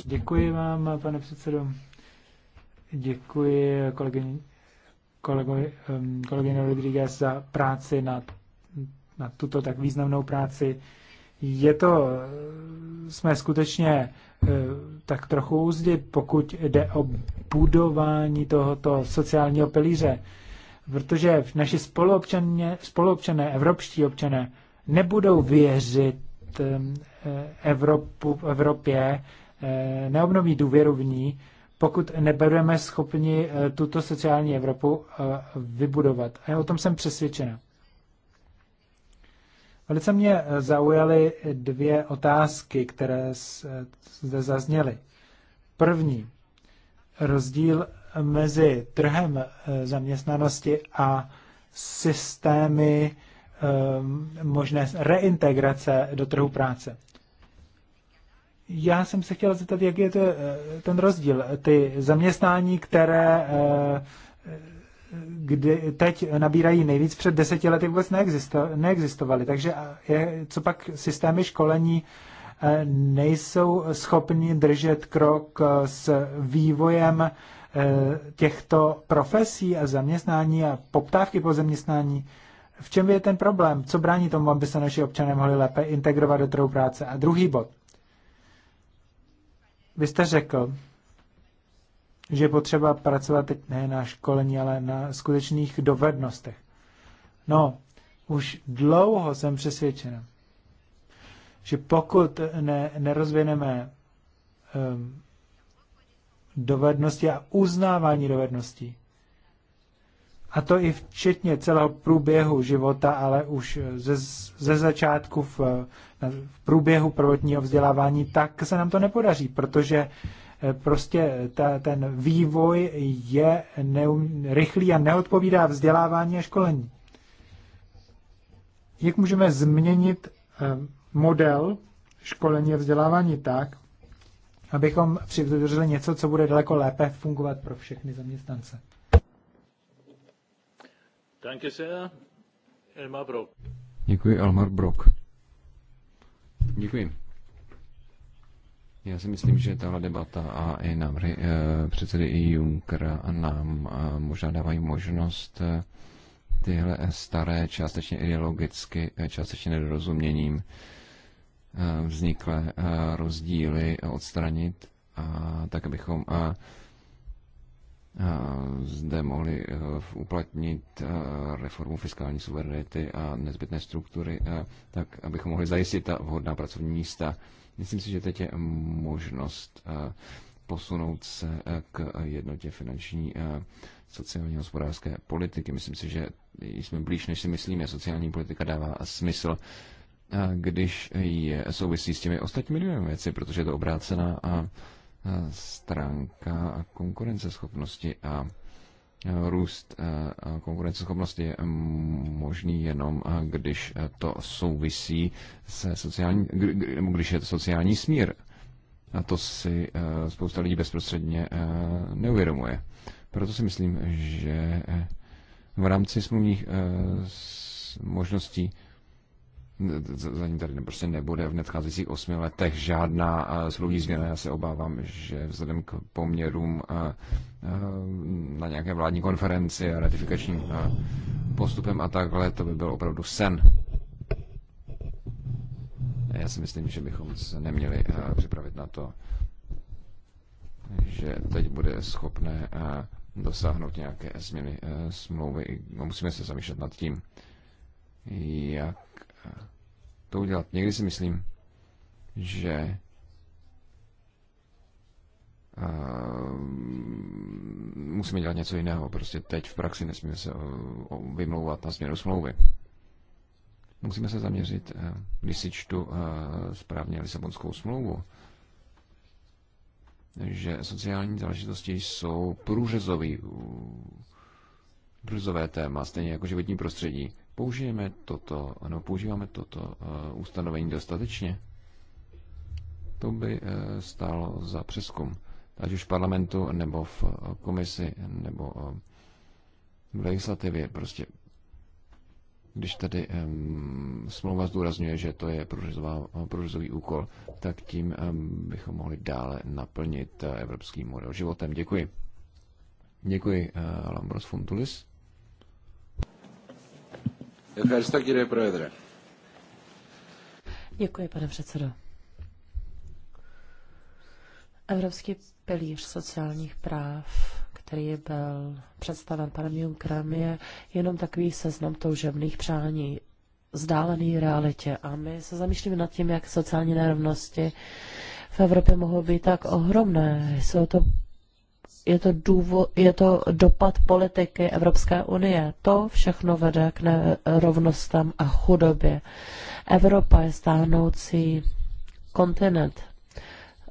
Děkuji vám, pane předsedo. Děkuji kolegyni kolegyně Rodriguez za práci na, na tuto tak významnou práci je to, jsme skutečně eh, tak trochu úzdi, pokud jde o budování tohoto sociálního pilíře. Protože naši spoluobčané, spoluobčané evropští občané, nebudou věřit eh, Evropu, Evropě, eh, neobnoví důvěru v ní, pokud nebudeme schopni tuto sociální Evropu vybudovat. A o tom jsem přesvědčena. Velice mě zaujaly dvě otázky, které zde zazněly. První, rozdíl mezi trhem eh, zaměstnanosti a systémy eh, možné reintegrace do trhu práce. Já jsem se chtěl zeptat, jak je to, eh, ten rozdíl. Ty zaměstnání, které kdy teď nabírají nejvíc, před deseti lety vůbec neexisto, neexistovaly. Takže je, co pak systémy školení eh, nejsou schopni držet krok eh, s vývojem eh, těchto profesí a zaměstnání a poptávky po zaměstnání. V čem je ten problém? Co brání tomu, aby se naši občané mohli lépe integrovat do trhu práce? A druhý bod. Vy jste řekl, že je potřeba pracovat teď ne na školení, ale na skutečných dovednostech. No, už dlouho jsem přesvědčen, že pokud ne, nerozvineme um, dovednosti a uznávání dovedností, a to i včetně celého průběhu života, ale už ze, ze začátku v, v průběhu prvotního vzdělávání, tak se nám to nepodaří, protože uh, Eh, prostě ta, ten vývoj je neum, rychlý a neodpovídá vzdělávání a školení. Jak můžeme změnit eh, model školení a vzdělávání tak, abychom přivzdrželi něco, co bude daleko lépe fungovat pro všechny zaměstnance? Danke sehr, Elmar Brock. Děkuji, Elmar Brock. Děkuji. Já si myslím, že tahle debata a i návrhy eh, předsedy Junckera nám eh, možná dávají možnost eh, tyhle staré, částečně ideologicky, částečně nedorozuměním vzniklé rozdíly odstranit a tak, abychom a, a zde mohli uplatnit reformu fiskální suverenity a nezbytné struktury, tak abychom mohli zajistit ta vhodná pracovní místa. Myslím si, že teď je možnost eh, posunout se eh, k jednotě finanční eh, sociální hospodářské politiky. Myslím si, že jsme blíž, než si myslíme. Sociální politika dává smysl, když je souvisí s těmi ostatními dvěma věci, protože je to obrácená a stránka konkurenceschopnosti a růst eh, eh, konkurenceschopnosti je možný jenom, eh, když to souvisí se sociální, nebo když je to sociální smír. A to si spousta lidí bezprostředně neuvědomuje. Proto si myslím, že v rámci smluvních možností za ní tady prostě nebude v nadcházejících osmi letech žádná smluvní změna. Já se obávám, že vzhledem k poměrům na nějaké vládní konferenci a ratifikačním postupem a takhle, to by byl opravdu sen. Já si myslím, že bychom se neměli připravit na to, že teď bude schopné dosáhnout nějaké změny smlouvy. Musíme se zamýšlet nad tím, jak to udělat. Někdy si myslím, že uh, musíme dělat něco jiného. Prostě teď v praxi nesmíme se uh, vymlouvat na změnu smlouvy. Musíme se zaměřit, uh, když si čtu uh, správně Lisabonskou smlouvu, že sociální záležitosti jsou průřezový, průřezové téma, stejně jako životní prostředí. Použijeme toto, ano, používáme toto eh, ustanovení dostatečně? To by eh, stálo za přeskum. Ať už v parlamentu, nebo v eh, komisi, nebo v legislativě. Prostě když tady um, smlouva zdůrazňuje, že to je průřezový úkol, tak tím um, bychom mohli dále naplnit uh, evropský model životem. Děkuji. Děkuji, uh, Lambros Funtulis. Děkuji, pane předsedo. Evropský pilíř sociálních práv, který byl představen panem Junckerem, je jenom takový seznam toužebných přání vzdálený realitě. A my se zamýšlíme nad tím, jak sociální nerovnosti v Evropě mohou být tak ohromné. Jsou to je to, důvod, je to dopad politiky Evropské unie. To všechno vede k nerovnostem a chudobě. Evropa je stáhnoucí kontinent.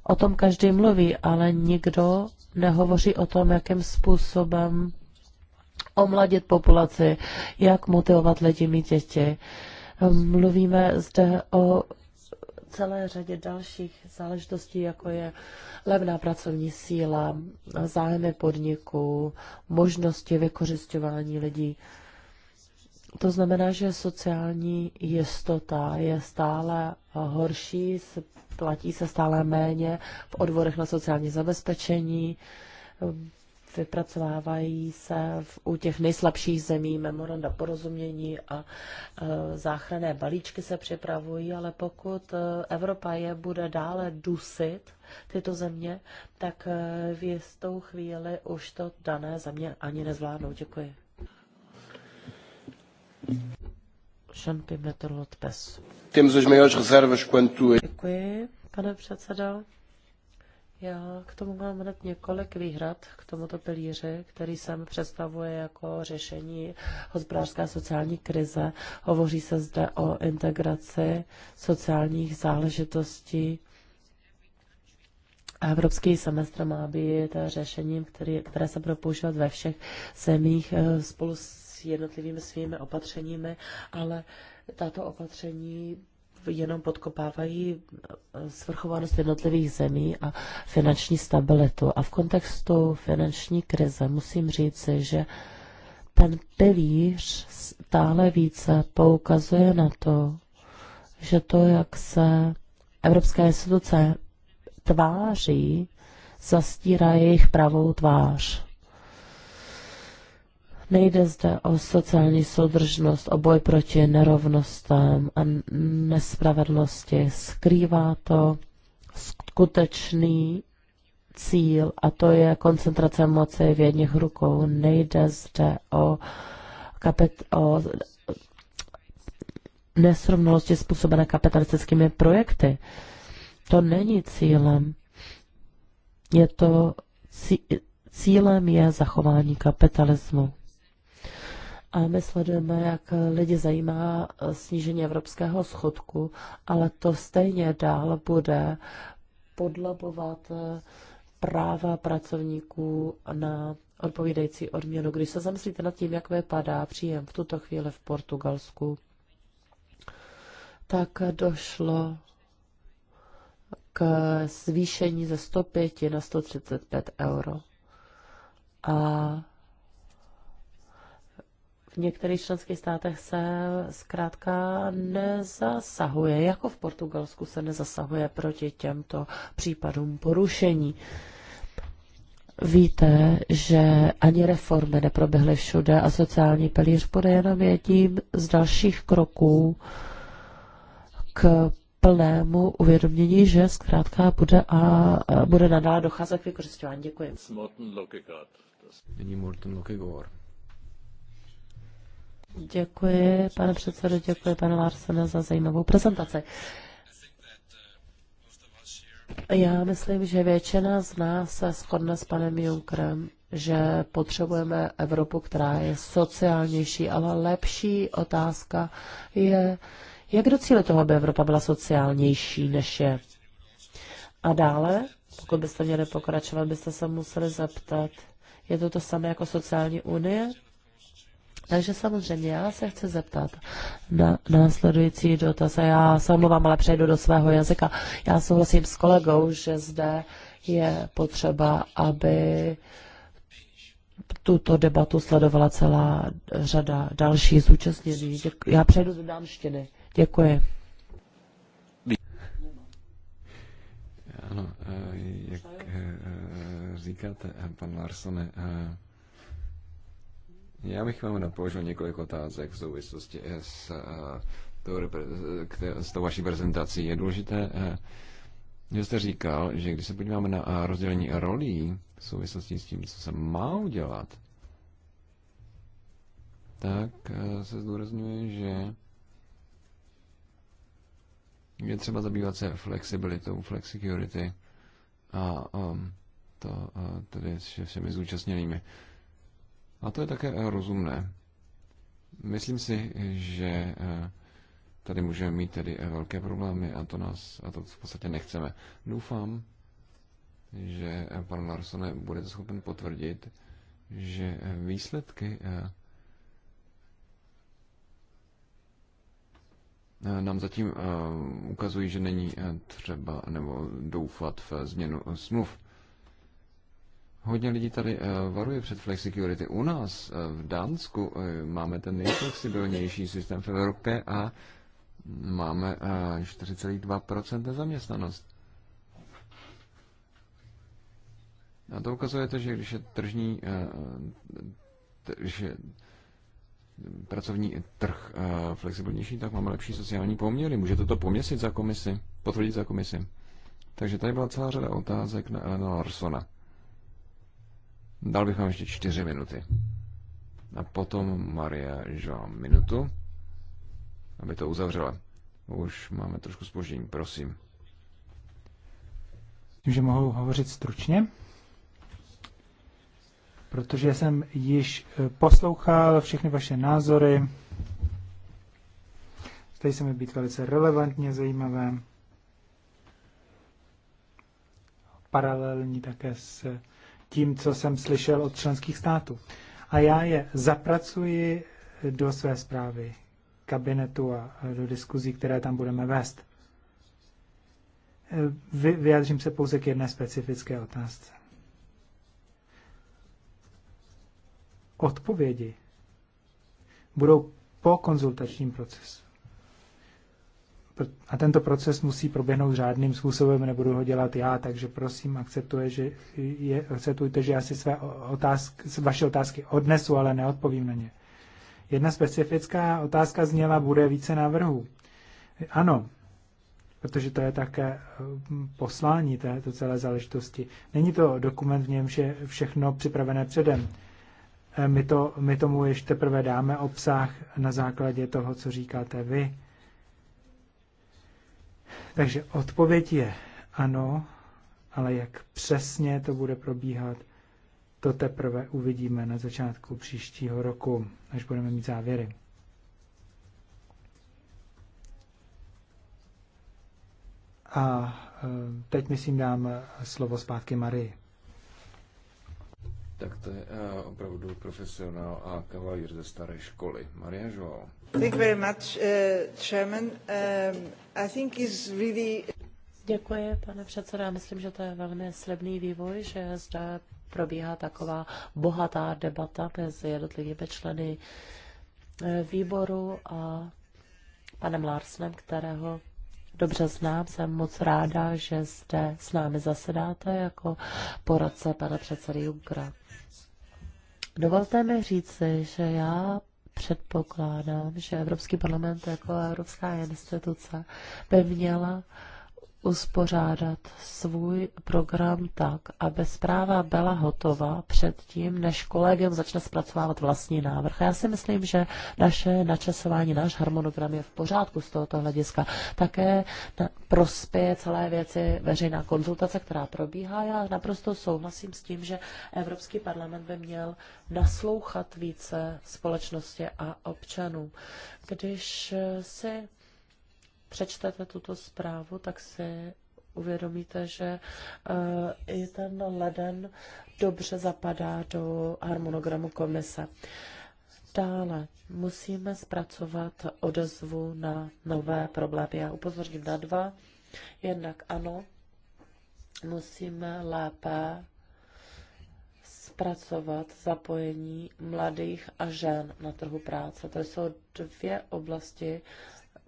O tom každý mluví, ale nikdo nehovoří o tom, jakým způsobem omladit populaci, jak motivovat lidi mít děti. Mluvíme zde o celé řadě dalších záležitostí, jako je levná pracovní síla, zájmy podniků, možnosti vykořišťování lidí. To znamená, že sociální jistota je stále horší, platí se stále méně v odvorech na sociální zabezpečení, vypracovávají se v, u těch nejslabších zemí memoranda porozumění a e, záchranné balíčky se připravují, ale pokud e, Evropa je bude dále dusit, tyto země, tak e, v jistou chvíli už to dané země ani nezvládnou. Děkuji. Temos as maiores reservas quanto... Děkuji, pane předsedo. Já k tomu mám hned několik výhrad k tomuto pilíři, který sem představuje jako řešení hospodářské a sociální krize. Hovoří se zde o integraci sociálních záležitostí. A evropský semestr má být řešením, který, které se bude používat ve všech zemích eh, spolu s jednotlivými svými opatřeními, ale tato opatření jenom podkopávají eh, svrchovanost jednotlivých zemí a finanční stabilitu. A v kontextu finanční krize musím říct, že ten pilíř stále více poukazuje na to, že to, jak se evropské instituce tváří, zastírá jejich pravou tvář. Nejde zde o sociální soudržnost, o boj proti nerovnostem a nespravedlnosti. Skrývá to skutečný cíl a to je koncentrace moci v jedných rukou. Nejde zde o, kapit- o nesrovnalosti způsobené kapitalistickými projekty. To není cílem. Je to cílem je zachování kapitalismu. A my sledujeme, jak lidi zajímá snížení evropského schodku, ale to stejně dál bude podlabovat eh, práva pracovníků na odpovídající odměnu. Když se zamyslíte nad tím, jak vypadá příjem v tuto chvíli v Portugalsku, tak došlo k zvýšení ze 105 na 135 euro. A v některých členských státech se zkrátka nezasahuje, jako v Portugalsku se nezasahuje proti těmto případům porušení. Víte, že ani reformy neproběhly všude a sociální pilíř bude jenom jedním z dalších kroků k plnému uvědomění, že zkrátka bude a bude nadále docházet k vykořišťování. Děkuji. Není Morten Lokegor. Děkuji, pane předsedo, děkuji, pane Larsene, za zajímavou prezentaci. Já myslím, že většina z nás se shodne s panem Junkrem, že potřebujeme Evropu, která je sociálnější, ale lepší otázka je, jak docílit toho, aby Evropa byla sociálnější, než je. A dále, pokud byste měli pokračovat, byste se museli zeptat, je to to samé jako sociální unie? Takže samozřejmě já se chci zeptat na následující dotaz a já se omlouvám, ale přejdu do svého jazyka. Já souhlasím s kolegou, že zde je potřeba, aby tuto debatu sledovala celá řada dalších zúčastněných. Já přejdu do dámštiny. Děkuji. Ano, eh, jak eh, eh, říkáte, pan Larsone, já bych vám položil několik otázek v souvislosti s eh, tou, s tou vaší prezentací. Je důležité, eh, že jste říkal, že když se podíváme na eh, rozdělení rolí v souvislosti s tím, co se má udělat, tak se zdůrazňuje, že je třeba zabývat se flexibilitou, flexicurity a um, to uh, tedy se všemi zúčastněnými. Uh, a to je také eh, rozumné. Myslím si, že eh, tady můžeme mít tedy eh, velké problémy a to, nás, a to v podstatě nechceme. Doufám, že pan Larsone bude schopen potvrdit, že výsledky nám zatím ukazují, že není třeba nebo doufat v změnu smluv. Hodně lidí tady eh, varuje před flexicurity. U nás eh, v Dánsku eh, máme ten nejflexibilnější systém v Evropě a máme 4,2% nezaměstnanost. A to ukazuje to, že když je tržní, když je pracovní trh flexibilnější, tak máme lepší sociální poměry. Můžete to poměsit za komisi, potvrdit za komisi. Takže tady byla celá řada otázek na Elena Larsona. Dal bych vám ještě čtyři minuty. A potom Maria Žá minutu, aby to uzavřela. Už máme trošku spoždění, prosím. Tím, že mohu hovořit stručně, protože jsem již eh, poslouchal všechny vaše názory. Zdají se mi být velice relevantně zajímavé. Paralelní také s tím, co jsem slyšel od členských států. A já je zapracuji do své zprávy kabinetu a do diskuzí, které tam budeme vést. Vy, vyjádřím se pouze k jedné specifické otázce. Odpovědi budou po konzultačním procesu a tento proces musí proběhnout řádným způsobem, nebudu ho dělat já, takže prosím, akceptuje, že je, akceptujte, že já si své otázky, vaše otázky odnesu, ale neodpovím na ně. Jedna specifická otázka zněla, bude více návrhů. Ano, protože to je také hm, poslání této celé záležitosti. Není to dokument, v němž je všechno připravené předem. E, my, to, my tomu ještě teprve dáme obsah na základě toho, co říkáte vy takže odpověď je ano, ale jak přesně to bude probíhat, to teprve uvidíme na začátku příštího roku, až budeme mít závěry. A eh, teď, myslím, dám slovo zpátky Marii tak to je uh, opravdu profesionál a kavalír ze staré školy. Maria Joao. Thank you very much, uh, Chairman. Um, I think is really... Děkuji, pane předsedo. Já myslím, že to je velmi slibný vývoj, že zde probíhá taková bohatá debata mezi jednotlivými členy eh, výboru a panem Larsnem, kterého dobře znám. Jsem moc ráda, že zde s námi zasedáte jako poradce pana předsedy Junkra. Dovolte mi říct, že já předpokládám, že Evropský parlament jako Evropská instituce by měla uspořádat svůj program tak, aby zpráva byla hotová předtím, než kolegem začne zpracovávat vlastní návrh. já si myslím, že naše načasování, náš harmonogram je v pořádku z tohoto hlediska. Také prospěje celé věci veřejná konzultace, která probíhá. Já naprosto souhlasím s tím, že Evropský parlament by měl naslouchat více společnosti a občanům. Když si přečtete tuto zprávu, tak si uvědomíte, že eh, i ten leden dobře zapadá do harmonogramu komise. Dále musíme zpracovat odezvu na nové problémy. Já upozorním na dva. Jednak ano, musíme lépe zpracovat zapojení mladých a žen na trhu práce. To jsou dvě oblasti,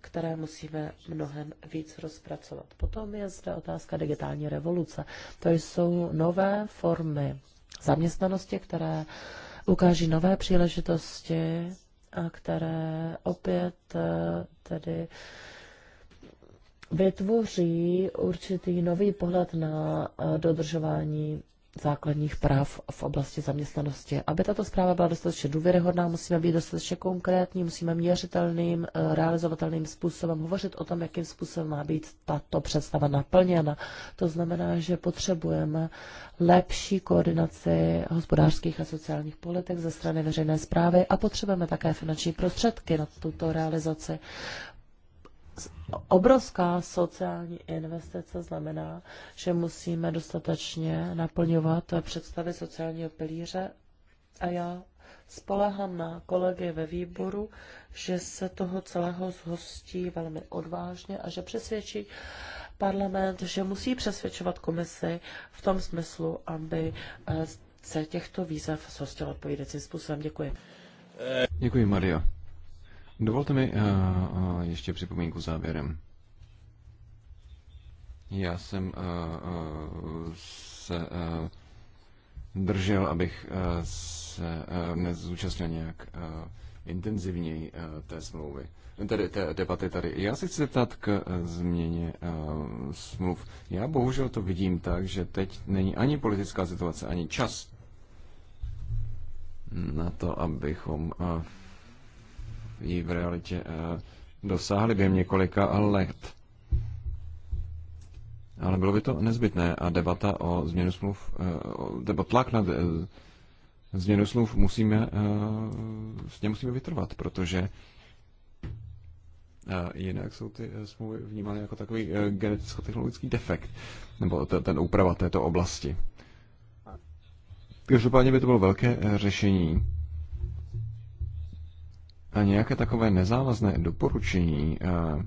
které musíme mnohem víc rozpracovat. Potom je zde otázka digitální revoluce. To jsou nové formy zaměstnanosti, které ukáží nové příležitosti a které opět eh, tedy vytvoří určitý nový pohled na eh, dodržování základních práv v oblasti zaměstnanosti. Aby tato zpráva byla dostatečně důvěryhodná, musíme být dostatečně konkrétní, musíme měřitelným, eh, realizovatelným způsobem hovořit o tom, jakým způsobem má být tato představa naplněna. To znamená, že potřebujeme lepší koordinaci hospodářských a sociálních politik ze strany veřejné zprávy a potřebujeme také finanční prostředky na tuto realizaci obrovská sociální investice znamená, že musíme dostatečně naplňovat představy sociálního pilíře a já spolehám na kolegy ve výboru, že se toho celého zhostí velmi odvážně a že přesvědčí parlament, že musí přesvědčovat komisi v tom smyslu, aby eh, se těchto výzev zhostil odpovídajícím způsobem. Děkuji. Děkuji, Maria. Dovolte mi eh, eh, ještě připomínku závěrem. Já jsem eh, se držel, abych se nezúčastnil nějak intenzivněji té smlouvy, tedy té debaty tady. Já se chci zeptat k změně smluv. Já bohužel to vidím tak, že teď není ani politická situace, ani čas na to, abychom Uh, ji v realitě eh, dosáhli během několika let. Ale bylo by to nezbytné a debata o změnu smluv, eh, nebo tlak na eh, změnu smluv musíme, s ním musíme vytrvat, protože jinak jsou ty smlouvy vnímány jako takový geneticko-technologický defekt, nebo ten, ten úprava této oblasti. Každopádně by to bylo velké řešení a nějaké takové nezávazné doporučení, eh,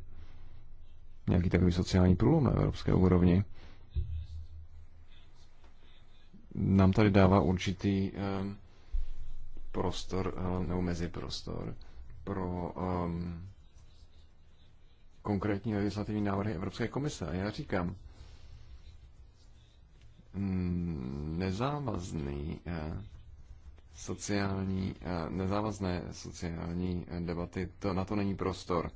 nějaký takový sociální průlom na evropské úrovni, nám tady dává určitý eh, prostor, eh, nebo meziprostor pro konkrétní legislativní návrhy Evropské komise. A já říkám, mm, nezávazný sociální, eh, nezávazné sociální eh, debaty, to, na to není prostor.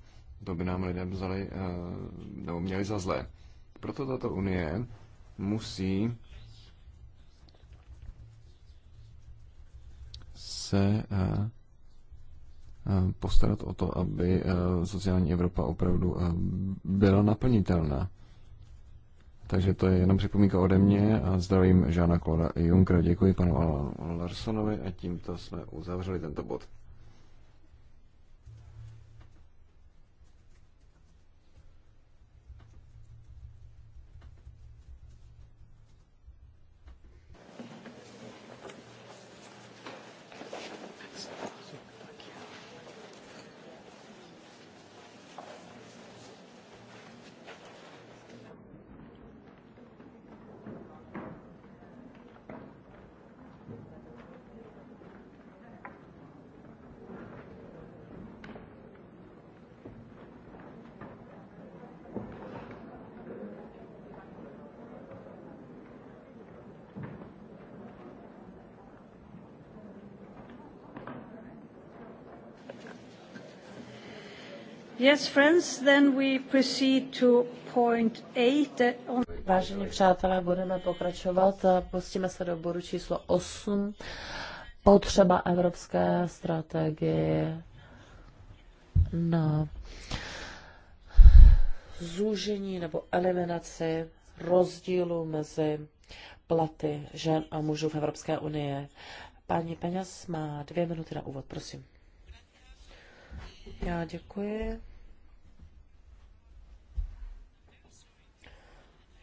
To by nám lidé vzali, eh, nebo měli za zlé. Proto tato unie musí se postarat o to, aby sociální Evropa opravdu byla naplnitelná. Takže to je jenom připomínka ode mě a zdravím Žána Klora Junkra. Děkuji panu Larsonovi a tímto jsme uzavřeli tento bod. Yes, friends, then we proceed to point eight uh, on... Vážení přátelé, budeme pokračovat. Pustíme se do bodu číslo 8. Potřeba evropské strategie na zúžení nebo eliminaci rozdílu mezi platy žen a mužů v Evropské unii. Paní Peňas má dvě minuty na úvod, prosím. Já děkuji.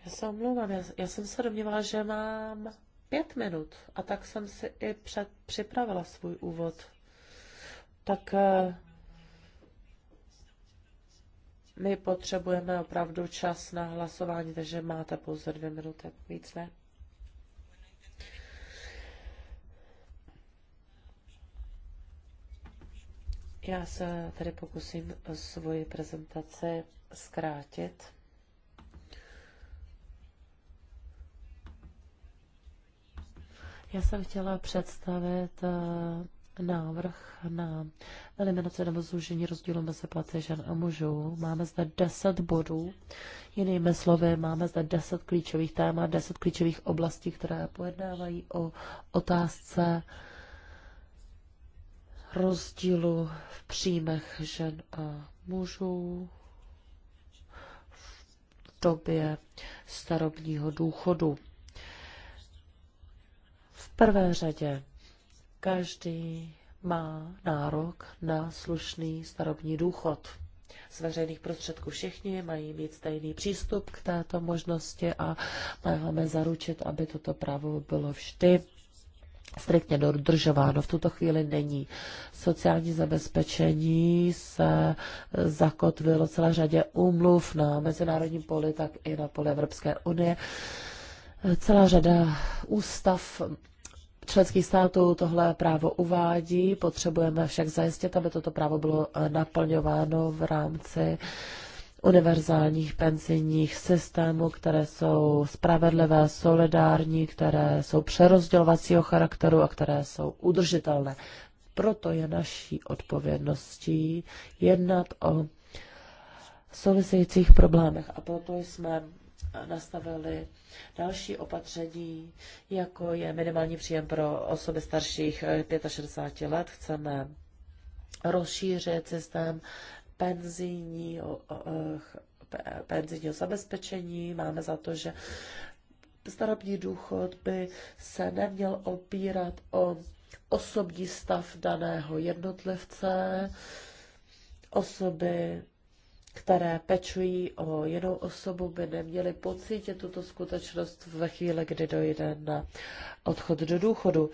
Já se omlouvám, já, já jsem se domnívala, že mám pět minut a tak jsem si i před, připravila svůj úvod. Tak eh, my potřebujeme opravdu čas na hlasování, takže máte pouze dvě minuty, víc ne. Já se tady pokusím svoji prezentaci zkrátit. Já jsem chtěla představit eh, návrh na eliminaci nebo zúžení rozdílu mezi platy žen a mužů. Máme zde 10 bodů. Jinými slovy, máme zde 10 klíčových témat, 10 klíčových oblastí, které pojednávají o otázce rozdílu v příjmech žen a mužů v době starobního důchodu. V prvé řadě každý má nárok na slušný starobní důchod. Z veřejných prostředků všichni mají mít stejný přístup k této možnosti a máme zaručit, aby toto právo bylo vždy striktně dodržováno. V tuto chvíli není. Sociální zabezpečení se zakotvilo celé řadě úmluv na mezinárodním poli, tak i na poli Evropské unie. Celá řada ústav členských států tohle právo uvádí, potřebujeme však zajistit, aby toto právo bylo eh, naplňováno v rámci univerzálních penzijních systémů, které jsou spravedlivé, solidární, které jsou přerozdělovacího charakteru a které jsou udržitelné. Proto je naší odpovědností jednat o souvisejících problémech a proto jsme nastavili další opatření, jako je minimální příjem pro osoby starších 65 eh, let. Chceme rozšířit systém penzijního, eh, penzijního zabezpečení. Máme za to, že starobní důchod by se neměl opírat o osobní stav daného jednotlivce. Osoby které pečují o jinou osobu, by neměly pocítit tuto skutečnost ve chvíli, kdy dojde na odchod do důchodu.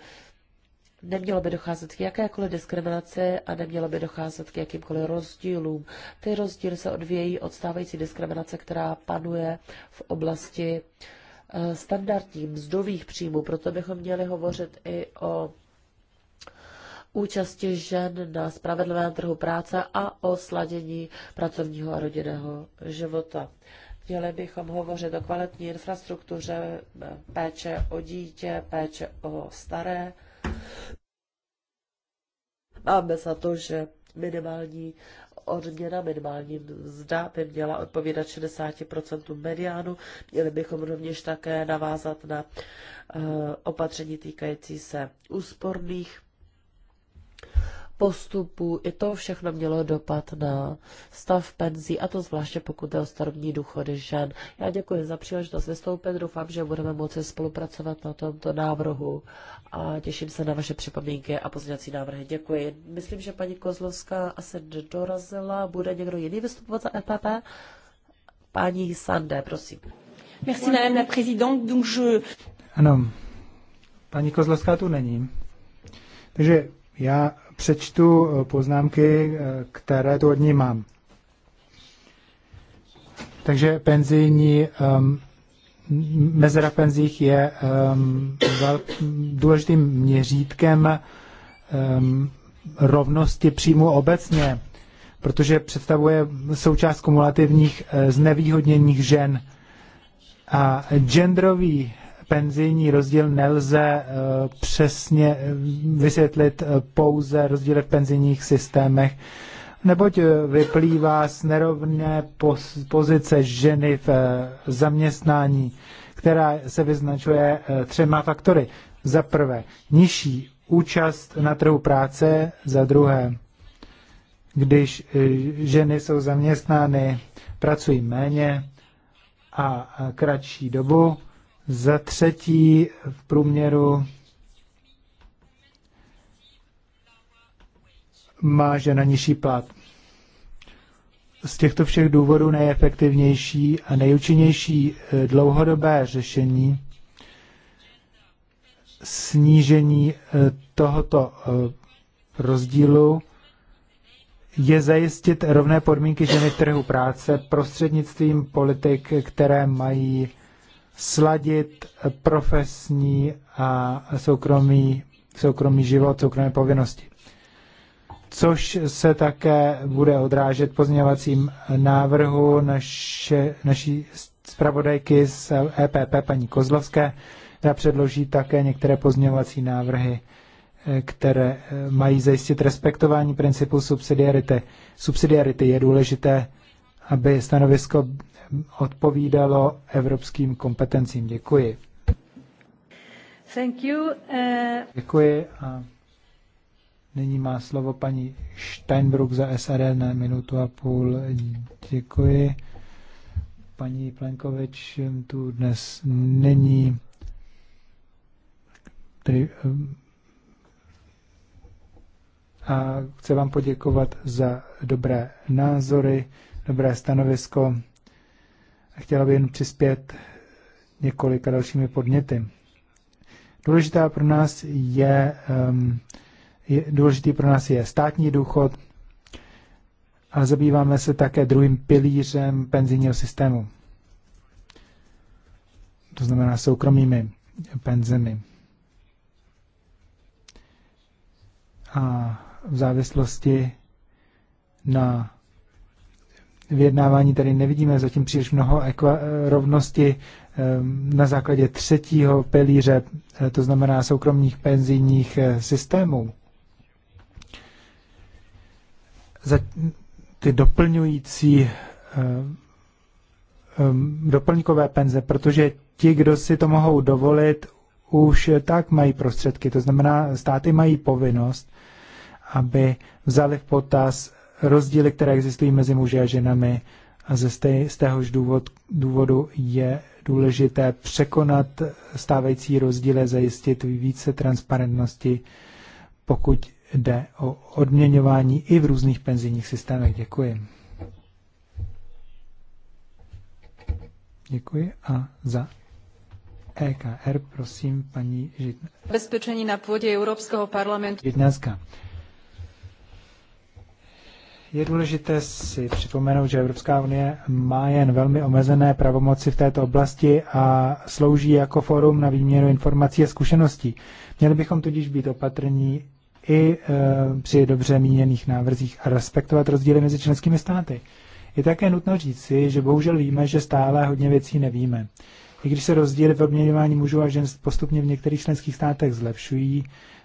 Nemělo by docházet k jakékoliv diskriminaci a nemělo by docházet k jakýmkoliv rozdílům. Ty rozdíly se odvějí od stávající diskriminace, která panuje v oblasti eh, standardních mzdových příjmů. Proto bychom měli hovořit i o účasti žen na spravedlivém trhu práce a o sladění pracovního a rodinného života. Měli bychom hovořit o kvalitní infrastruktuře, péče o dítě, péče o staré. Máme za to, že minimální odměna, minimální mzda by měla odpovídat 60% mediánu. Měli bychom rovněž také navázat na eh, opatření týkající se úsporných postupů. I to všechno mělo dopad na stav penzí, a to zvláště pokud je o starobní důchody žen. Já děkuji za příležitost vystoupit, doufám, že budeme moci spolupracovat na tomto návrhu a těším se na vaše připomínky a pozměňovací návrhy. Děkuji. Myslím, že paní Kozlovská asi dorazila. Bude někdo jiný vystupovat za EPP? Paní Sandé, prosím. Merci, madame la présidente. Donc je... Ano, paní Kozlovská tu není. Takže já přečtu eh, poznámky, eh, které tu od ní mám. Takže penzijní, um, mezera v penzích je um, vel, důležitým měřítkem um, rovnosti příjmu obecně, protože představuje součást kumulativních eh, znevýhodněních žen. A genderový penzijní rozdíl nelze eh, přesně eh, vysvětlit eh, pouze rozdíly v penzijních systémech, neboť vyplývá z nerovné pozice ženy v zaměstnání, která se vyznačuje třema faktory. Za prvé, nižší účast na trhu práce, za druhé, když ženy jsou zaměstnány, pracují méně a kratší dobu, za třetí v průměru má žena nižší plat. Z těchto všech důvodů nejefektivnější a nejúčinnější eh, dlouhodobé řešení snížení eh, tohoto eh, rozdílu je zajistit rovné podmínky ženy v trhu práce prostřednictvím politik, které mají sladit profesní a soukromý, soukromý život, soukromé povinnosti. Což se také bude odrážet pozměňovacím návrhu naše, naší zpravodajky z EPP paní Kozlovské, která předloží také některé pozměňovací návrhy, eh, které eh, mají zajistit respektování principu subsidiarity. Subsidiarity je důležité, aby stanovisko odpovídalo evropským kompetencím. Děkuji. Thank you. Uh... Děkuji a nyní má slovo paní Steinbruck za SRL na minutu a půl. Děkuji. Paní Plenkovič tu dnes není. Tedy, eh, a chci vám poděkovat za dobré názory, dobré stanovisko chtěla by jen přispět několika dalšími podněty. Důležitá pro nás je, ehm, je důležitý pro nás je státní důchod, ale zabýváme se také druhým pilířem penzijního systému. To znamená soukromými penzemi. A v závislosti na vyjednávání tady nevidíme zatím příliš mnoho rovnosti ehm, na základě třetího pilíře, eh, to znamená soukromních penzijních eh, systémů. Za ty doplňující eh, ehm, doplňkové penze, protože ti, kdo si to mohou dovolit, už tak mají prostředky. To znamená, státy mají povinnost, aby vzali v potaz rozdíly, které existují mezi muži a ženami. A ze stej, z téhož důvod, důvodu je důležité překonat stávající rozdíly, zajistit více transparentnosti, pokud jde o odměňování i v různých penzijních systémech. Děkuji. Děkuji a za EKR, prosím, paní Žitná. Bezpečení na půdě Evropského parlamentu. Žitňanská. Je důležité si připomenout, že Evropská unie má jen velmi omezené pravomoci v této oblasti a slouží jako forum na výměnu informací a zkušeností. Měli bychom tudíž být opatrní i e, při dobře míněných návrzích a respektovat rozdíly mezi členskými státy. Je také nutno říci, že bohužel víme, že stále hodně věcí nevíme. I když se rozdíly v obměňování mužů a žen postupně v některých členských státech zlepšují,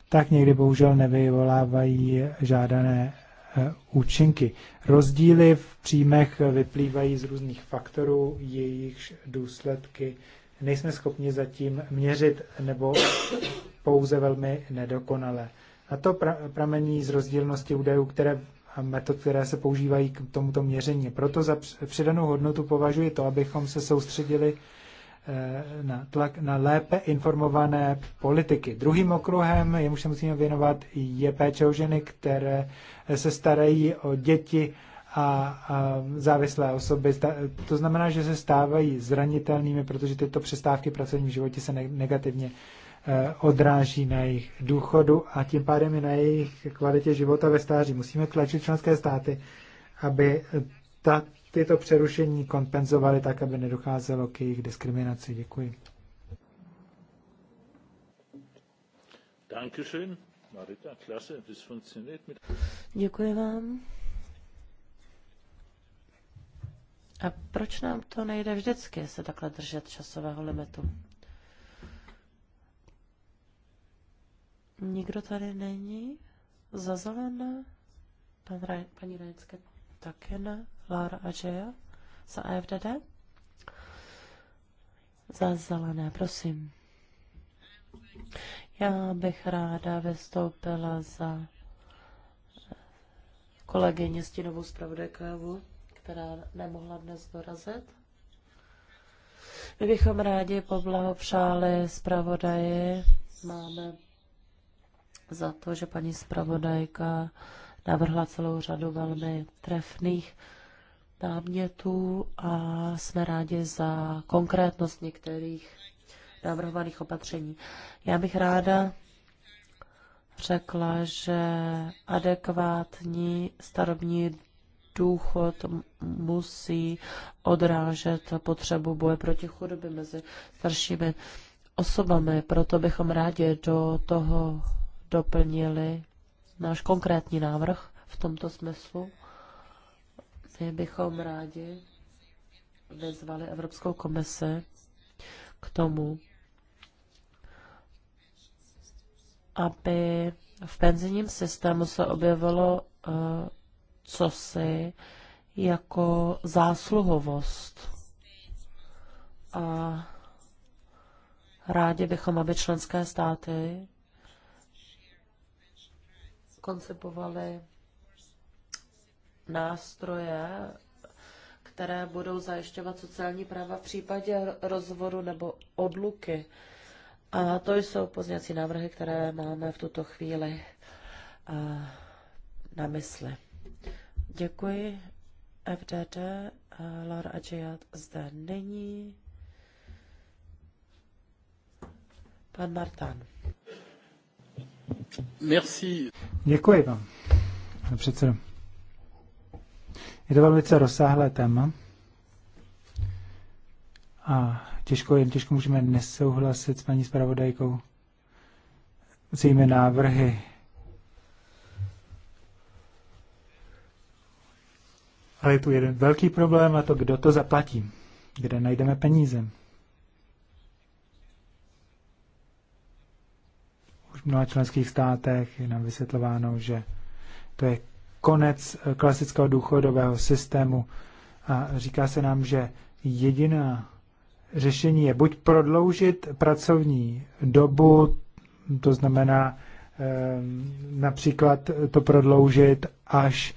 tak někdy bohužel nevyvolávají žádané Eh, účinky. Rozdíly v příjmech vyplývají z různých faktorů, jejichž důsledky nejsme schopni zatím měřit nebo pouze velmi nedokonale. A to pra- pramení z rozdílnosti údajů, které a metod, které se používají k tomuto měření. Proto za přidanou hodnotu považuji to, abychom se soustředili Eh, na tlak na lépe informované politiky. Druhým okruhem, jemu se musíme věnovat, je péče o ženy, které se starají o děti a, a závislé osoby. To znamená, že se stávají zranitelnými, protože tyto přestávky v pracovním životě se negativně eh, odráží na jejich důchodu a tím pádem i na jejich kvalitě života ve stáří. Musíme tlačit členské státy, aby ta, tyto přerušení kompenzovali, tak, aby nedocházelo k jejich diskriminaci. Děkuji. Marita, Děkuji vám. A proč nám to nejde vždycky se takhle držet časového limitu? Nikdo tady není? Za zelené? Pan paní Rajecké také ne. Laura Adžeja za AFDD. E za zelené, prosím. Já bych ráda vystoupila za kolegyně Stinovou zpravodajkovu, která nemohla dnes dorazit. My bychom rádi poblahopřáli zpravodaji. Máme za to, že paní zpravodajka navrhla celou řadu velmi trefných námětů a jsme rádi za konkrétnost některých navrhovaných opatření. Já bych ráda řekla, že adekvátní starobní důchod musí odrážet potřebu boje proti chudobě mezi staršími osobami. Proto bychom rádi do toho doplnili náš konkrétní návrh v tomto smyslu. My bychom rádi vyzvali Evropskou komisi k tomu, aby v penzijním systému se objevilo uh, cosi jako zásluhovost. A rádi bychom, aby členské státy koncipovaly nástroje, které budou zajišťovat sociální práva v případě rozvodu nebo odluky. A to jsou pozněcí návrhy, které máme v tuto chvíli eh, na mysli. Děkuji. FDD, eh, Laura Adžiat zde není. Pan Martán. Merci. Děkuji vám, pane předsedo. Je to velice rozsáhlé téma a těžko, jen těžko můžeme nesouhlasit s paní zpravodajkou s jejími návrhy. Ale je tu jeden velký problém a to, kdo to zaplatí, kde najdeme peníze. Už v mnoha členských státech je nám vysvětlováno, že to je konec eh, klasického důchodového systému a říká se nám, že jediná řešení je buď prodloužit pracovní dobu, to znamená eh, například to prodloužit až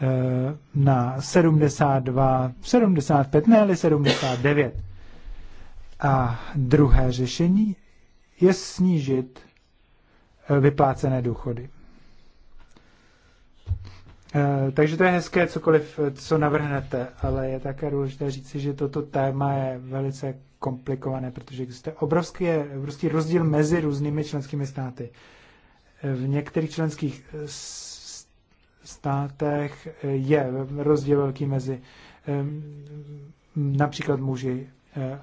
eh, na 72, 75, ne, 79. A druhé řešení je snížit vyplácené důchody. Eh, takže to je hezké cokoliv, eh, co navrhnete, ale je také důležité říci, že toto téma je velice komplikované, protože existuje obrovský, eh, obrovský rozdíl mezi různými členskými státy. V některých členských státech je rozdíl velký mezi ehm, například muži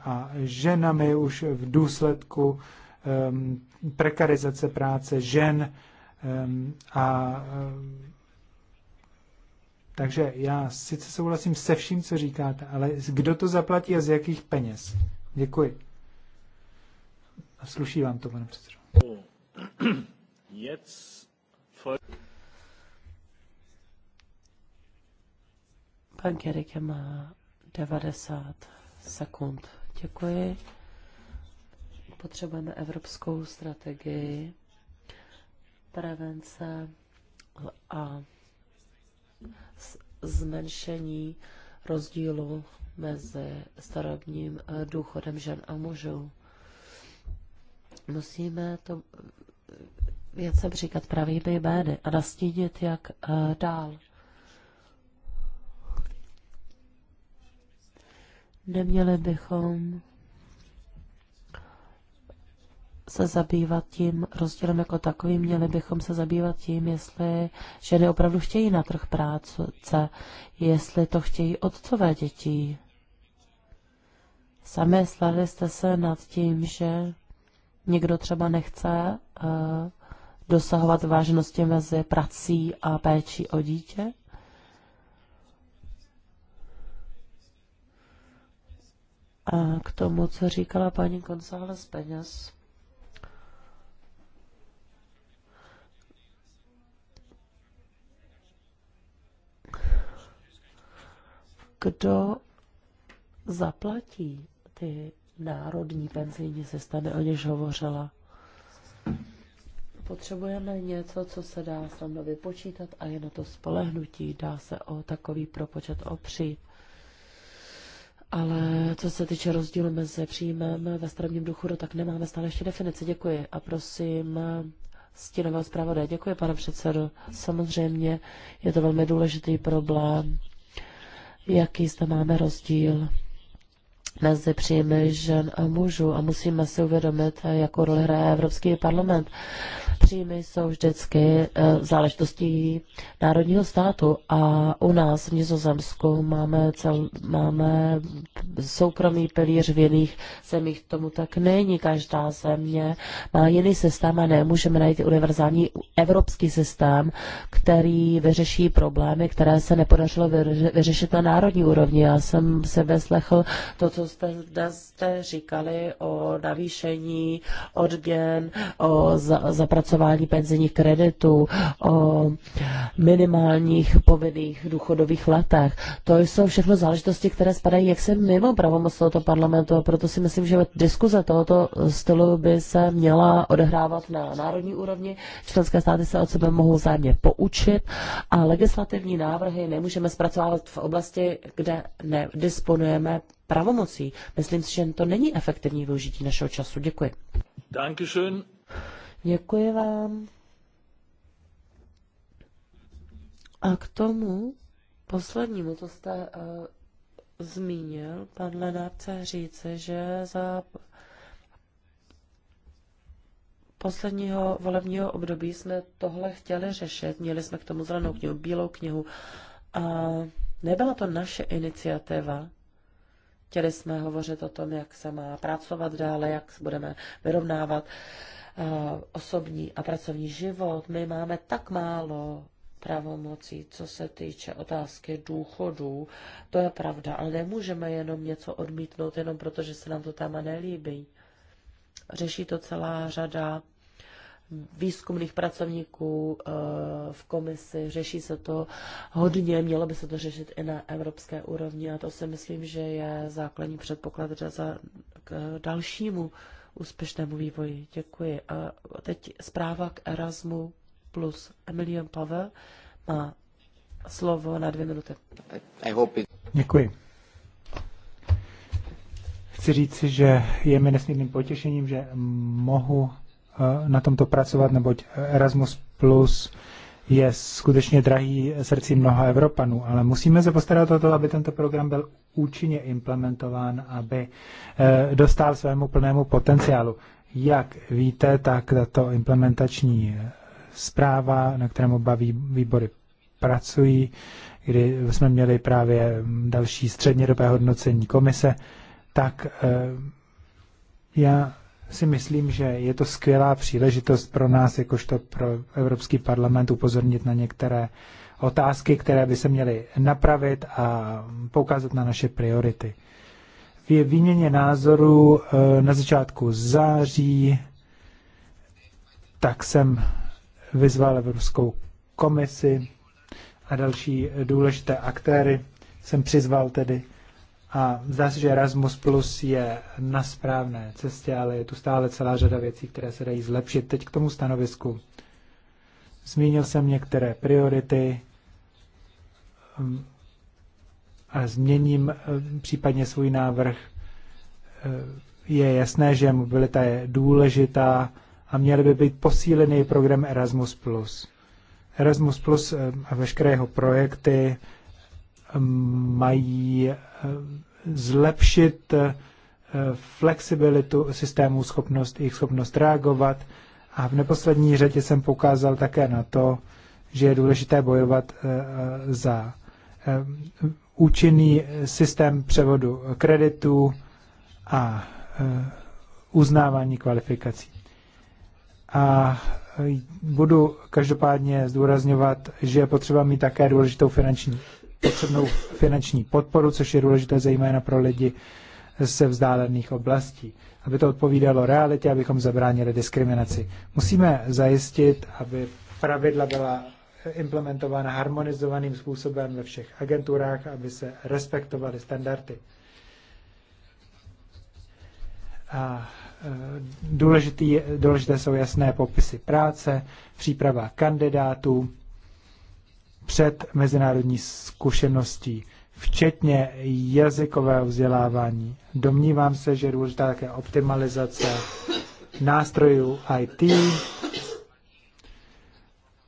a ženami už v důsledku ehm, prekarizace práce žen ehm, a takže já sice souhlasím se vším, co říkáte, ale kdo to zaplatí a z jakých peněz? Děkuji. A sluší vám to, pane předsedo. Pan Gerike má 90 sekund. Děkuji. Potřebujeme evropskou strategii prevence a zmenšení rozdílu mezi starobním eh, důchodem žen a mužů. Musíme to eh, věcem říkat pravými jmény a nastínit, jak eh, dál. Neměli bychom se zabývat tím rozdílem jako takovým, měli bychom se zabývat tím, jestli ženy opravdu chtějí na trh práce, jestli to chtějí otcové děti. Samé slali jste se nad tím, že někdo třeba nechce uh, dosahovat vážnosti mezi prací a péčí o dítě? A k tomu, co říkala paní González Peněz, kdo zaplatí ty národní penzijní systémy, o něž hovořila. Potřebujeme něco, co se dá snadno vypočítat a je na to spolehnutí, dá se o takový propočet opřít. Ale co se týče rozdílu mezi příjmem ve starobním důchodu, no tak nemáme stále ještě definici. Děkuji. A prosím, stínového zpravodaje. Děkuji, pane předsedo. Samozřejmě je to velmi důležitý problém jaký zde máme rozdíl mezi příjmy žen a mužů a musíme si uvědomit, jakou roli hraje Evropský parlament. Příjmy jsou vždycky eh, záležitostí národního státu a u nás v Nizozemsku máme, cel, máme soukromý pilíř v jiných zemích. Tomu tak není. Každá země má jiný systém a nemůžeme najít univerzální evropský systém, který vyřeší problémy, které se nepodařilo vyřešit na národní úrovni. Já jsem se vyslechl to, co co jste dnes jste říkali o navýšení odměn, o za, zapracování penzijních kreditů, o minimálních povinných důchodových letech. To jsou všechno záležitosti, které spadají jaksi mimo pravomoc tohoto parlamentu a proto si myslím, že diskuze tohoto stylu by se měla odehrávat na národní úrovni. Členské státy se od sebe mohou zájemně poučit a legislativní návrhy nemůžeme zpracovávat v oblasti, kde nedisponujeme pravomocí. Myslím si, že to není efektivní využití našeho času. Děkuji. Dankeschön. Děkuji vám. A k tomu poslednímu, co jste uh, zmínil, pan Lenár chce říci, že za posledního volebního období jsme tohle chtěli řešit. Měli jsme k tomu zelenou knihu, bílou knihu. A nebyla to naše iniciativa, Chtěli jsme hovořit o tom, jak se má pracovat dále, jak budeme vyrovnávat eh, osobní a pracovní život. My máme tak málo pravomocí, co se týče otázky důchodů. To je pravda, ale nemůžeme jenom něco odmítnout, jenom protože se nám to téma nelíbí. Řeší to celá řada výzkumných pracovníků eh, v komisi, řeší se to hodně, mělo by se to řešit i na evropské úrovni a to si myslím, že je základní předpoklad za k dalšímu úspěšnému vývoji. Děkuji. A teď zpráva k Erasmu plus Emilian Pavel má slovo na dvě minuty. Děkuji. Chci říci, že je mi nesmírným potěšením, že mohu na tomto pracovat, neboť Erasmus Plus je skutečně drahý srdcí mnoha Evropanů, ale musíme se postarat o to, aby tento program byl účinně implementován, aby e, dostal svému plnému potenciálu. Jak víte, tak tato implementační e, zpráva, na kterém oba výbory pracují, kdy jsme měli právě další střednědobé hodnocení komise, tak e, já si myslím, že je to skvělá příležitost pro nás, jakožto pro Evropský parlament, upozornit na některé otázky, které by se měly napravit a poukázat na naše priority. V výměně názoru eh, na začátku září tak jsem vyzval Evropskou komisi a další důležité aktéry. Jsem přizval tedy a zdá se, že Erasmus Plus je na správné cestě, ale je tu stále celá řada věcí, které se dají zlepšit. Teď k tomu stanovisku. Zmínil jsem některé priority mm, a změním eh, případně svůj návrh. Eh, je jasné, že mobilita je důležitá a měly by být posílený program Erasmus+. Plus, Erasmus Plus eh, a veškeré jeho projekty mají eh, zlepšit eh, flexibilitu systému, schopnost, jejich schopnost reagovat. A v neposlední řadě jsem poukázal také na to, že je důležité bojovat eh, za účinný systém převodu kreditů a uznávání kvalifikací. A budu každopádně zdůrazňovat, že je potřeba mít také důležitou finanční potřebnou finanční podporu, což je důležité zejména pro lidi ze vzdálených oblastí. Aby to odpovídalo realitě, abychom zabránili diskriminaci. Musíme zajistit, aby pravidla byla implementována harmonizovaným způsobem ve všech agenturách, aby se respektovaly standardy. A e, důležité jsou jasné popisy práce, příprava kandidátů, před mezinárodní zkušeností, včetně jazykového vzdělávání. Domnívám se, že je důležitá také optimalizace nástrojů IT,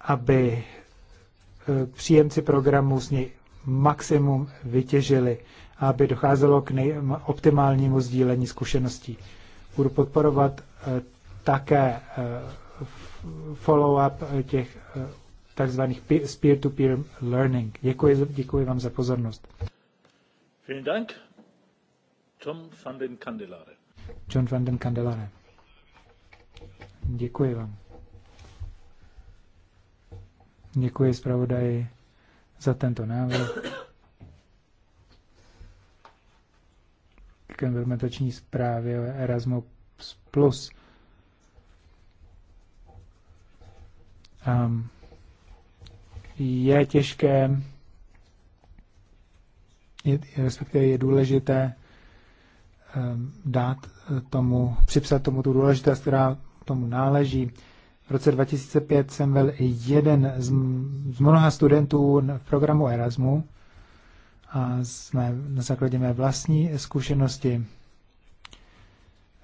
aby e, příjemci programu z něj maximum vytěžili, aby docházelo k optimálnímu sdílení zkušeností. Budu podporovat e, také e, follow-up těch takzvaných peer-to-peer learning. Děkuji, děkuji vám za pozornost. Vielen Dank. Tom van den Candelare. John van den Candelare. Děkuji vám. Děkuji zpravodaji za tento návrh. K implementační zprávě o Erasmus+. Um, je těžké, je, respektive je důležité ehm, dát eh, tomu, připsat tomu tu důležitost, která tomu náleží. V roce 2005 jsem byl jeden z, z mnoha studentů v programu Erasmu a jsme na základě mé vlastní zkušenosti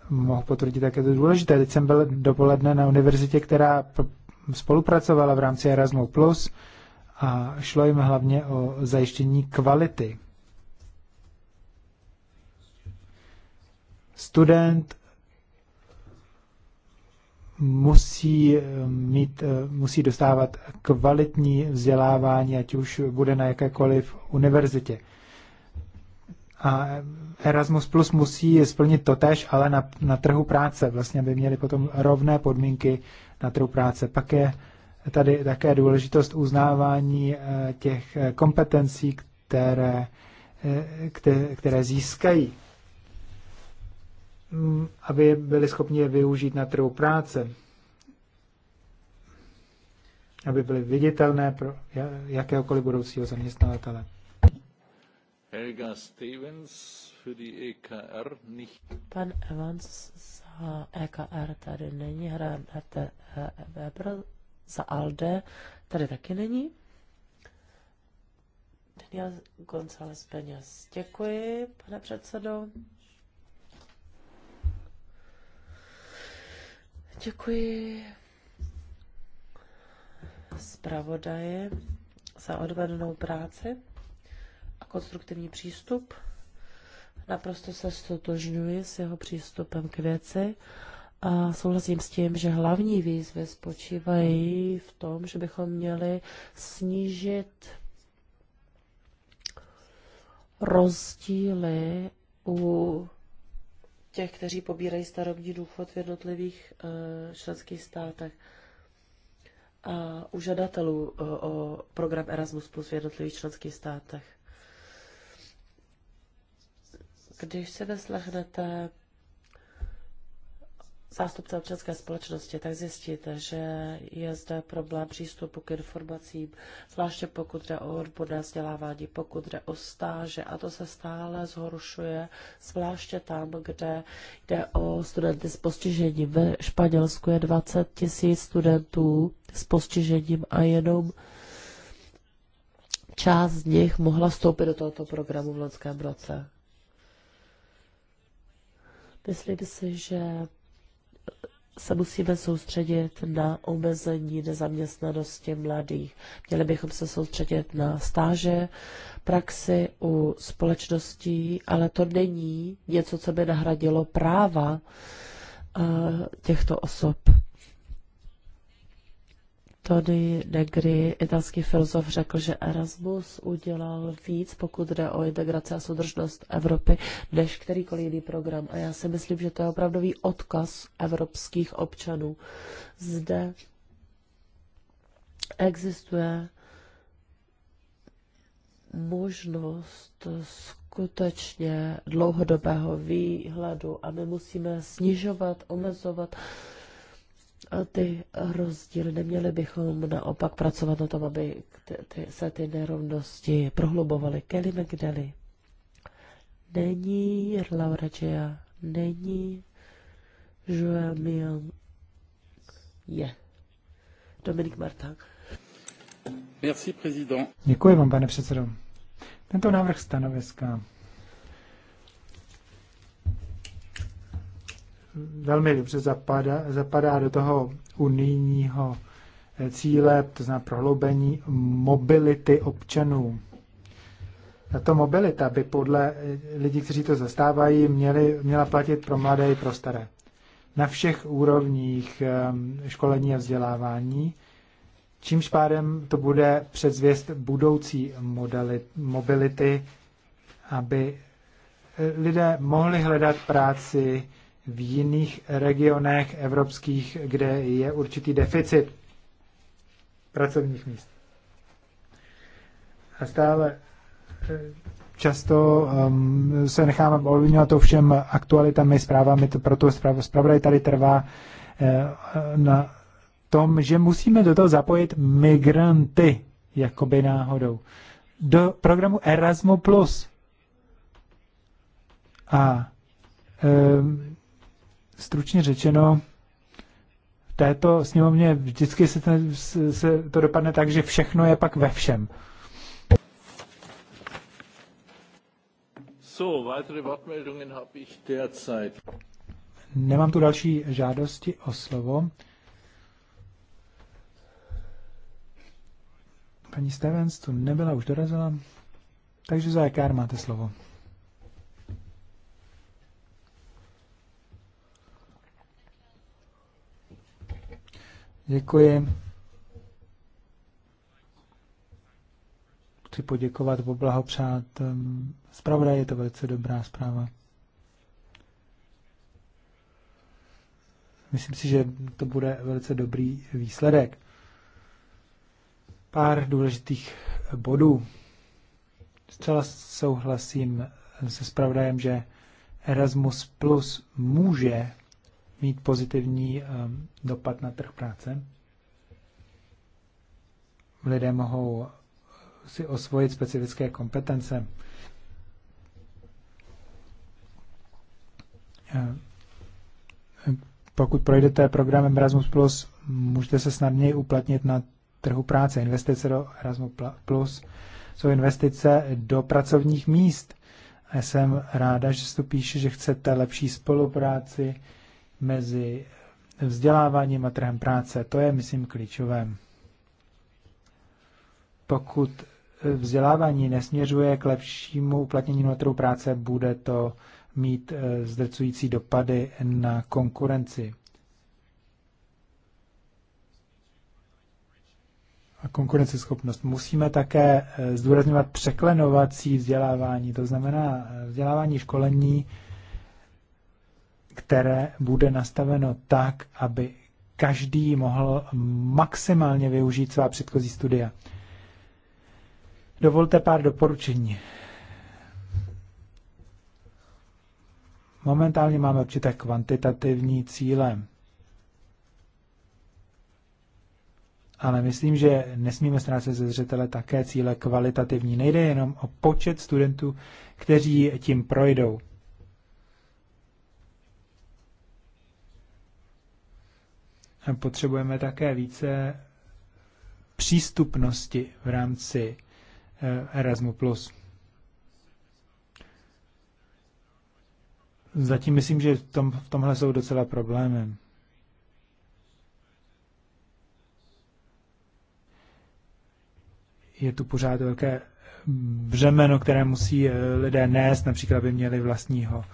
mohu potvrdit, jak je to důležité. Teď jsem byl dopoledne na univerzitě, která spolupracovala v rámci Erasmu+, Plus a šlo jim hlavně o zajištění kvality. Student musí, eh, mít, eh, musí dostávat kvalitní vzdělávání, ať už bude na jakékoliv univerzitě. A Erasmus Plus musí splnit totéž, ale na, na trhu práce, vlastně by měli potom rovné podmínky na trhu práce. Pak je tady také důležitost uznávání eh, těch eh, kompetencí, které, eh, které získají, mm, aby byli schopni je využít na trhu práce, aby byly viditelné pro jakéhokoliv budoucího zaměstnavatele. Helga Stevens für die EKR nicht. Pan Evans za EKR tady není, hraje Weber za ALDE. Tady taky není. Daniel González Peněz. Děkuji, pane předsedo. Děkuji zpravodaji za odvedenou práci a konstruktivní přístup. Naprosto se stotožňuji s jeho přístupem k věci a souhlasím s tím, že hlavní výzvy spočívají v tom, že bychom měli snížit rozdíly u těch, kteří pobírají starobní důchod v jednotlivých eh, členských státech a u žadatelů eh, o program Erasmus Plus v jednotlivých členských státech. Když se vyslechnete zástupce občanské společnosti, tak zjistíte, že je zde problém přístupu k informacím, zvláště pokud jde o odborné vzdělávání, pokud jde o stáže a to se stále zhoršuje, zvláště tam, kde jde o studenty s postižením. Ve Španělsku je 20 tisíc studentů s postižením a jenom část z nich mohla vstoupit do tohoto programu v loňském roce. Myslím si, že se musíme soustředit na omezení nezaměstnanosti mladých. Měli bychom se soustředit na stáže, praxi u společností, ale to není něco, co by nahradilo práva eh, těchto osob. Tony Negri, italský filozof, řekl, že Erasmus udělal víc, pokud jde o integraci a soudržnost Evropy, než kterýkoliv jiný program. A já si myslím, že to je opravdový odkaz evropských občanů. Zde existuje možnost skutečně dlouhodobého výhledu a my musíme snižovat, omezovat uh, ty rozdíly. Neměli bychom naopak pracovat na tom, aby ty, ty, se ty nerovnosti prohlubovaly. Kelly McDally. Není Laura Gia. Není Joel Mion. Je. Dominik Martin. Merci, prezident. Děkuji vám, pane předsedo. Tento návrh stanoviska velmi dobře zapadá, zapadá do toho unijního eh, cíle, to znamená prohloubení mobility občanů. Tato mobilita by podle eh, lidí, kteří to zastávají, měli, měla platit pro mladé i pro staré. Na všech úrovních eh, školení a vzdělávání, čímž pádem to bude předzvěst budoucí modali, mobility, aby lidé mohli hledat práci, v jiných regionech evropských, kde je určitý deficit pracovních míst. A stále eh, často um, se necháme ovlivňovat to všem aktualitami, zprávami, to proto zpravodaj tady trvá eh, na tom, že musíme do toho zapojit migranty, jakoby náhodou, do programu Erasmus+. A um, stručně řečeno, v této sněmovně vždycky se, ten, se to dopadne tak, že všechno je pak ve všem. So, weitere Wortmeldungen habe ich derzeit. Nemám tu další žádosti o slovo. Paní Stevens tu nebyla, už dorazila. Takže za jakár máte slovo? Děkuji. Chci poděkovat, poblahopřát. Um, Zpravda je to velice dobrá zpráva. Myslím si, že to bude velice dobrý výsledek. Pár důležitých bodů. Zcela souhlasím se spravodajem, že Erasmus Plus může mít pozitivní ehm, dopad na trh práce. Lidé mohou si osvojit specifické kompetence. Ehm, pokud projdete programem Erasmus+, Plus, můžete se snadněji uplatnit na trhu práce. Investice do Erasmus Plus jsou investice do pracovních míst. A jsem ráda, že si tu píše, že chcete lepší spolupráci, mezi vzděláváním a trhem práce. To je, myslím, klíčové. Pokud vzdělávání nesměřuje k lepšímu uplatnění na trhu práce, bude to mít eh, zdrcující dopady na konkurenci. a konkurenceschopnost. Musíme také eh, zdůrazňovat překlenovací vzdělávání, to znamená eh, vzdělávání školení které bude nastaveno tak, aby každý mohl maximálně využít svá předchozí studia. Dovolte pár doporučení. Momentálně máme určité kvantitativní cíle. Ale myslím, že nesmíme ztrácet ze zřetele také cíle kvalitativní. Nejde jenom o počet studentů, kteří tím projdou. potřebujeme také více přístupnosti v rámci eh, Erasmus. Zatím myslím, že v, tom, v tomhle jsou docela problémy. Je tu pořád velké břemeno, které musí eh, lidé nést, například by měli vlastního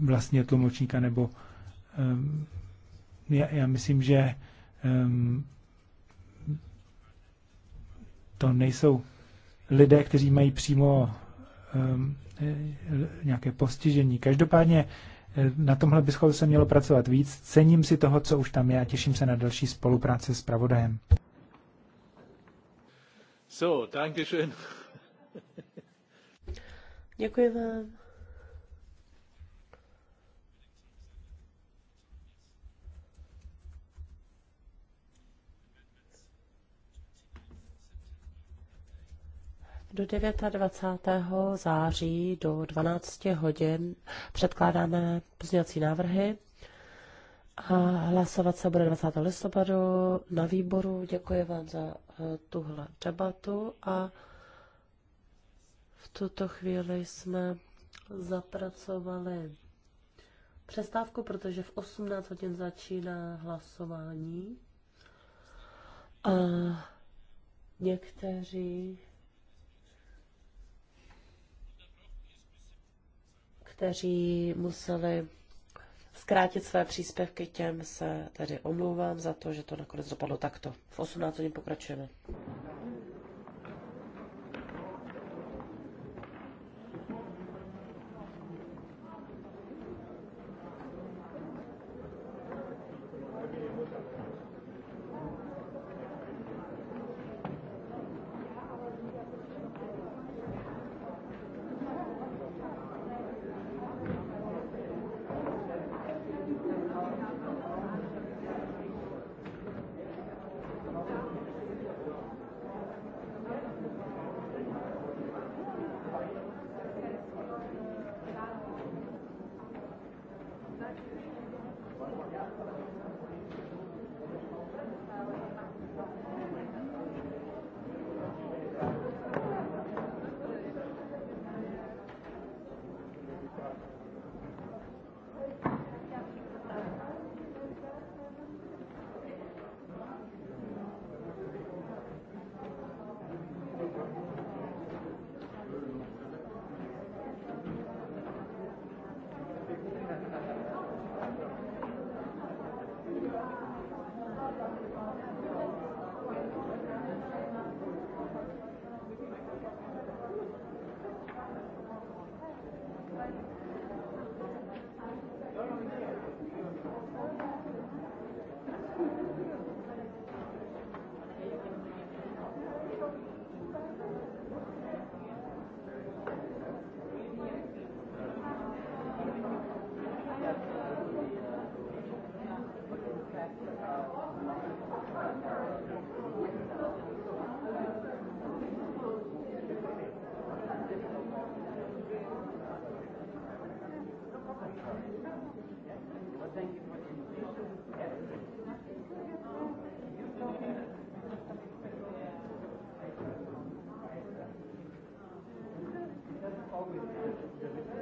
vlastně tlumočníka nebo já, já myslím, že um, to nejsou lidé, kteří mají přímo um, nějaké postižení. Každopádně e, na tomhle bychom se mělo pracovat víc. Cením si toho, co už tam je a těším se na další spolupráci s pravodajem. So, danke schön. Děkuji vám. Do 29. září do 12 hodin předkládáme pozměňovací návrhy a hlasovat se bude 20. listopadu na výboru. Děkuji vám za eh, tuhle debatu a v tuto chvíli jsme zapracovali přestávku, protože v 18 hodin začíná hlasování. A někteří kteří museli zkrátit své příspěvky, těm se tedy omlouvám za to, že to nakonec dopadlo takto. V 18 hodin pokračujeme. always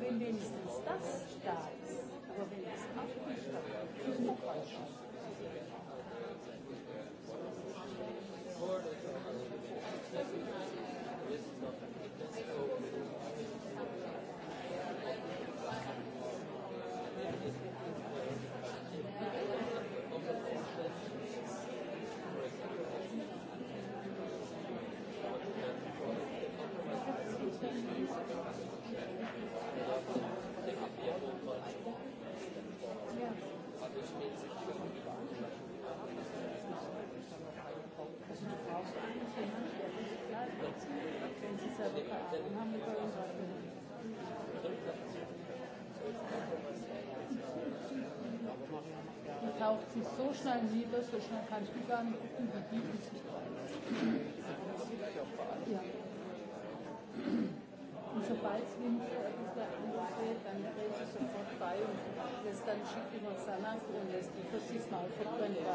wenn wenigstens das da ist, aber wenn das auch nicht da ist, ist noch falsch. Thank you. kanske i något annat område, precis man får kunna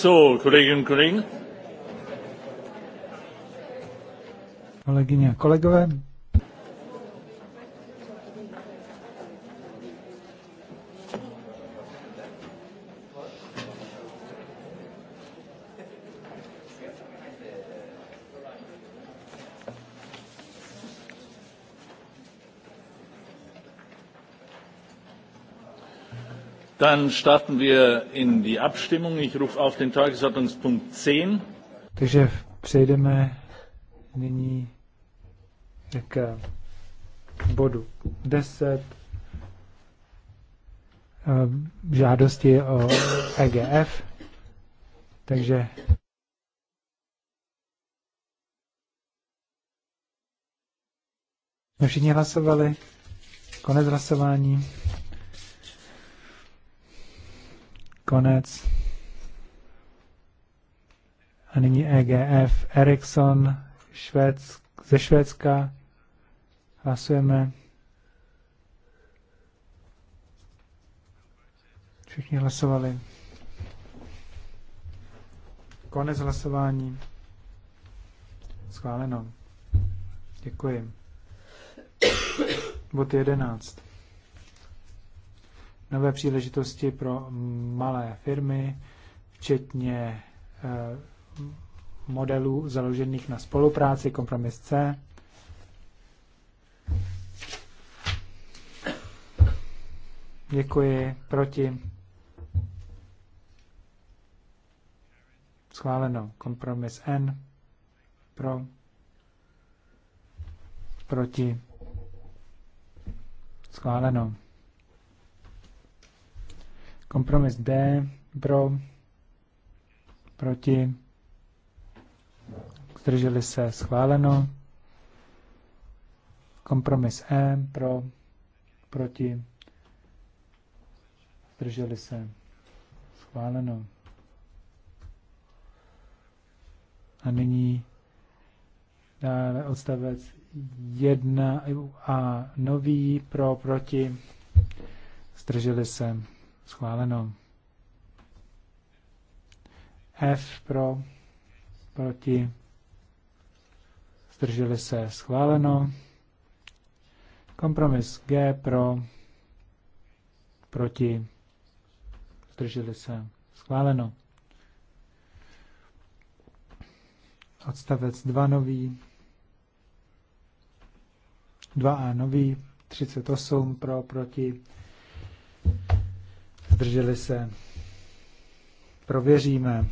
So, kolegyně, kolegyně. Kolegyně a kolegové, Dann starten wir in die Abstimmung. Ich rufe auf den Tagesordnungspunkt 10. Takže přejdeme nyní k bodu 10 ehm, žádosti o EGF. Takže jsme no, všichni hlasovali. Konec hlasování. Konec. A nyní EGF Ericsson Švédsk, ze Švédska. Hlasujeme. Všichni hlasovali. Konec hlasování. Schváleno. Děkuji. Bod 11 nové příležitosti pro malé firmy, včetně eh, modelů založených na spolupráci, kompromis C. Děkuji. Proti. Schváleno. Kompromis N. Pro. Proti. Schváleno. Kompromis D pro, proti, zdrželi se schváleno. Kompromis E pro, proti, zdrželi se schváleno. A nyní dále odstavec 1 a nový pro, proti, zdrželi se Schváleno. F pro, proti, zdrželi se, schváleno. Kompromis G pro, proti, zdrželi se, schváleno. Odstavec 2 nový, 2a nový, 38 pro, proti, zdrželi se. Prověříme.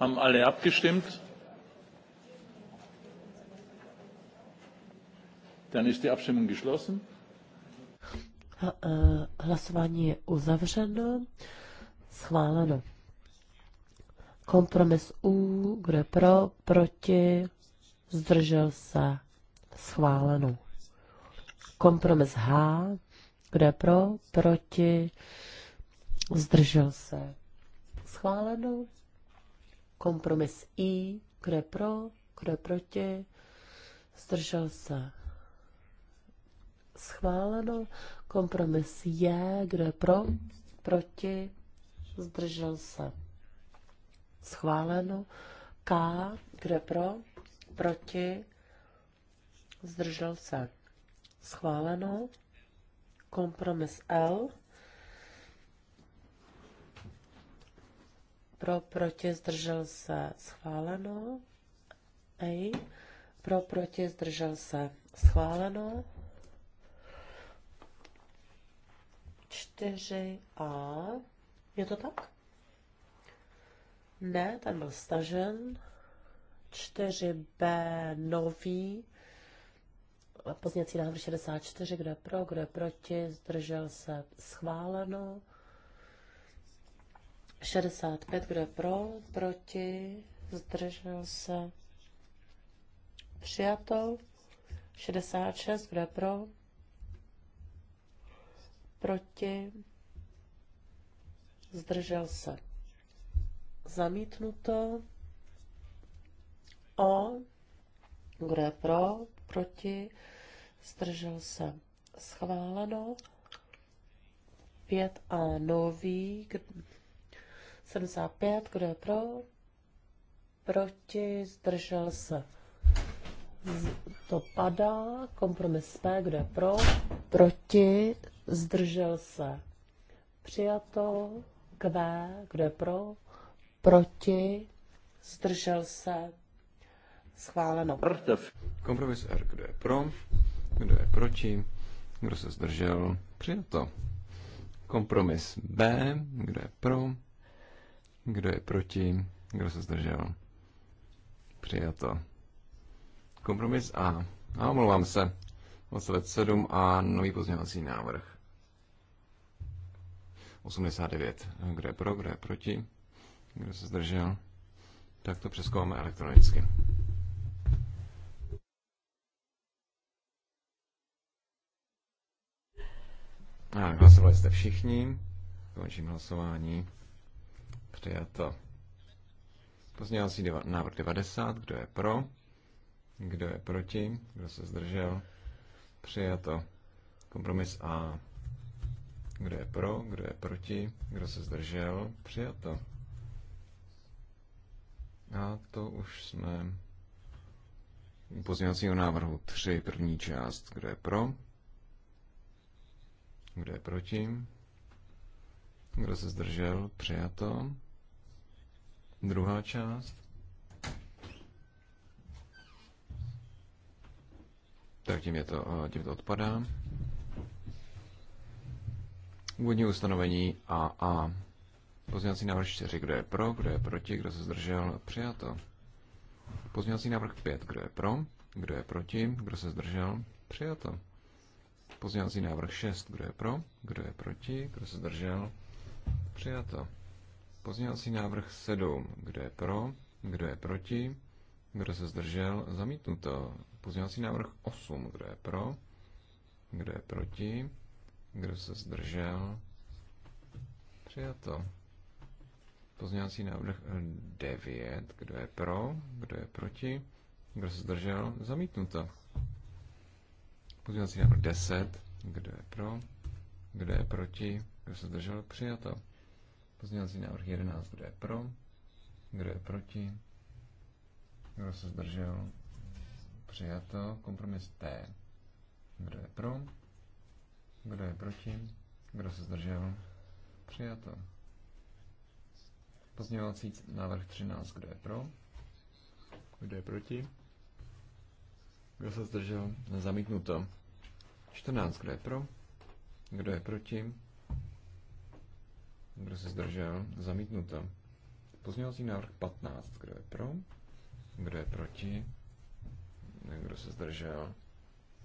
Haben alle abgestimmt? Dann ist die Abstimmung geschlossen. Eh, hlasování je uzavřeno, schváleno. Kompromis U, kdo pro, proti, zdržel se, schváleno. Kompromis H, kdo je pro, proti, zdržel se. Schváleno. Kompromis I, kdo je pro, kdo je proti, zdržel se. Schváleno. Kompromis J, kdo je pro, proti, zdržel se. Schváleno. K, kdo je pro, proti, zdržel se schváleno. Kompromis L. Pro, proti, zdržel se, schváleno. A. Pro, proti, zdržel se, schváleno. 4A. Je to tak? Ne, ten byl stažen. 4B nový Pozněcí návrh 64, kdo je pro, kdo je proti, zdržel se schváleno. 65, kdo je pro, proti, zdržel se přijato. 66, kdo je pro, proti, zdržel se zamítnuto. O, kdo je pro, proti, zdržel se schváleno. 5 a nový, 75, kdo je pro, proti, zdržel se. To padá, kompromis P, kdo je pro, proti, zdržel se. Přijato, Q, kdo je pro, proti, zdržel se. Schváleno. Kompromis R, kdo je pro, kdo je proti? Kdo se zdržel? Přijato. Kompromis B. Kdo je pro? Kdo je proti? Kdo se zdržel? Přijato. Kompromis A. A omlouvám se. Odstavec 7 a nový pozměňovací návrh. 89. Kdo je pro, kdo je proti? Kdo se zdržel? Tak to přeskoumáme elektronicky. A hlasovali jste všichni. Končím hlasování. Přijato. Pozměňovací návrh 90. Kdo je pro? Kdo je proti? Kdo se zdržel? Přijato. Kompromis A. Kdo je pro? Kdo je proti? Kdo se zdržel? Přijato. A to už jsme u pozměňovacího návrhu 3, první část. Kdo je pro? Kdo je proti? Kdo se zdržel? Přijato. Druhá část. Tak tím, je to, eh, tím to odpadá. Úvodní ustanovení a a. Pozměňovací návrh 4. Kdo je pro? Kdo je proti? Kdo se zdržel? Přijato. Pozměňovací návrh 5. Kdo je pro? Kdo je proti? Kdo se zdržel? Přijato. Pozdělací návrh 6. Kdo je pro? Kdo je proti? Kdo se zdržel? Přijato. Pozdělací návrh 7. Kdo je pro? Kdo je proti? Kdo se zdržel? Zamítnuto. Pozdělací návrh 8. Kdo je pro? Kdo je proti? Kdo se zdržel? Přijato. Pozdělací návrh 9. Kdo je pro? Kdo je proti? Kdo se zdržel? Zamítnuto. Pozměňovací návrh 10. Kdo je pro? Kdo je proti? Kdo se zdržel? Přijato. Pozměňovací návrh 11. Kdo je pro? Kdo je proti? Kdo se zdržel? Přijato. Kompromis T. Kdo je pro? Kdo je proti? Kdo se zdržel? Přijato. Pozměňovací návrh 13. Kdo je pro? Kdo je proti? Kdo se zdržel? Zamítnuto. 14. Kdo je pro? Kdo je proti? Kdo se zdržel? Zamítnuto. Pozměňovací návrh 15. Kdo je pro? Kdo je proti? Kdo se zdržel?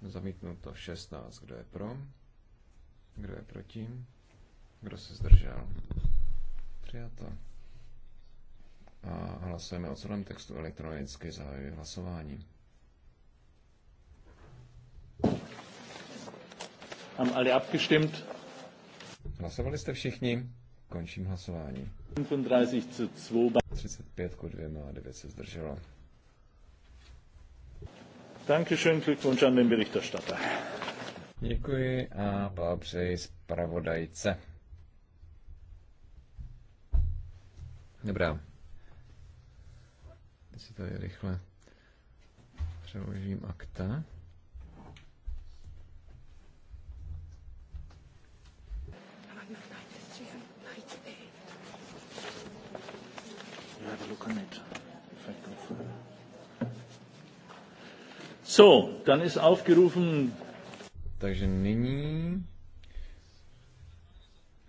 Zamítnuto 16. Kdo je pro? Kdo je proti? Kdo se zdržel? Přijato. A hlasujeme o celém textu elektronicky. Zahajuji hlasování. Haben alle abgestimmt? Hlasovali jste všichni? Končím hlasování. 35 ku 2 a 9 se zdrželo. Dankeschön, Glückwunsch an den Berichterstatter. Děkuji a blahopřeji zpravodajce. Dobrá. Teď si tady rychle přeložím akta. So, dann ist aufgerufen. Takže nyní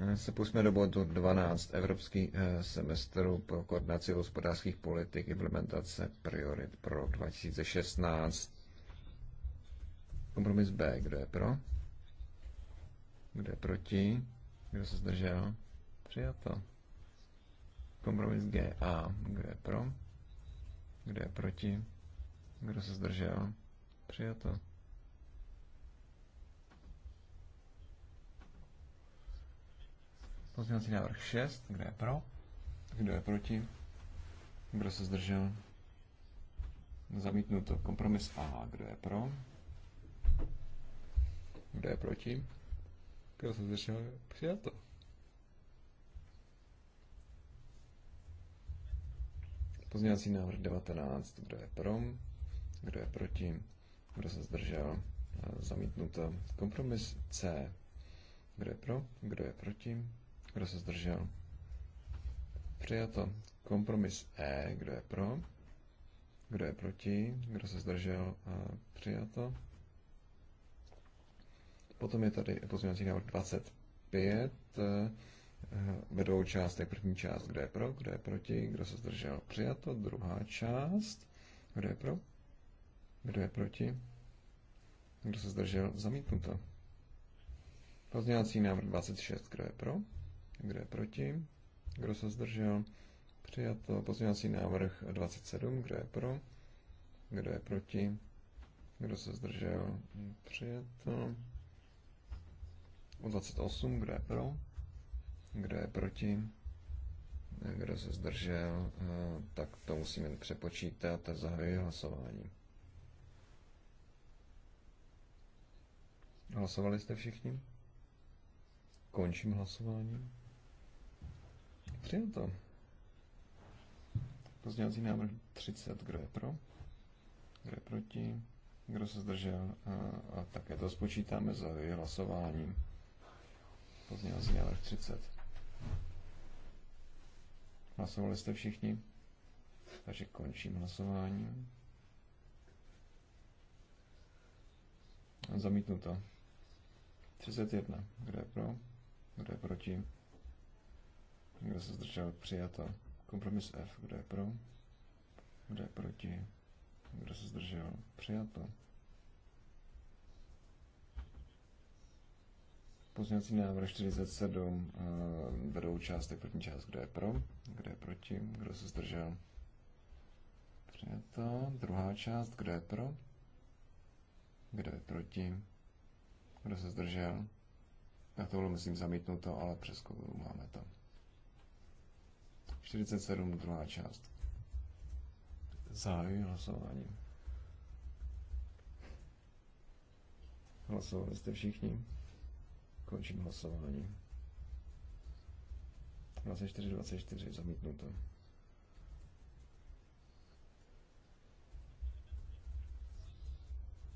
eh, se pusme do bodu 12. Evropský eh, semestr pro koordinaci hospodářských politik, implementace priorit pro 2016. Kompromis B. Kdo je pro? Kdo je proti? Kdo se zdržel? Přijato. Kompromis G A. Kdo je pro? Kdo je proti? Kdo se zdržel? Přijato. Pozměňovací návrh 6. Kdo je pro? Kdo je proti? Kdo se zdržel? Zamítnuto. Kompromis A. Kdo je pro? Kdo je proti? Kdo se zdržel? Přijato. Pozměňovací návrh 19. Kdo je pro? Kdo je proti? Kdo se zdržel? Zamítnuto. Kompromis C. Kdo je pro? Kdo je proti? Kdo se zdržel? Přijato. Kompromis E. Kdo je pro? Kdo je proti? Kdo se zdržel? Přijato. Potom je tady pozměňovací návrh 25 Eh, ve dvou částech. První část, kdo je pro, kdo je proti, kdo se zdržel, přijato. Druhá část, kdo je pro, kdo je proti, kdo se zdržel, zamítnuto. Pozměňovací návrh 26, kdo je pro, kdo je proti, kdo se zdržel, přijato. Pozměňovací návrh 27, kdo je pro, kdo je proti, kdo se zdržel, přijato. 28, kdo je pro, kdo je proti? Kdo se zdržel? Eh, tak to musíme přepočítat a zahajuji hlasování. Hlasovali jste všichni? Končím hlasování. to. Pozdělací návrh 30. Kdo je pro? Kdo je proti? Kdo se zdržel? A, eh, a také to spočítáme za hlasování. Pozdělací návrh 30. Hlasovali jste všichni? Takže končím hlasování. Zamítnuto. 31. Kdo je pro? Kdo je proti? Kdo se zdržel? Přijato. Kompromis F. Kdo je pro? Kdo je proti? Kdo se zdržel? Přijato. Pozměňovací návrh 47 eh, vedou dvou První část, kdo je pro, kdo je proti, kdo se zdržel. Přijeto. Druhá část, kdo je pro, kdo je proti, kdo se zdržel. Já tohle musím zamítnout to, ale přes kovu máme to. 47, druhá část. Zahajuji hlasování. Hlasovali jste všichni. Končím hlasování. 24, 24, zamítnuto.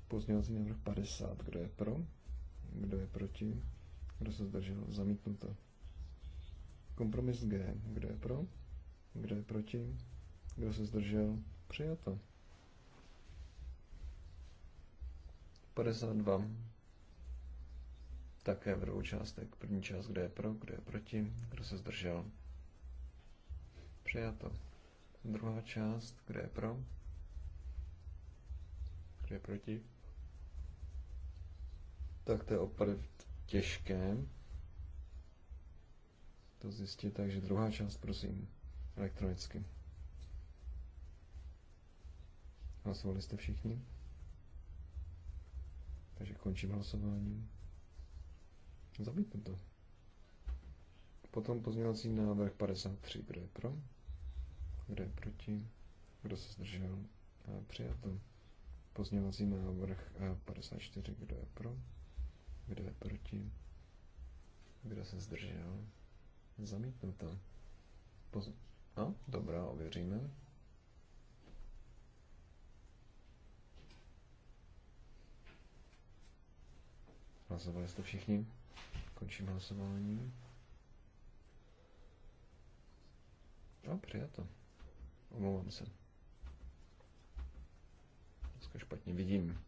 Pozměňovací návrh 50. Kdo je pro? Kdo je proti? Kdo se zdržel? Zamítnuto. Kompromis G. Kdo je pro? Kdo je proti? Kdo se zdržel? Přijato. 52 také v druhou částek. První část, kde je pro, kdo je proti, kdo se zdržel. Přijato. Druhá část, kde je pro, kdo je proti. Tak to je opravdu těžké to zjistit, takže druhá část, prosím, elektronicky. Hlasovali jste všichni? Takže končím hlasování to. Potom pozměňovací návrh 53. Kdo je pro? Kdo je proti? Kdo se zdržel? Eh, přijato. Pozměňovací návrh 54. Eh, Kdo je pro? Kdo je proti? Kdo se zdržel? to. Poz... A? No, dobrá, ověříme. Hlasovali jste všichni? Končím hlasování. No, přijato. Omlouvám se. Dneska špatně vidím.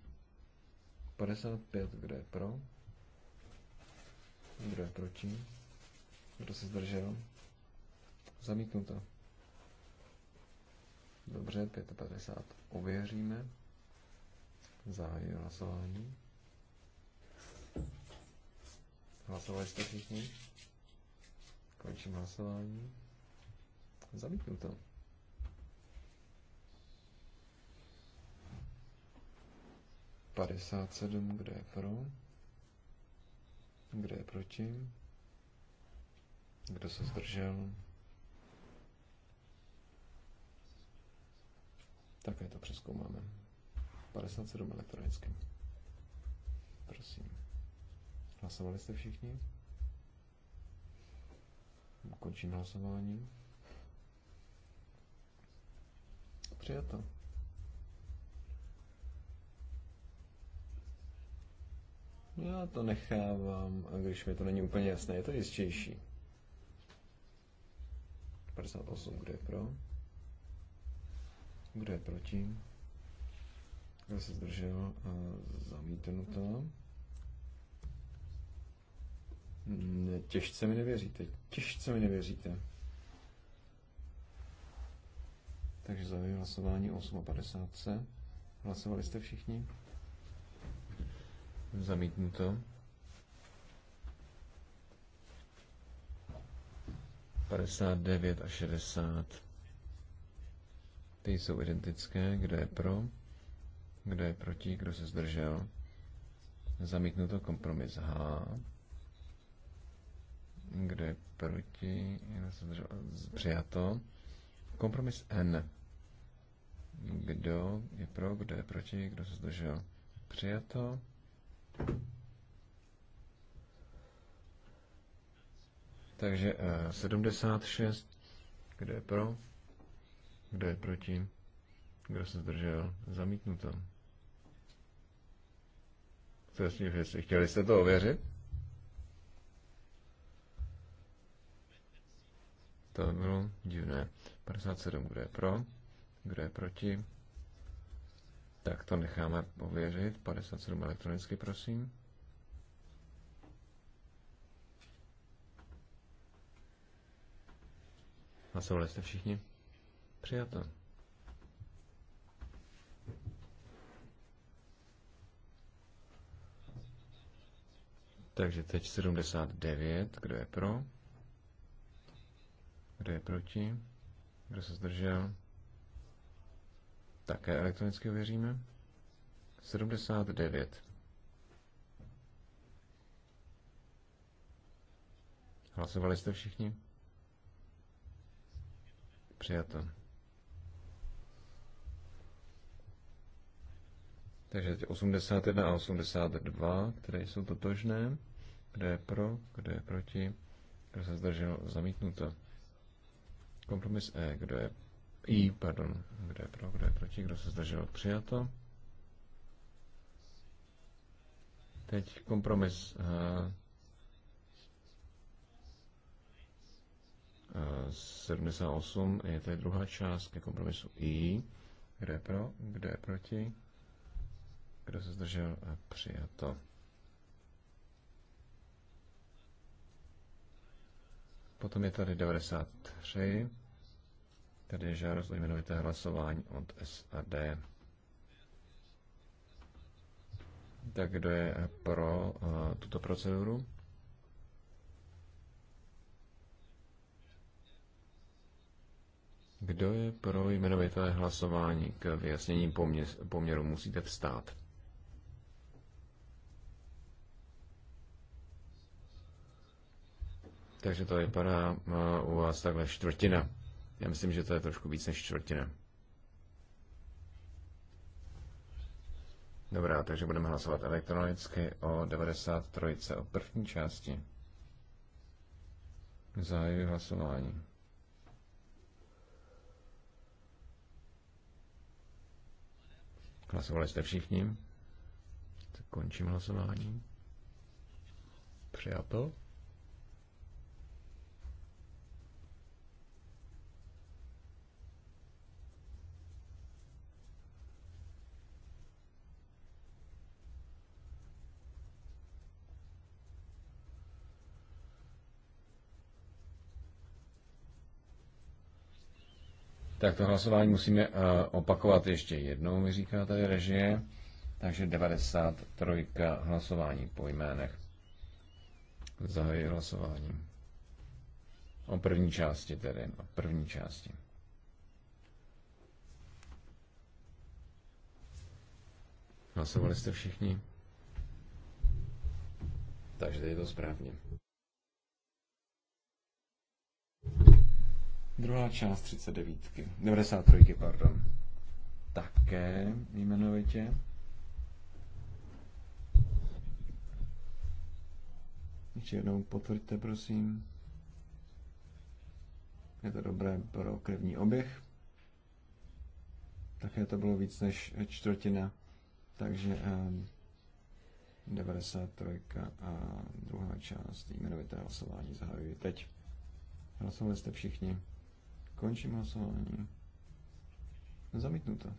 55, kdo je pro? Kdo je proti? Kdo se zdržel? Zamítnuto. Dobře, 55 ověříme. Zahájí hlasování. Hlasovali jste všichni? Končím hlasování. Zamítnu to. Padesát sedm, kdo je pro? Kdo je proti? Kdo se zdržel? Také to přeskoumáme. 57 elektronicky. Prosím. Hlasovali jste všichni? Končím hlasování. Přijato. Já to nechávám, když mi to není úplně jasné, je to jistější. 58, kdo je pro? Kdo je proti? Kdo se zdržel? Zamítnuto. Těžce mi nevěříte, těžce mi nevěříte. Takže za hlasování o 58. Hlasovali jste všichni? Zamítnu 59 a 60. Ty jsou identické. Kdo je pro? Kdo je proti? Kdo se zdržel? Zamítnu to kompromis H. Kdo je proti? Přijato. Kompromis N. Kdo je pro, kdo je proti, kdo se zdržel? Přijato. Takže 76. Eh, kdo je pro? Kdo je proti? Kdo se zdržel? Zamítnuto. Co jasně Chtěli jste to ověřit? To bylo divné. 57, kdo je pro, kdo je proti. Tak to necháme pověřit. 57 elektronicky, prosím. Hlasovali jste všichni? Přijato. Takže teď 79, kdo je pro? Kdo je proti? Kdo se zdržel? Také elektronicky ověříme. 79. Hlasovali jste všichni? Přijato. Takže 81 a 82, které jsou totožné. Kdo je pro, kdo je proti, kdo se zdržel, zamítnuto. Kompromis E, kdo je I, pardon, kdo je pro, kdo je proti, kdo se zdržel, přijato. Teď kompromis uh, eh, 78 eh, je tady druhá část ke kompromisu I. Kdo je pro, kdo je proti, kdo se zdržel eh, přijato. Potom je tady 93. Tady je žádost o jmenovité hlasování od SAD. Tak kdo je pro uh, tuto proceduru? Kdo je pro jmenovité hlasování k vyjasnění poměru? Musíte vstát. Takže to vypadá eh, u vás takhle čtvrtina. Já myslím, že to je trošku víc než čtvrtina. Dobrá, takže budeme hlasovat elektronicky o 93. o první části. Zahajuji hlasování. Hlasovali jste všichni? Tak končím hlasování. Přijatel. Tak to hlasování musíme eh, opakovat ještě jednou, mi říká tady režie. Takže 93 hlasování po jménech. Zahajuji hlasování. O první části tedy, o první části. Hlasovali jste všichni? Takže je to správně. Druhá část 39. 93, pardon. Také jmenovitě. Ještě jednou potvrďte, prosím. Je to dobré pro krevní oběh. Také to bylo víc než čtvrtina, takže 93 ehm, a druhá část jmenovité hlasování zahajuji teď. Hlasovali jste všichni. Končím hlasování. Zamítnuto.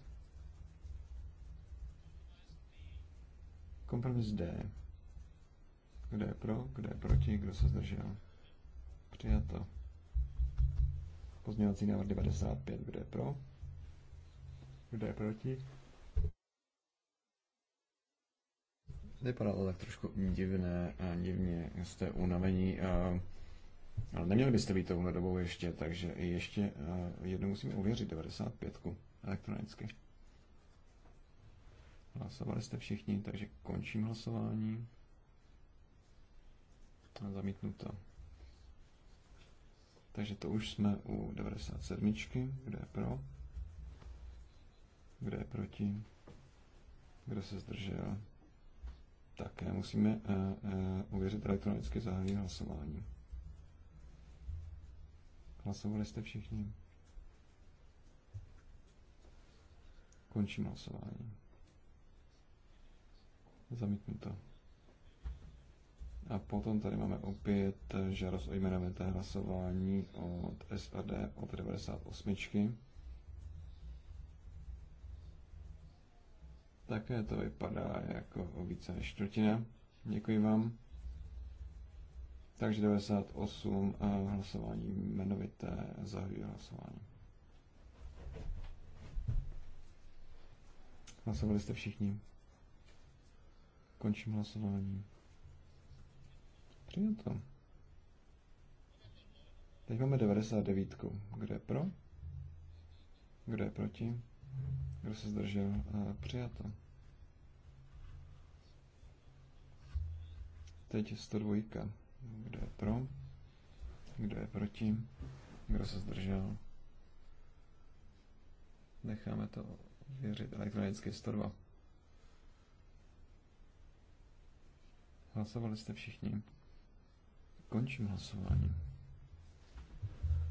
Kompromis D. Kdo je pro, kdo je proti, kdo se zdržel? Přijato. Pozměňovací návrh 95. Kdo je pro? Kdo je proti? Vypadá to tak trošku divné a divně. Jste unavení. A ale neměli byste být touhle dobou ještě, takže ještě eh, jednou musíme uvěřit 95 elektronicky. Hlasovali jste všichni, takže končím hlasování. A zamítnuto. Takže to už jsme u 97. Kdo je pro? Kdo je proti? Kdo se zdržel? Také musíme uh, eh, uh, eh, uvěřit elektronicky zahájení hlasování. Hlasovali jste všichni? Končím hlasování. Zamítnuto. A potom tady máme opět žádost o jmenovité hlasování od SAD od 98. Také to vypadá jako více než čtvrtina. Děkuji vám. Takže 98 eh, hlasování jmenovité zahajuje hlasování. Hlasovali jste všichni. Končím hlasování. Přijato. Teď máme 99, kdo je pro, kdo je proti, kdo se zdržel, eh, přijato. Teď 102. Kdo je pro? Kdo je proti? Kdo se zdržel? Necháme to věřit elektronicky 102. Hlasovali jste všichni. Končím hlasování.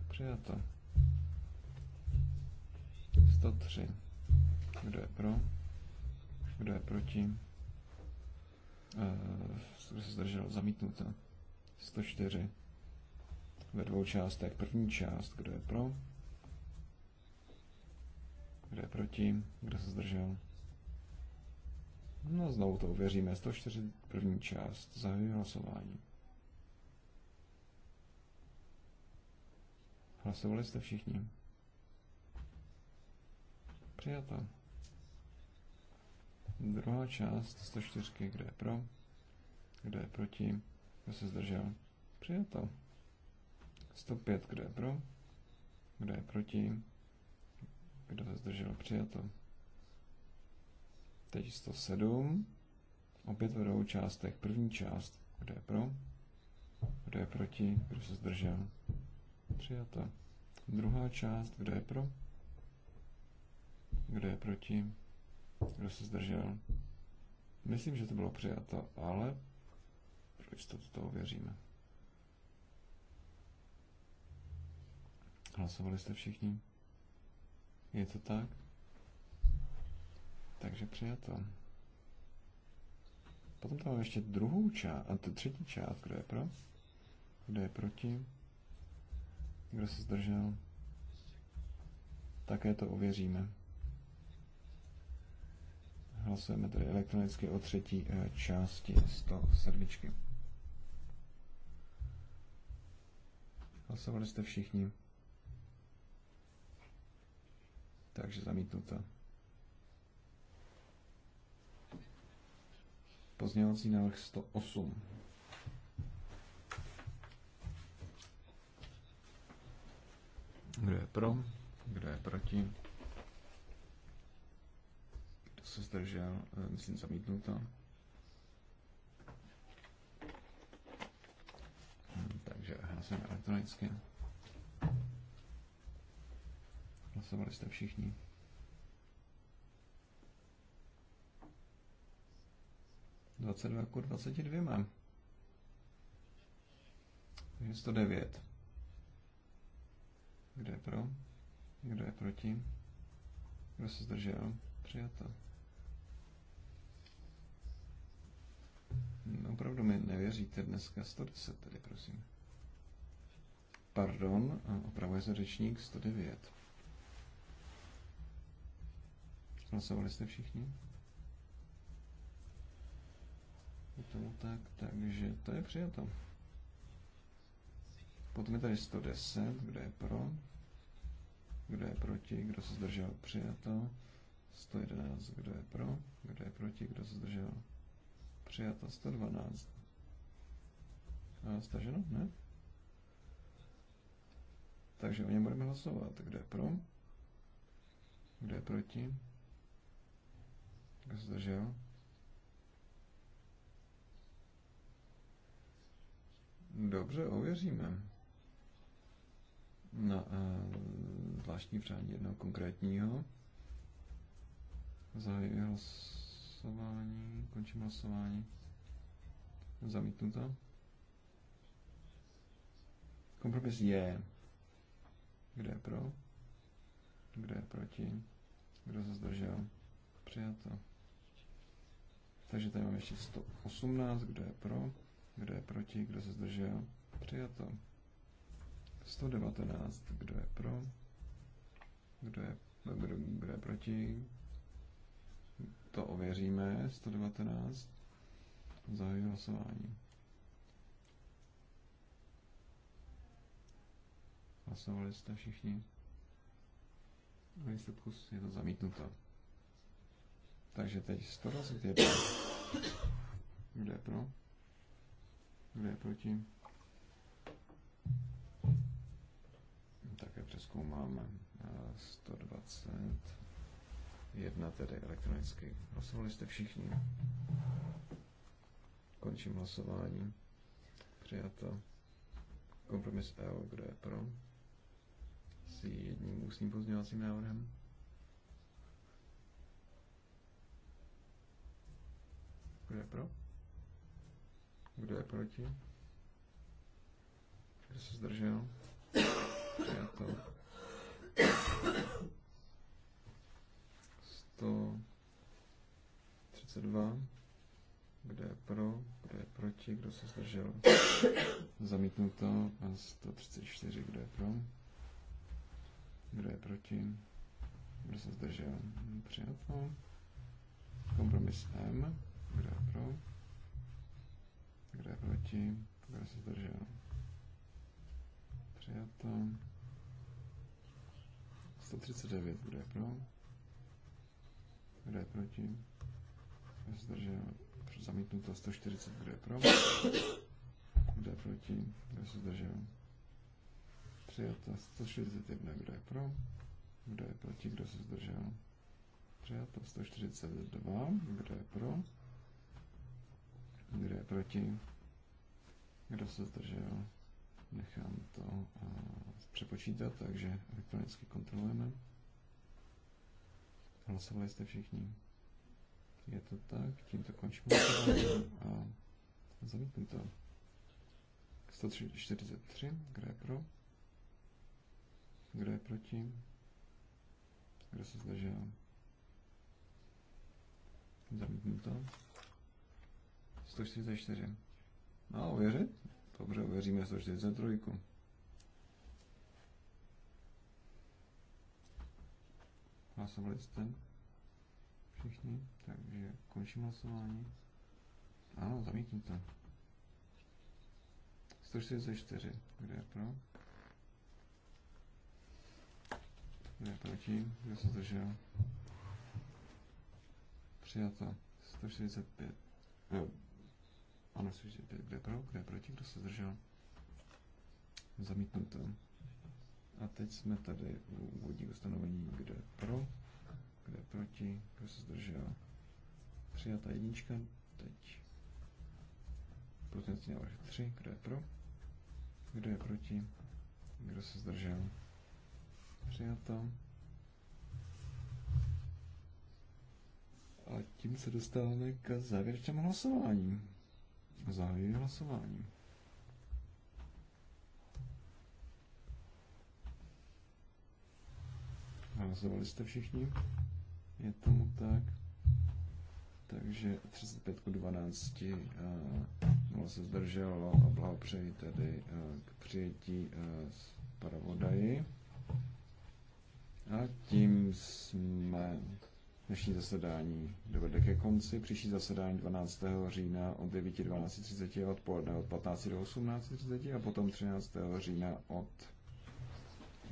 Přijato. 103. Kdo je pro? Kdo je proti? Eh, kdo se zdržel? Zamítnuto. 104 ve dvou částech. První část, kdo je pro, kdo je proti, kdo se zdržel. No znovu to uvěříme. 104 první část. Zahajuji hlasování. Hlasovali jste všichni. Přijato. Druhá část 104, kde je pro, kde je proti, kdo se zdržel? Přijato. 105. Kdo je pro? Kdo je proti? Kdo se zdržel? Přijato. Teď 107. Opět ve dvou částech. První část. Kdo je pro? Kdo je proti? Kdo se zdržel? Přijato. Druhá část. Kdo je pro? Kdo je proti? Kdo se zdržel? Myslím, že to bylo přijato, ale pro jistotu to ověříme. Hlasovali jste všichni? Je to tak? Takže přijato. Potom tam ještě druhou část, a to třetí část, kdo je pro? Kdo je proti? Kdo se zdržel? Také to ověříme. Hlasujeme tedy elektronicky o třetí eh, části 107. Hlasovali jste všichni. Takže zamítnuto. Pozměňovací návrh 108. Kdo je pro? Kdo je proti? Kdo se zdržel? Eh, myslím zamítnuto. Takže hlasujeme elektronicky. Hlasovali jste všichni. Dvacet dva ku dvaceti dvěma. Takže 109. Kdo je pro? Kdo je proti? Kdo se zdržel? Přijato. No, opravdu mi nevěříte dneska. 110 tedy, prosím. Pardon, opravuje se řečník 109. Hlasovali jste všichni? Je tomu tak, takže to je přijato. Potom je tady 110, kdo je pro, kdo je proti, kdo se zdržel, přijato. 111, kdo je pro, kdo je proti, kdo se zdržel, přijato. 112. A staženo? Ne? Takže o něm budeme hlasovat. Kdo je pro? Kdo je proti? Kdo se zdržel? Dobře, ověříme. Na uh, zvláštní přání jednoho konkrétního. Zahajuji hlasování, končím hlasování. Zamítnuto. Kompromis je. Kdo je pro? Kdo je proti? Kdo se zdržel? Přijato. Takže tady máme ještě 118. Kdo je pro? Kdo je proti? Kdo se zdržel? Přijato. 119. Kdo je pro? Kdo je, kdo, kdo je proti? To ověříme. 119. Zahajuji hlasování. Hlasovali jste všichni. A výsledku je to zamítnuto. Takže teď 121. Kdo je pro? Kdo je proti? Také přeskoumáme 121, eh, tedy elektronicky. Hlasovali jste všichni. Končím hlasování. Přijato. Kompromis L, kdo je pro? s jedním ústním pozměňovacím návrhem. Kdo je pro? Kdo je proti? Kdo se zdržel? Přijato. 132. Kdo je pro? Kdo je proti? Kdo se zdržel? Zamítnuto. 134. Kdo je pro? Kdo je proti? Kdo se zdržel? Přijato. Kompromis M. Kdo je pro? Kdo je proti? Kdo se zdržel? Přijato. 139. Kdo je pro? Kdo je proti? Kdo se zdržel? Zamítnuto 140. Kdo je pro? Kdo je proti? Kdo se zdržel? Přijata 161, kdo je pro? Kdo je proti? Kdo se zdržel? Přijato 142, kdo je pro? Kdo je proti? Kdo se zdržel? Nechám to uh, přepočítat, takže elektronicky kontrolujeme. Hlasovali jste všichni. Je to tak, tímto končím a zamítnu to. 143, kdo je pro? Kdo je proti? Kdo se zdržel? Zamítnuto. 144. No uvěřit? Dobře, uvěříme 143. Hlasovali jste všichni, takže končím hlasování. Ano, zamítnuto. 144. Kdo je pro? je proti, kdo se zdržel. Přijato 145. Jo. Ano, 145, kde je pro, kde je proti, kdo se zdržel. Zamítnuto. A teď jsme tady u úvodních ustanovení, kde je pro, kde je proti, kdo se zdržel. Přijata jednička, teď pozměňovací návrh 3, kdo je pro, kdo je proti, kdo se zdržel. Přijato. A tím se dostáváme k závěrečnému hlasování. Zahajuji hlasování. Hlasovali jste všichni? Je tomu tak. Takže 35 k 12 uh, se zdrželo a blahopřeji tedy uh, k přijetí uh, zpravodaji. A tím jsme dnešní zasedání dovede ke konci. Příští zasedání 12. října od 9.12.30 a odpoledne od 15 do 18.30 a potom 13. října od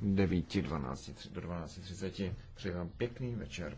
9.12 do 12.30. Přeji vám pěkný večer.